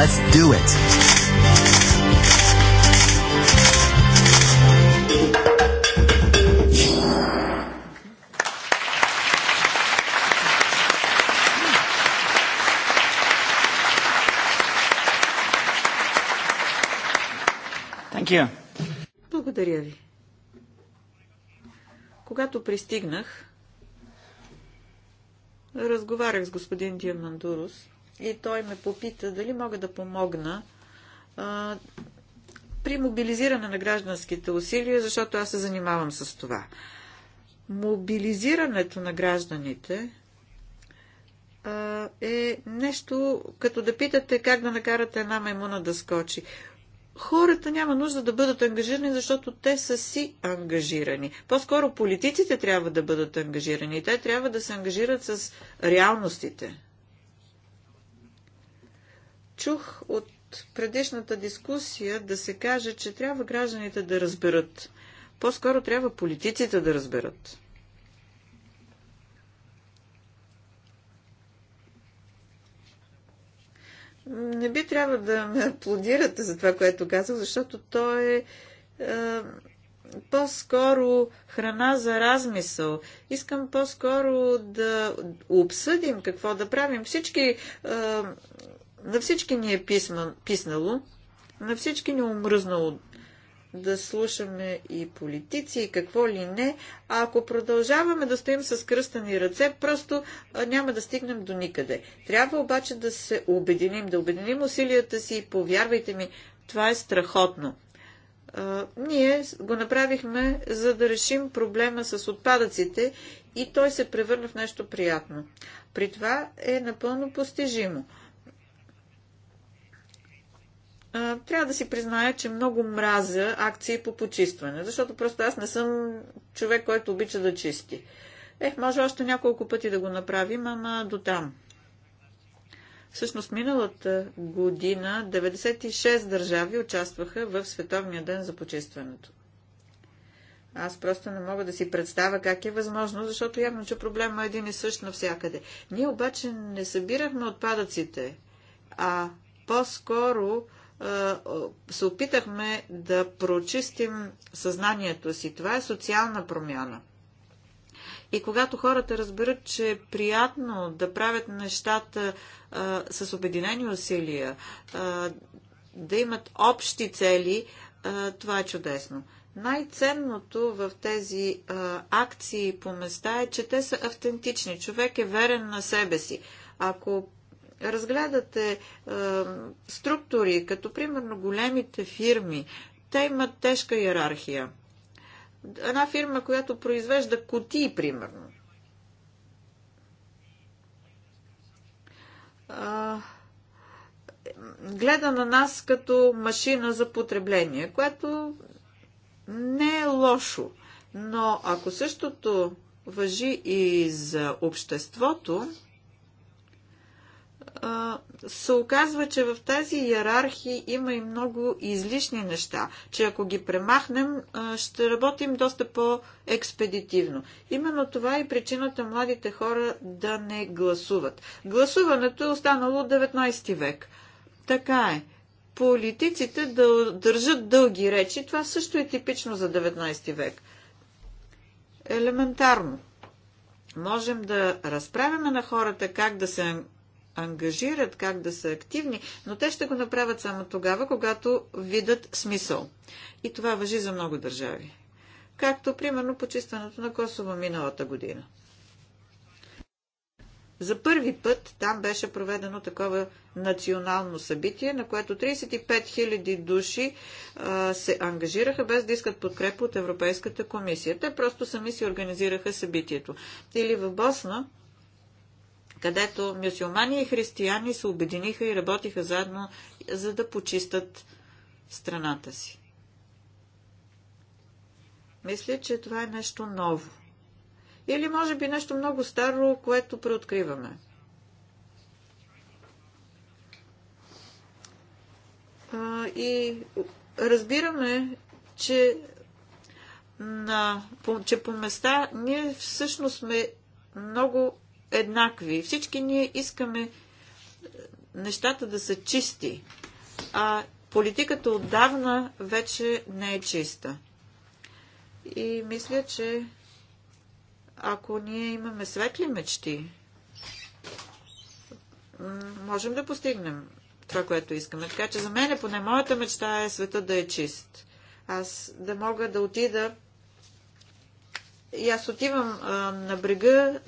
Let's do it. Благодаря ви. Когато пристигнах, разговарях с господин Диамандурус и той ме попита дали мога да помогна а, при мобилизиране на гражданските усилия, защото аз се занимавам с това. Мобилизирането на гражданите а, е нещо, като да питате как да накарате една маймуна да скочи хората няма нужда да бъдат ангажирани, защото те са си ангажирани. По-скоро политиците трябва да бъдат ангажирани и те трябва да се ангажират с реалностите чух от предишната дискусия да се каже, че трябва гражданите да разберат. По-скоро трябва политиците да разберат. Не би трябва да ме аплодирате за това, което казах, защото то е, е по-скоро храна за размисъл. Искам по-скоро да обсъдим какво да правим. Всички е, на всички ни е писма, писнало, на всички ни е омръзнало да слушаме и политици, и какво ли не, а ако продължаваме да стоим с кръстани ръце, просто няма да стигнем до никъде. Трябва обаче да се обединим, да обединим усилията си и повярвайте ми, това е страхотно. А, ние го направихме, за да решим проблема с отпадъците и той се превърна в нещо приятно. При това е напълно постижимо трябва да си призная, че много мразя акции по почистване, защото просто аз не съм човек, който обича да чисти. Ех, може още няколко пъти да го направим, ама до там. Всъщност миналата година 96 държави участваха в Световния ден за почистването. Аз просто не мога да си представя как е възможно, защото явно, че проблема е един и същ навсякъде. Ние обаче не събирахме отпадъците, а по-скоро е, се опитахме да прочистим съзнанието си. Това е социална промяна. И когато хората разберат, че е приятно да правят нещата а, е, с обединени усилия, а, е, да имат общи цели, а, това е чудесно. Най-ценното в тези а, акции по места е, че те са автентични. Човек е верен на себе си. Ако разгледате е, структури, като примерно големите фирми, те имат тежка иерархия. Една фирма, която произвежда коти, примерно. гледа на нас като машина за потребление, което не е лошо. Но ако същото въжи и за обществото, се оказва, че в тази иерархия има и много излишни неща, че ако ги премахнем, ще работим доста по-експедитивно. Именно това е причината младите хора да не гласуват. Гласуването е останало от 19 век. Така е. Политиците да държат дълги речи, това също е типично за 19 век. Елементарно можем да разправяме на хората как да се ангажират, как да са активни, но те ще го направят само тогава, когато видят смисъл. И това въжи за много държави. Както, примерно, почистването на Косово миналата година. За първи път там беше проведено такова национално събитие, на което 35 000 души а, се ангажираха без да искат подкрепа от Европейската комисия. Те просто сами си организираха събитието. Или в Босна където мюсюлмани и християни се обединиха и работиха заедно, за да почистат страната си. Мисля, че това е нещо ново. Или може би нещо много старо, което преоткриваме. и разбираме, че, на, че по места ние всъщност сме много еднакви. Всички ние искаме е, нещата да са чисти, а политиката отдавна вече не е чиста. И мисля, че ако ние имаме светли мечти, можем да постигнем това, което искаме. Така че за мен, поне моята мечта е света да е чист. Аз да мога да отида и аз отивам а, на брега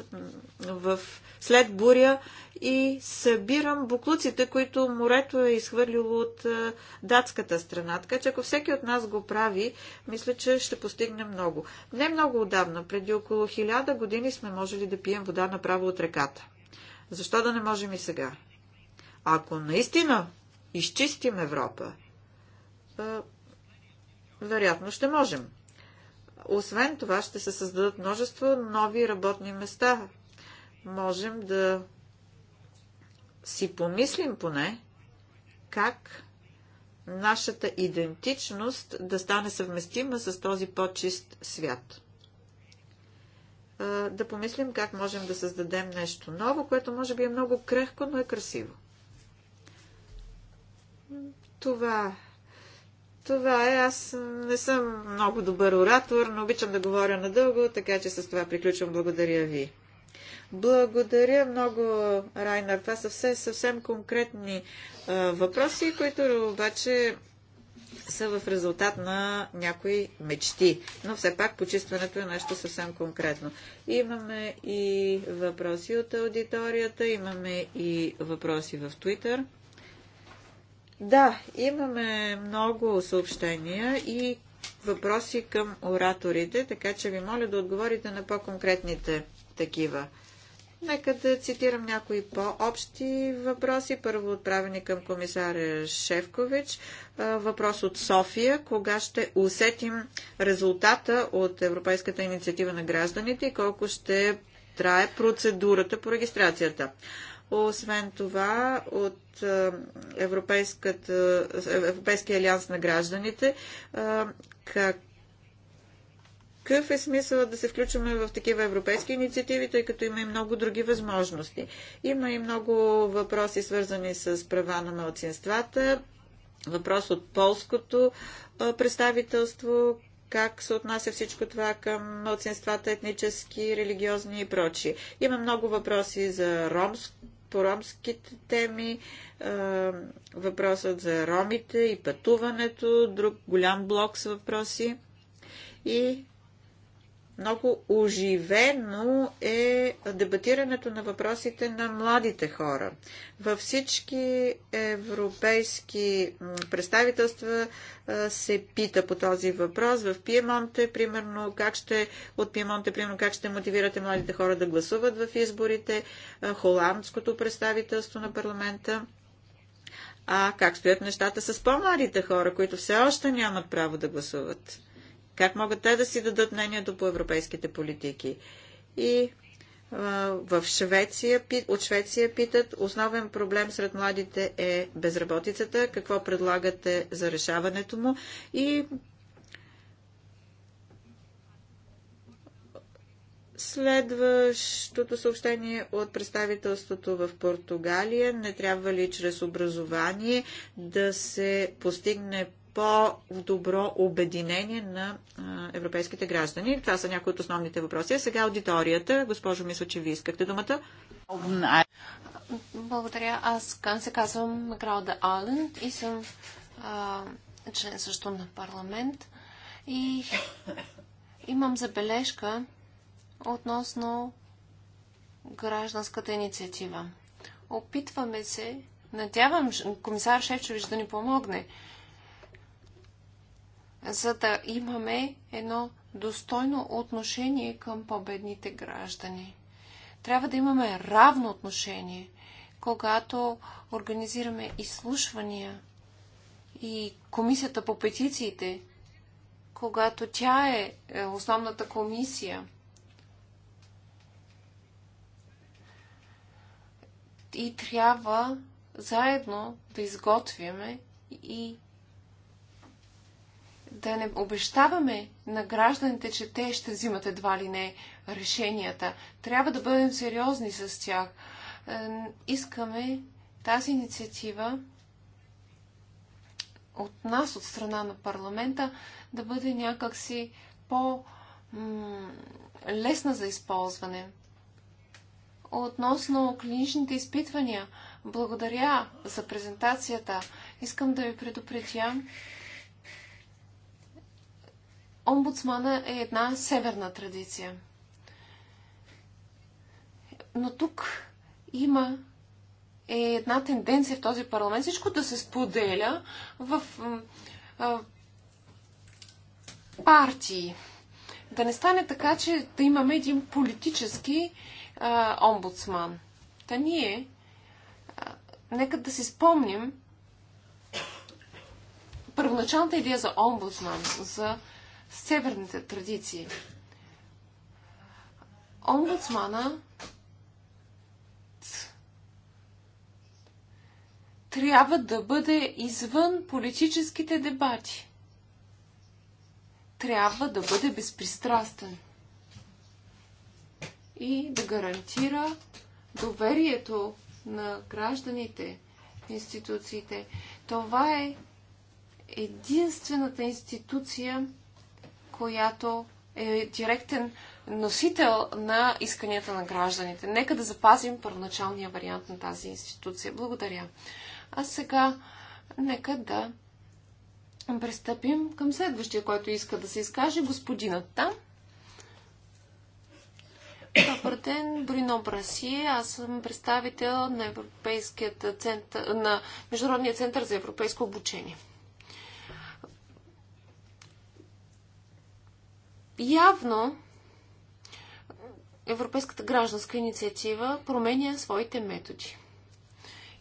в, след буря и събирам буклуците, които морето е изхвърлило от а, датската страна. Така че ако всеки от нас го прави, мисля, че ще постигне много. Не много отдавна, преди около хиляда години сме можели да пием вода направо от реката. Защо да не можем и сега? Ако наистина изчистим Европа, а, вероятно ще можем. Освен това ще се създадат множество нови работни места. Можем да си помислим поне как нашата идентичност да стане съвместима с този по-чист свят. Да помислим как можем да създадем нещо ново, което може би е много крехко, но е красиво. Това това е. Аз не съм много добър оратор, но обичам да говоря надълго, така че с това приключвам. Благодаря ви. Благодаря много, Райнар. Това са все съвсем конкретни а, въпроси, които обаче са в резултат на някои мечти. Но все пак почистването е нещо съвсем конкретно. Имаме и въпроси от аудиторията, имаме и въпроси в Твитър. Да, имаме много съобщения и въпроси към ораторите, така че ви моля да отговорите на по-конкретните такива. Нека да цитирам някои по-общи въпроси. Първо отправени към комисаря Шевкович. Въпрос от София. Кога ще усетим резултата от Европейската инициатива на гражданите и колко ще трае процедурата по регистрацията? Освен това, от Европейския алианс на гражданите, как какъв е смисъл да се включваме в такива европейски инициативи, тъй като има и много други възможности. Има и много въпроси, свързани с права на малцинствата, въпрос от полското представителство, как се отнася всичко това към мълцинствата, етнически, религиозни и прочие. Има много въпроси за ромско по ромските теми, е, въпросът за ромите и пътуването, друг голям блок с въпроси и много оживено е дебатирането на въпросите на младите хора. Във всички европейски представителства се пита по този въпрос. В Пиемонте, примерно, как ще, от Пиемонте, примерно, как ще мотивирате младите хора да гласуват в изборите, холандското представителство на парламента. А как стоят нещата с по-младите хора, които все още нямат право да гласуват? Как могат те да си дадат мнението по европейските политики? И в Швеция, от Швеция питат, основен проблем сред младите е безработицата, какво предлагате за решаването му и Следващото съобщение от представителството в Португалия не трябва ли чрез образование да се постигне по-добро обединение на европейските граждани. Това са някои от основните въпроси. А сега аудиторията. Госпожо, мисля, че ви искахте думата. Благодаря. Аз се казвам Грауда Ален и съм а, член също на парламент. И имам забележка относно гражданската инициатива. Опитваме се, надявам комисар Шевчевич да ни помогне, за да имаме едно достойно отношение към победните граждани. Трябва да имаме равно отношение, когато организираме изслушвания и комисията по петициите, когато тя е, е основната комисия. И трябва заедно да изготвяме и да не обещаваме на гражданите, че те ще взимат едва ли не решенията. Трябва да бъдем сериозни с тях. Е, искаме тази инициатива от нас, от страна на парламента, да бъде някакси по-лесна за използване. Относно клиничните изпитвания, благодаря за презентацията. Искам да ви предупредя, омбудсмана е една северна традиция. Но тук има е една тенденция в този парламент всичко да се споделя в а, партии. Да не стане така, че да имаме един политически а, омбудсман. Та ние, а, нека да си спомним първоначалната идея за омбудсман, за северните традиции. Омбудсмана трябва да бъде извън политическите дебати. Трябва да бъде безпристрастен и да гарантира доверието на гражданите в институциите. Това е единствената институция, която е директен носител на исканията на гражданите. Нека да запазим първоначалния вариант на тази институция. Благодаря. А сега нека да пристъпим към следващия, който иска да се изкаже, господинът там. Добър ден, Брино Браси. Аз съм представител на, център, на Международния център за европейско обучение. Явно Европейската гражданска инициатива променя своите методи.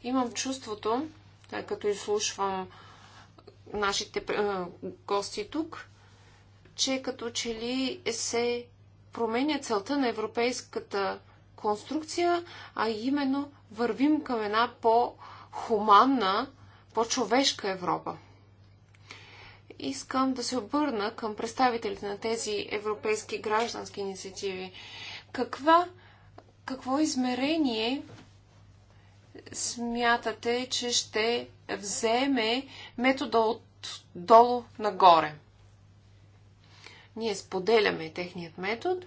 Имам чувството, тъй като изслушвам нашите е, гости тук, че като че ли се променя целта на европейската конструкция, а именно вървим към една по-хуманна, по-човешка Европа искам да се обърна към представителите на тези европейски граждански инициативи. Каква, какво измерение смятате, че ще вземе метода от долу нагоре? Ние споделяме техният метод.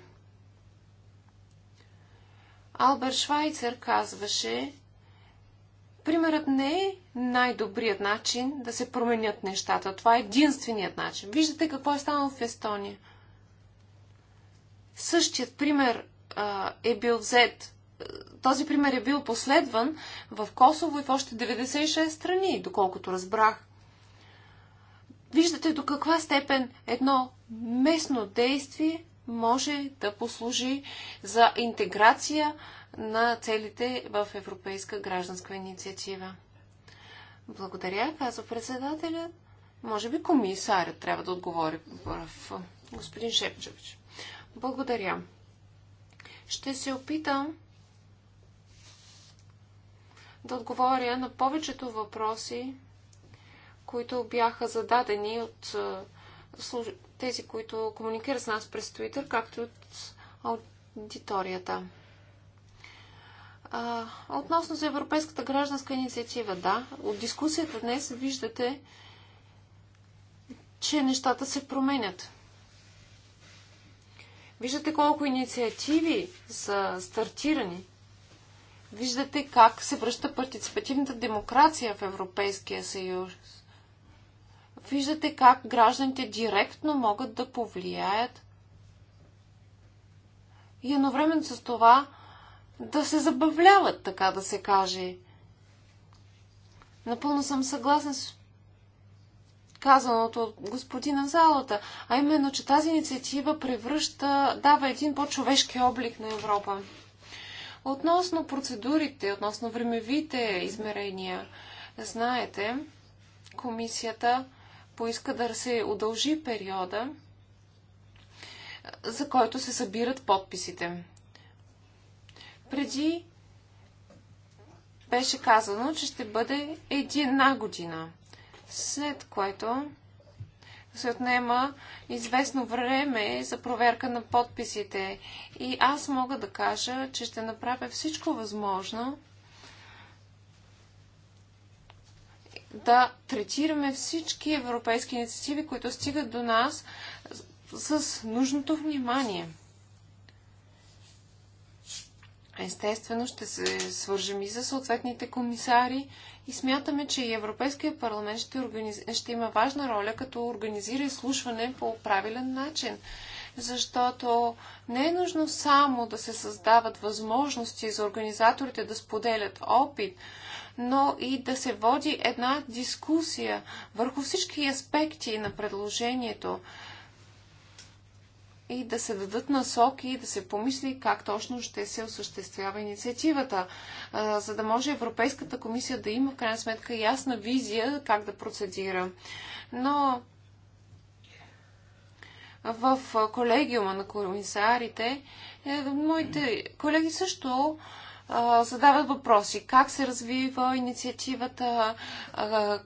Албер Швайцер казваше, примерът не е най-добрият начин да се променят нещата. Това е единственият начин. Виждате какво е станало в Естония. Същият пример а, е бил взет. Този пример е бил последван в Косово и в още 96 страни, доколкото разбрах. Виждате до каква степен едно местно действие може да послужи за интеграция на целите в Европейска гражданска инициатива. Благодаря, казва председателя. Може би комисарят трябва да отговори в Господин Шепчевич. Благодаря. Ще се опитам да отговоря на повечето въпроси, които бяха зададени от тези, които комуникират с нас през Twitter, както и от аудиторията. А, относно за Европейската гражданска инициатива, да, от дискусията днес виждате, че нещата се променят. Виждате колко инициативи са стартирани. Виждате как се връща партиципативната демокрация в Европейския съюз. Виждате как гражданите директно могат да повлияят. И едновременно с това да се забавляват, така да се каже. Напълно съм съгласна с казаното от господина залата, а именно, че тази инициатива превръща, дава един по-човешки облик на Европа. Относно процедурите, относно времевите измерения, знаете, комисията поиска да се удължи периода, за който се събират подписите. Преди беше казано, че ще бъде една година, след което се отнема известно време за проверка на подписите. И аз мога да кажа, че ще направя всичко възможно да третираме всички европейски инициативи, които стигат до нас с нужното внимание. Естествено, ще се свържем и за съответните комисари и смятаме, че и Европейския парламент ще, организ... ще има важна роля, като организира изслушване по правилен начин. Защото не е нужно само да се създават възможности за организаторите да споделят опит, но и да се води една дискусия върху всички аспекти на предложението и да се дадат насоки и да се помисли как точно ще се осъществява инициативата, за да може Европейската комисия да има в крайна сметка ясна визия как да процедира. Но в колегиума на комисарите, е, моите колеги също задават въпроси. Как се развива инициативата,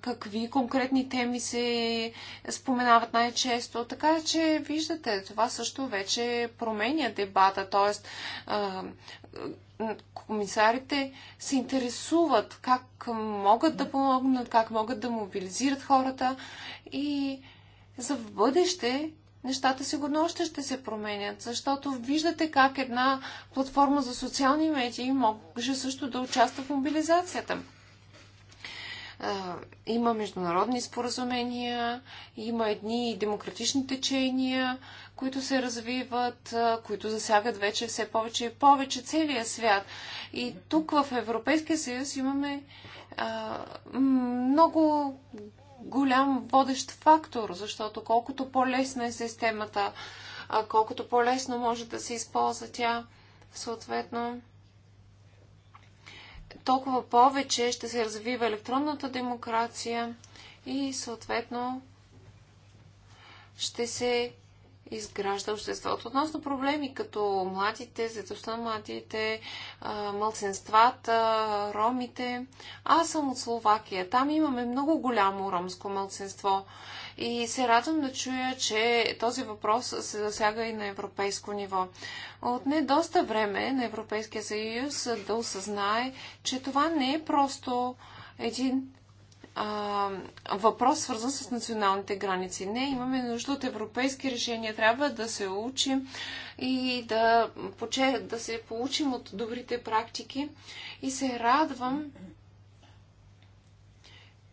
какви конкретни теми се споменават най-често. Така че, виждате, това също вече променя дебата, Тоест, комисарите се интересуват как могат да помогнат, как могат да мобилизират хората и за в бъдеще нещата сигурно още ще се променят, защото виждате как една платформа за социални медии може също да участва в мобилизацията. Има международни споразумения, има едни демократични течения, които се развиват, които засягат вече все повече и повече целия свят. И тук в Европейския съюз имаме а, много голям водещ фактор, защото колкото по-лесна е системата, колкото по-лесно може да се използва тя, съответно, толкова повече ще се развива електронната демокрация и съответно ще се изгражда обществото. Относно проблеми като младите, заедостта на младите, мълценствата, ромите. Аз съм от Словакия. Там имаме много голямо ромско мълценство. И се радвам да чуя, че този въпрос се засяга и на европейско ниво. Отне доста време на Европейския съюз да осъзнае, че това не е просто един а, въпрос, свързан с националните граници. Не, имаме нужда от европейски решения. Трябва да се учим и да, поче, да се получим от добрите практики. И се радвам,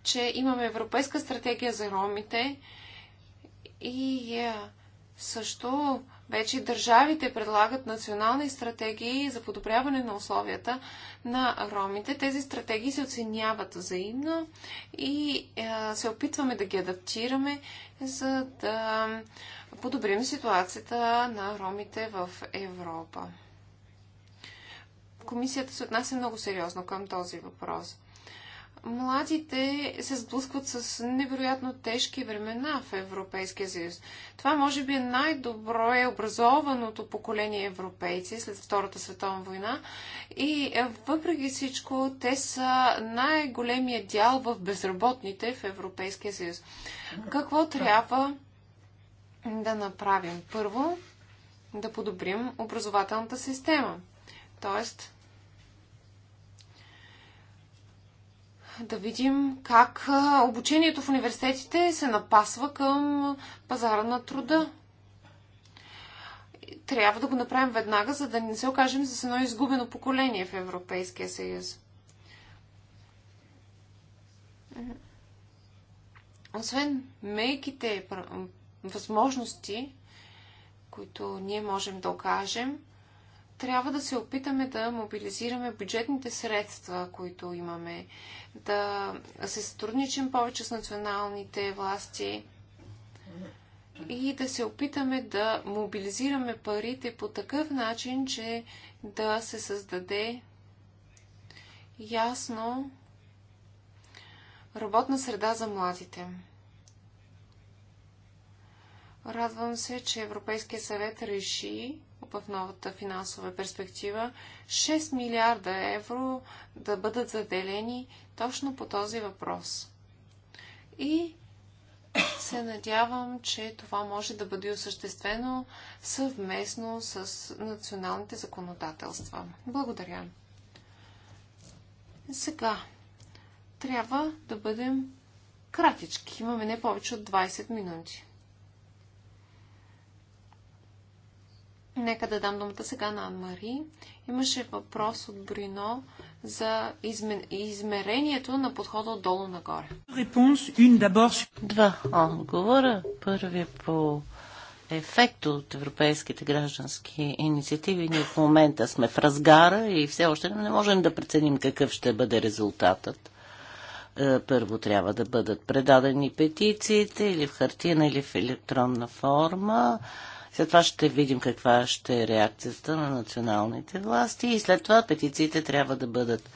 че имаме европейска стратегия за ромите и yeah, е също вече държавите предлагат национални стратегии за подобряване на условията на ромите. Тези стратегии се оценяват взаимно и е, се опитваме да ги адаптираме, за да подобрим ситуацията на ромите в Европа. Комисията се отнася много сериозно към този въпрос младите се сблъскват с невероятно тежки времена в Европейския съюз. Това може би е най-добро е образованото поколение европейци след Втората световна война и е, въпреки всичко те са най-големия дял в безработните в Европейския съюз. Какво трябва да направим? Първо, да подобрим образователната система. Тоест, да видим как обучението в университетите се напасва към пазара на труда. Трябва да го направим веднага, за да не се окажем с едно изгубено поколение в Европейския съюз. Освен мейките възможности, които ние можем да окажем, трябва да се опитаме да мобилизираме бюджетните средства, които имаме, да се сътрудничим повече с националните власти и да се опитаме да мобилизираме парите по такъв начин, че да се създаде ясно работна среда за младите. Радвам се, че Европейския съвет реши в новата финансова перспектива 6 милиарда евро да бъдат заделени точно по този въпрос. И се надявам, че това може да бъде осъществено съвместно с националните законодателства. Благодаря. Сега трябва да бъдем кратички. Имаме не повече от 20 минути. Нека да дам думата сега на Анмари. Имаше въпрос от Брино за измен... измерението на подхода отдолу нагоре. Два отговора. Първи по ефект от европейските граждански инициативи. Ние в момента сме в разгара и все още не можем да преценим какъв ще бъде резултатът. Е, първо трябва да бъдат предадени петициите или в хартина, или в електронна форма. След това ще видим каква ще е реакцията на националните власти и след това петициите трябва да бъдат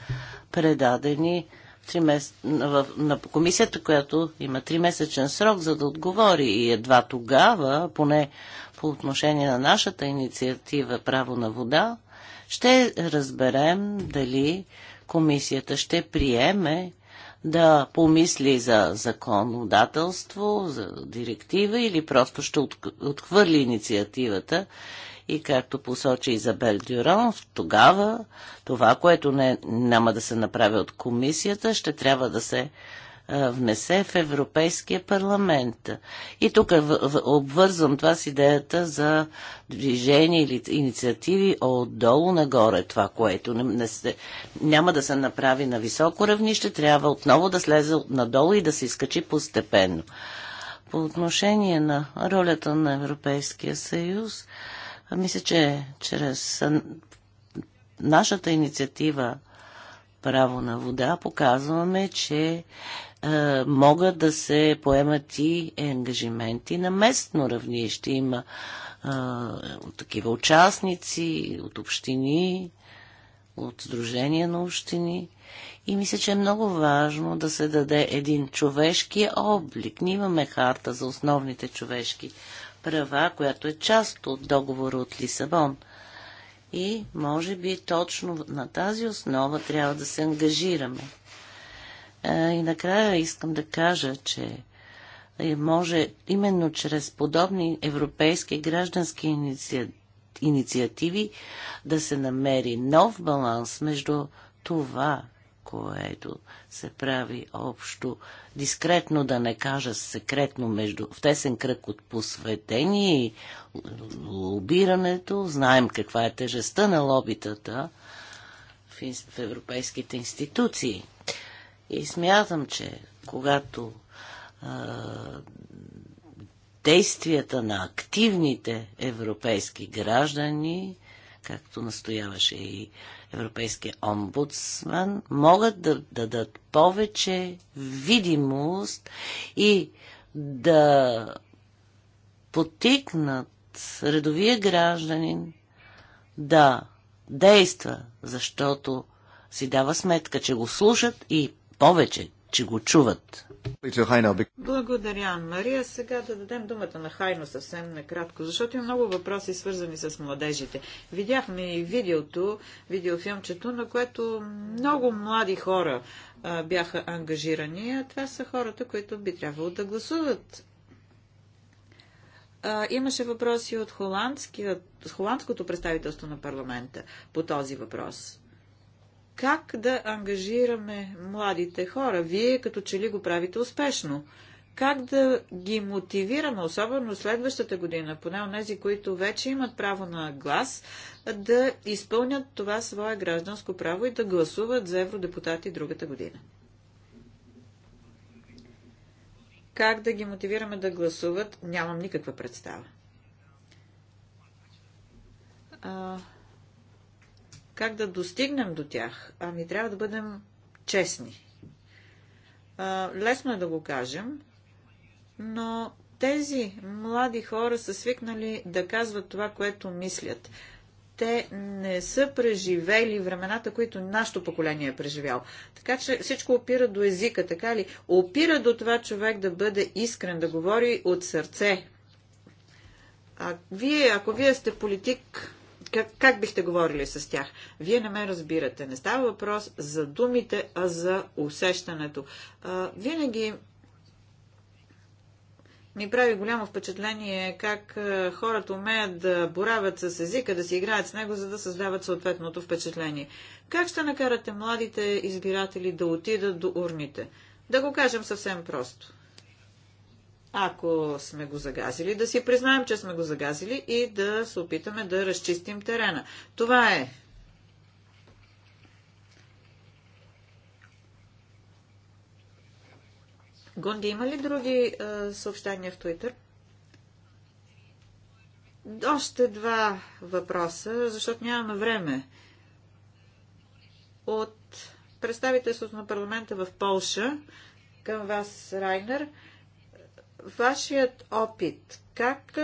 предадени в мес... в... на комисията, която има 3-месечен срок за да отговори и едва тогава, поне по отношение на нашата инициатива Право на вода, ще разберем дали комисията ще приеме да помисли за законодателство, за директива или просто ще отхвърли инициативата. И както посочи Изабел Дюран, тогава това, което не, няма да се направи от комисията, ще трябва да се внесе в Европейския парламент. И тук обвързвам това с идеята за движение или инициативи отдолу нагоре. Това, което не, не се, няма да се направи на високо равнище, трябва отново да слезе надолу и да се изкачи постепенно. По отношение на ролята на Европейския съюз, мисля, че чрез нашата инициатива право на вода показваме, че е, могат да се поемат и ангажименти на местно равнище. Има а, е, такива участници от общини, от Сдружения на общини. И мисля, че е много важно да се даде един човешки облик. Ние имаме харта за основните човешки права, която е част от договора от Лисабон. И може би точно на тази основа трябва да се ангажираме. И накрая искам да кажа, че е, може именно чрез подобни европейски граждански инициативи да се намери нов баланс между това, което се прави общо, дискретно да не кажа секретно, между, в тесен кръг от посветение и лобирането. Знаем каква е тежестта на лобитата в, в европейските институции. И смятам, че когато а, действията на активните европейски граждани, както настояваше и Европейския омбудсман, могат да дадат повече видимост и да потикнат редовия гражданин да действа, защото си дава сметка, че го слушат и повече, че го чуват. Благодаря, Мария. Сега да дадем думата на Хайно съвсем накратко, защото има много въпроси свързани с младежите. Видяхме и видеото, видеофилмчето, на което много млади хора а, бяха ангажирани, а това са хората, които би трябвало да гласуват. А, имаше въпроси от, от холандското представителство на парламента по този въпрос как да ангажираме младите хора? Вие като че ли го правите успешно. Как да ги мотивираме, особено следващата година, поне от тези, които вече имат право на глас, да изпълнят това свое гражданско право и да гласуват за евродепутати другата година? Как да ги мотивираме да гласуват, нямам никаква представа. А, как да достигнем до тях? Ами трябва да бъдем честни. А, лесно е да го кажем, но тези млади хора са свикнали да казват това, което мислят. Те не са преживели времената, които нашето поколение е преживял. Така че всичко опира до езика, така ли? Опира до това човек да бъде искрен, да говори от сърце. А вие, ако вие сте политик, как, как бихте говорили с тях? Вие не ме разбирате. Не става въпрос за думите, а за усещането. А, винаги ми прави голямо впечатление как хората умеят да боравят с езика, да си играят с него, за да създават съответното впечатление. Как ще накарате младите избиратели да отидат до урните? Да го кажем съвсем просто ако сме го загазили, да си признаем, че сме го загазили и да се опитаме да разчистим терена. Това е. Гонди, има ли други е, съобщения в Твитър? Още два въпроса, защото нямаме време. От представителството на парламента в Полша към вас, Райнер, вашият опит, как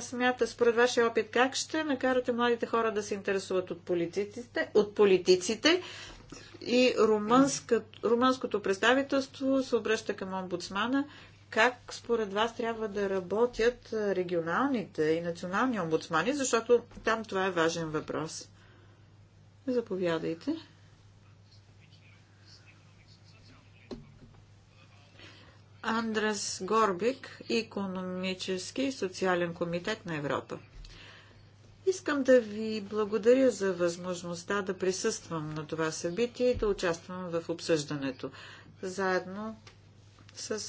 смята, според вашия опит, как ще накарате младите хора да се интересуват от политиците, от политиците и румънското представителство се обръща към омбудсмана. Как според вас трябва да работят регионалните и национални омбудсмани, защото там това е важен въпрос. Заповядайте. Андрес Горбик, економически и социален комитет на Европа. Искам да ви благодаря за възможността да присъствам на това събитие и да участвам в обсъждането, заедно с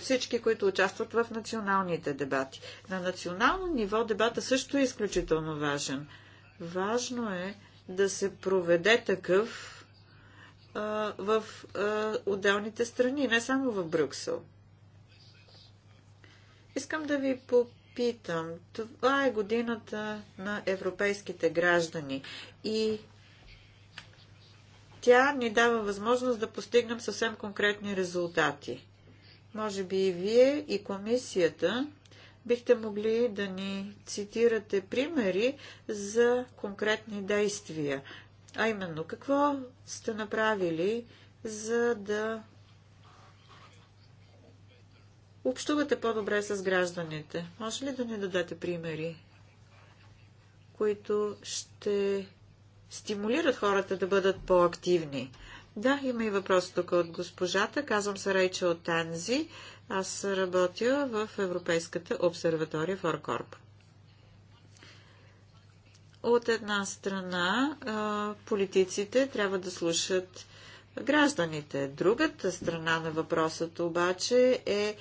всички, които участват в националните дебати. На национално ниво дебата също е изключително важен. Важно е да се проведе такъв в отделните страни, не само в Брюксел. Искам да ви попитам. Това е годината на европейските граждани и тя ни дава възможност да постигнем съвсем конкретни резултати. Може би и вие, и комисията бихте могли да ни цитирате примери за конкретни действия, а именно, какво сте направили, за да общувате по-добре с гражданите? Може ли да ни дадете примери, които ще стимулират хората да бъдат по-активни? Да, има и въпрос тук от госпожата. Казвам се Рейчел Танзи. Аз работя в Европейската обсерватория в от една страна политиците трябва да слушат гражданите. Другата страна на въпросът обаче е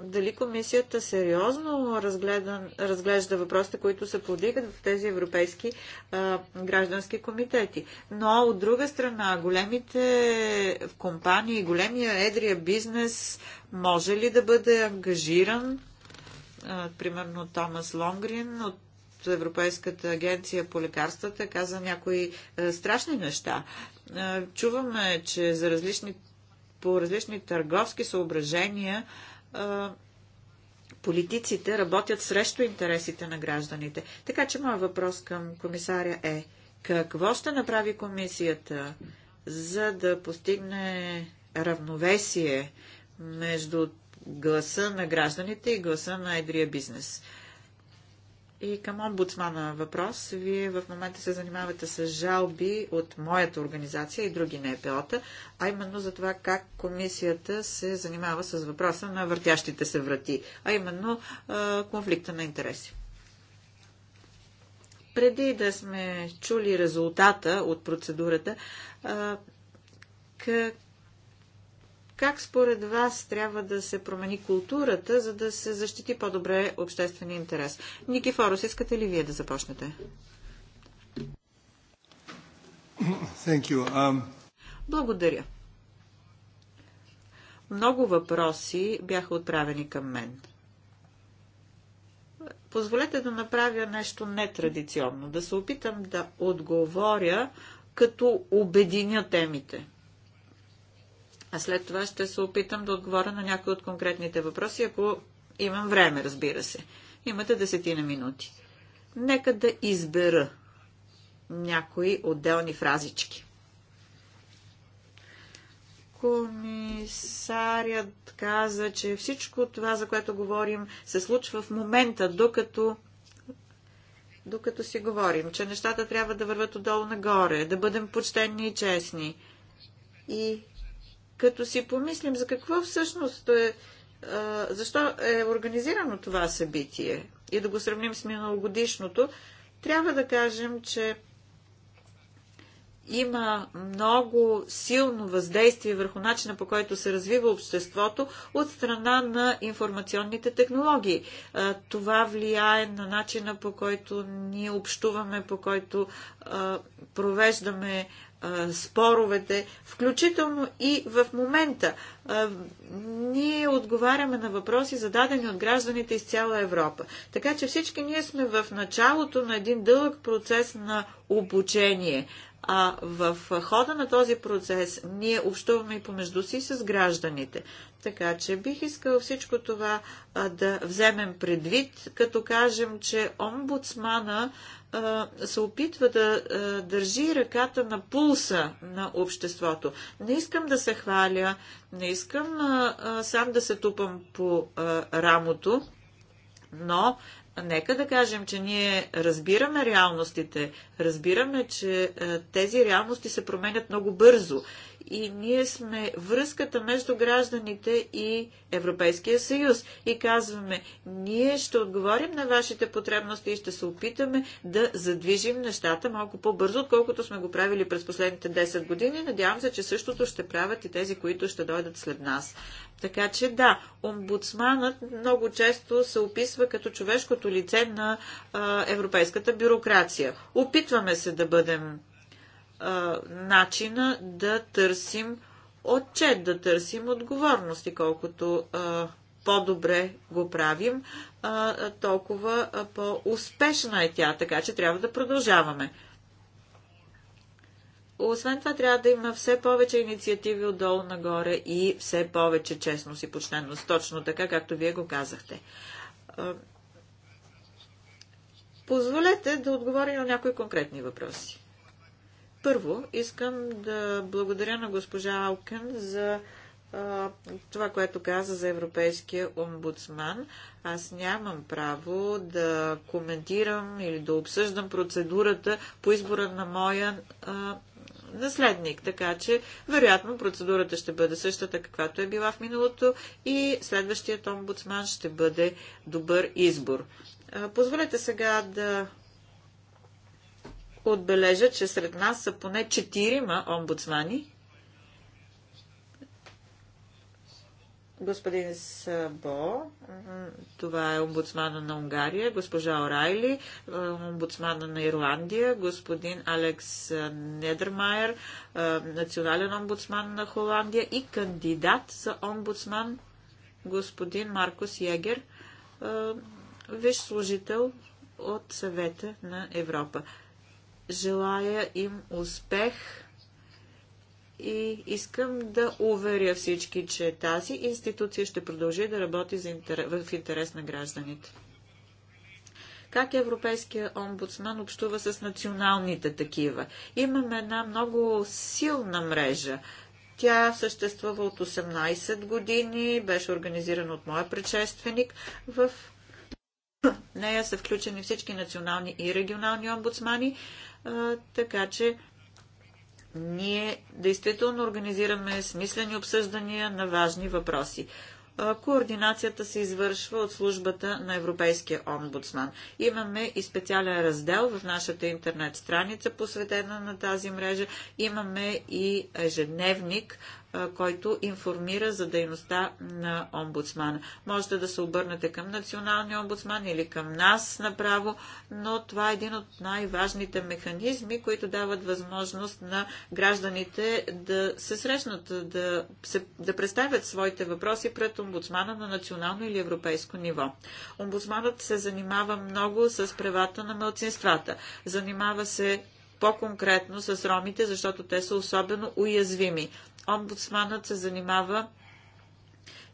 дали комисията сериозно разгледа, разглежда въпросите, които се повдигат в тези европейски а, граждански комитети. Но от друга страна, големите компании, големия едрия бизнес може ли да бъде ангажиран? А, примерно Томас Лонгрин от Европейската агенция по лекарствата каза някои е, страшни неща. Е, чуваме, че за различни, по различни търговски съображения е, политиците работят срещу интересите на гражданите. Така че моят въпрос към комисаря е какво ще направи комисията, за да постигне равновесие между гласа на гражданите и гласа на едрия бизнес? И към омбудсмана въпрос. Вие в момента се занимавате с жалби от моята организация и други НПО-та, а именно за това как комисията се занимава с въпроса на въртящите се врати, а именно конфликта на интереси. Преди да сме чули резултата от процедурата, как според вас трябва да се промени културата, за да се защити по-добре обществения интерес? Никифорос, искате ли вие да започнете? Um... Благодаря. Много въпроси бяха отправени към мен. Позволете да направя нещо нетрадиционно, да се опитам да отговоря, като обединя темите – а след това ще се опитам да отговоря на някои от конкретните въпроси, ако имам време, разбира се. Имате десетина минути. Нека да избера някои отделни фразички. Комисарят каза, че всичко това, за което говорим, се случва в момента, докато докато си говорим, че нещата трябва да върват отдолу нагоре, да бъдем почтени и честни. И като си помислим за какво всъщност е, защо е организирано това събитие и да го сравним с миналогодишното, трябва да кажем, че има много силно въздействие върху начина по който се развива обществото от страна на информационните технологии. Това влияе на начина по който ние общуваме, по който провеждаме споровете, включително и в момента. Ние отговаряме на въпроси, зададени от гражданите из цяла Европа. Така че всички ние сме в началото на един дълъг процес на обучение. А в хода на този процес ние общуваме и помежду си с гражданите. Така че бих искала всичко това да вземем предвид, като кажем, че омбудсмана се опитва да държи ръката на пулса на обществото. Не искам да се хваля, не искам сам да се тупам по рамото, но нека да кажем, че ние разбираме реалностите, разбираме, че е, тези реалности се променят много бързо и ние сме връзката между гражданите и Европейския съюз. И казваме, ние ще отговорим на вашите потребности и ще се опитаме да задвижим нещата малко по-бързо, отколкото сме го правили през последните 10 години. Надявам се, че същото ще правят и тези, които ще дойдат след нас. Така че да, омбудсманът много често се описва като човешкото лице на а, европейската бюрокрация. Опитваме се да бъдем а, начина да търсим отчет, да търсим отговорности, колкото а, по-добре го правим, а, толкова по-успешна е тя, така че трябва да продължаваме. Освен това, трябва да има все повече инициативи отдолу нагоре и все повече честност и почтенност, точно така, както вие го казахте. Позволете да отговоря на някои конкретни въпроси. Първо, искам да благодаря на госпожа Алкен за а, това, което каза за Европейския омбудсман. Аз нямам право да коментирам или да обсъждам процедурата по избора на моя а, наследник, така че вероятно процедурата ще бъде същата, каквато е била в миналото и следващият омбудсман ще бъде добър избор. Позволете сега да отбележа, че сред нас са поне четирима омбудсмани. Господин Сабо, това е омбудсмана на Унгария, госпожа Орайли, е, омбудсмана на Ирландия, господин Алекс Недермайер, е, национален омбудсман на Холандия и кандидат за омбудсман господин Маркос Ягер, е, виж служител от съвета на Европа. Желая им успех и искам да уверя всички, че тази институция ще продължи да работи за интерес, в интерес на гражданите. Как Европейския омбудсман общува с националните такива? Имаме една много силна мрежа. Тя съществува от 18 години, беше организирана от моя предшественик, в нея са включени всички национални и регионални омбудсмани, така че ние действително организираме смислени обсъждания на важни въпроси. Координацията се извършва от службата на Европейския омбудсман. Имаме и специален раздел в нашата интернет страница, посветена на тази мрежа. Имаме и ежедневник който информира за дейността на омбудсмана. Можете да се обърнете към националния омбудсман или към нас направо, но това е един от най-важните механизми, които дават възможност на гражданите да се срещнат, да, се, да представят своите въпроси пред омбудсмана на национално или европейско ниво. Омбудсманът се занимава много с правата на мълцинствата. Занимава се по-конкретно с ромите, защото те са особено уязвими. Омбудсманът се занимава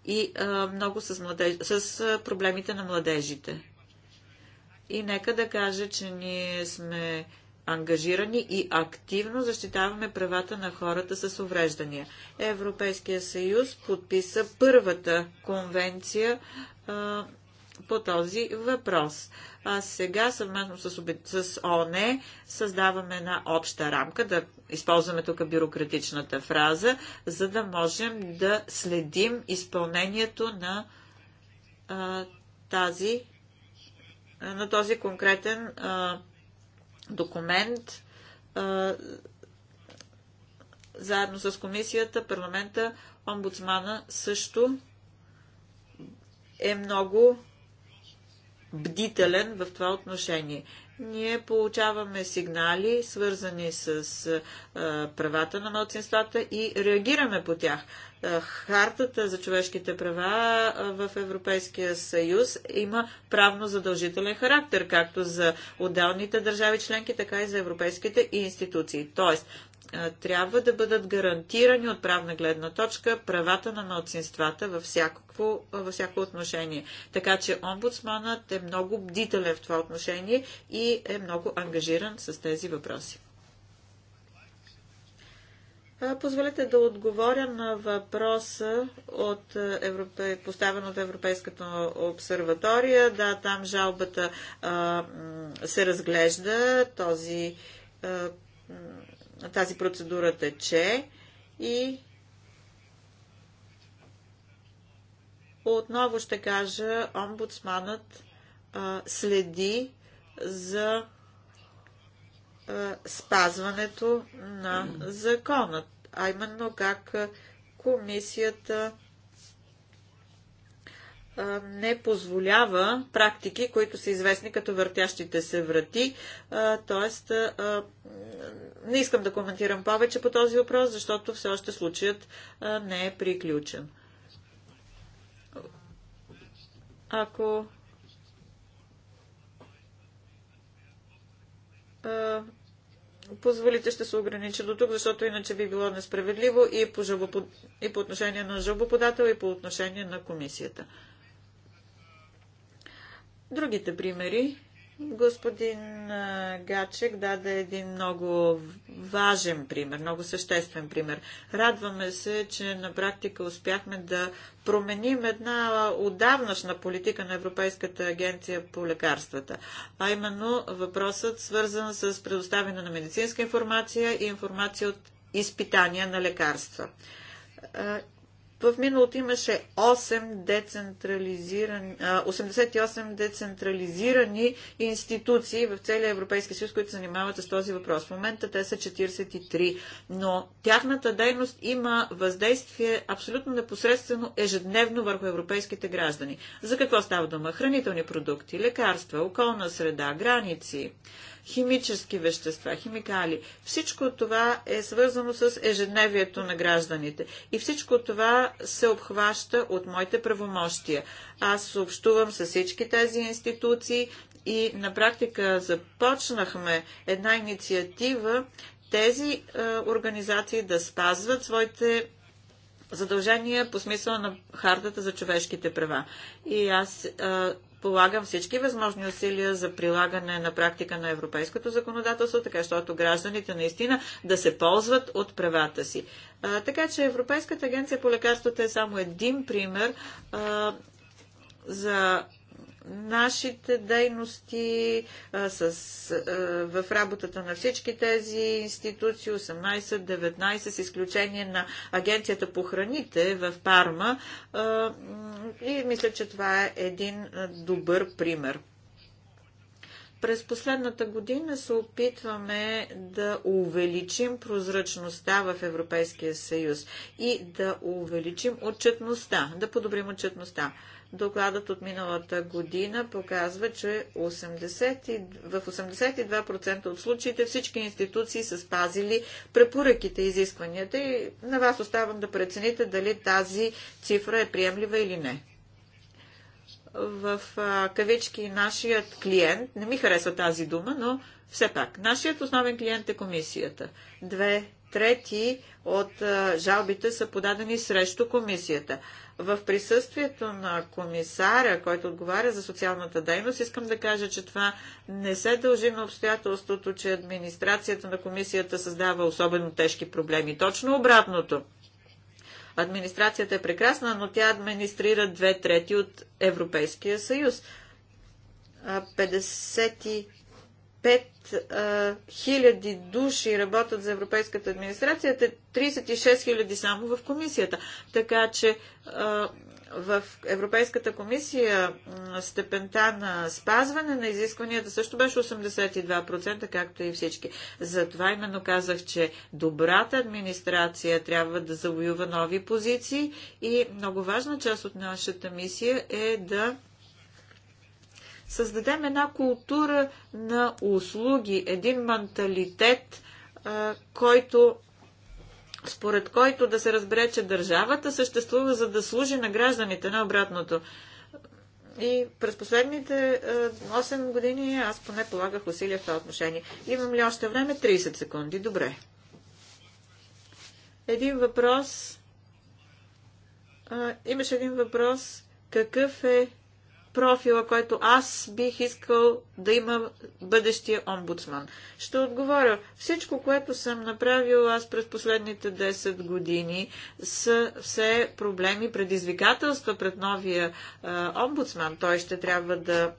и а, много с, младеж... с а, проблемите на младежите. И нека да кажа, че ние сме ангажирани и активно защитаваме правата на хората с увреждания. Европейския съюз подписа първата конвенция а, по този въпрос. А сега съвместно с, с ОНЕ създаваме една обща рамка, да използваме тук бюрократичната фраза, за да можем да следим изпълнението на а, тази на този конкретен а, документ а, заедно с комисията, парламента, омбудсмана също е много бдителен в това отношение. Ние получаваме сигнали, свързани с а, правата на младсинствата и реагираме по тях. А, хартата за човешките права в Европейския съюз има правно задължителен характер, както за отделните държави членки, така и за европейските институции. Тоест, трябва да бъдат гарантирани от правна гледна точка правата на младсинствата във всяко, във всяко отношение. Така че омбудсманът е много бдителен в това отношение и е много ангажиран с тези въпроси. Позволете да отговоря на въпроса от Европе... поставен от Европейската обсерватория. Да, там жалбата а, се разглежда. Този а, тази процедура тече и отново ще кажа, омбудсманът а, следи за а, спазването на законът, а именно как комисията не позволява практики, които са известни като въртящите се врати. Тоест, не искам да коментирам повече по този въпрос, защото все още случаят не е приключен. Ако позволите, ще се огранича до тук, защото иначе би било несправедливо и по, жалбопод... и по отношение на жалбоподател, и по отношение на комисията. Другите примери. Господин Гачек даде един много важен пример, много съществен пример. Радваме се, че на практика успяхме да променим една отдавнашна политика на Европейската агенция по лекарствата, а именно въпросът свързан с предоставяне на медицинска информация и информация от изпитания на лекарства. В миналото имаше 8 децентрализирани, 88 децентрализирани институции в целия Европейски съюз, които занимават с този въпрос. В момента те са 43, но тяхната дейност има въздействие абсолютно непосредствено ежедневно върху европейските граждани. За какво става дума? Хранителни продукти, лекарства, околна среда, граници, химически вещества, химикали. Всичко това е свързано с ежедневието на гражданите. И всичко това се обхваща от моите правомощия. Аз съобщувам с всички тези институции и на практика започнахме една инициатива тези е, организации да спазват своите задължения по смисъла на Хартата за човешките права. И аз е, полагам всички възможни усилия за прилагане на практика на европейското законодателство, така защото гражданите наистина да се ползват от правата си. А, така че Европейската агенция по лекарствата е само един пример а, за нашите дейности а, с, а, в работата на всички тези институции, 18-19, с изключение на Агенцията по храните в Парма. А, и мисля, че това е един добър пример. През последната година се опитваме да увеличим прозрачността в Европейския съюз и да увеличим отчетността, да подобрим отчетността. Докладът от миналата година показва, че 80, в 82% от случаите всички институции са спазили препоръките изискванията и на вас оставам да прецените дали тази цифра е приемлива или не. В а, кавички нашият клиент, не ми харесва тази дума, но все пак, нашият основен клиент е комисията. Две трети от жалбите са подадени срещу комисията. В присъствието на комисара, който отговаря за социалната дейност, искам да кажа, че това не се дължи на обстоятелството, че администрацията на комисията създава особено тежки проблеми. Точно обратното. Администрацията е прекрасна, но тя администрира две трети от Европейския съюз. 5 души работят за Европейската администрация, 36 хиляди само в комисията. Така че в Европейската комисия степента на спазване на изискванията също беше 82%, както и всички. Затова именно казах, че добрата администрация трябва да завоюва нови позиции и много важна част от нашата мисия е да създадем една култура на услуги, един менталитет, който според който да се разбере, че държавата съществува за да служи на гражданите, на обратното. И през последните 8 години аз поне полагах усилия в това отношение. Имам ли още време? 30 секунди. Добре. Един въпрос. имаше един въпрос. Какъв е профила, който аз бих искал да има бъдещия омбудсман. Ще отговоря. Всичко, което съм направил аз през последните 10 години, са все проблеми, предизвикателства пред новия а, омбудсман. Той ще трябва да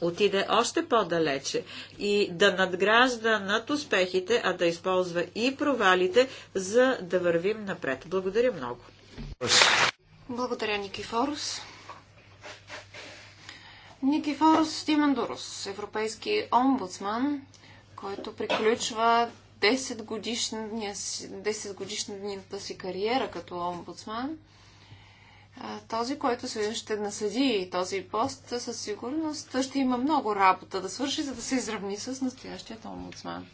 отиде още по-далече и да надгражда над успехите, а да използва и провалите, за да вървим напред. Благодаря много. Благодаря, Никифорус. Никифорос Стимандурос, европейски омбудсман, който приключва 10 годишния, 10 годишната си кариера като омбудсман. Този, който ще наследи този пост, със сигурност ще има много работа да свърши, за да се изравни с настоящият омбудсман.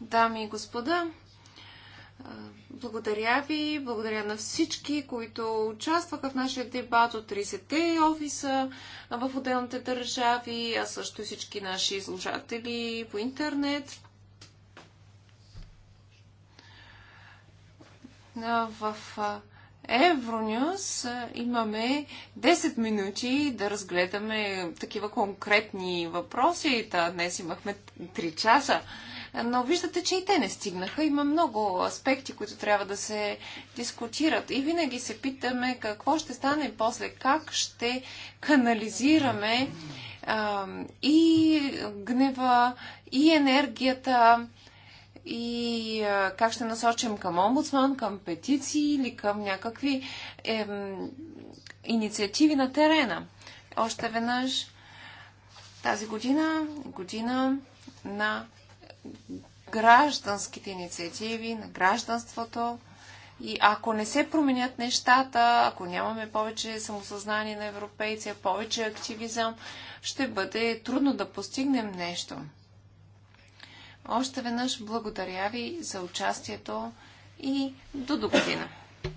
Дами и господа, благодаря ви, благодаря на всички, които участваха в нашия дебат от 30-те офиса в отделните държави, а също и всички наши изложатели по интернет. В Евронюс имаме 10 минути да разгледаме такива конкретни въпроси. Та днес имахме 3 часа. Но виждате, че и те не стигнаха. Има много аспекти, които трябва да се дискутират. И винаги се питаме какво ще стане после, как ще канализираме а, и гнева, и енергията, и а, как ще насочим към омбудсман, към петиции или към някакви е, инициативи на терена. Още веднъж тази година, година на гражданските инициативи, на гражданството. И ако не се променят нещата, ако нямаме повече самосъзнание на европейци, повече активизъм, ще бъде трудно да постигнем нещо. Още веднъж благодаря ви за участието и до догодина. година.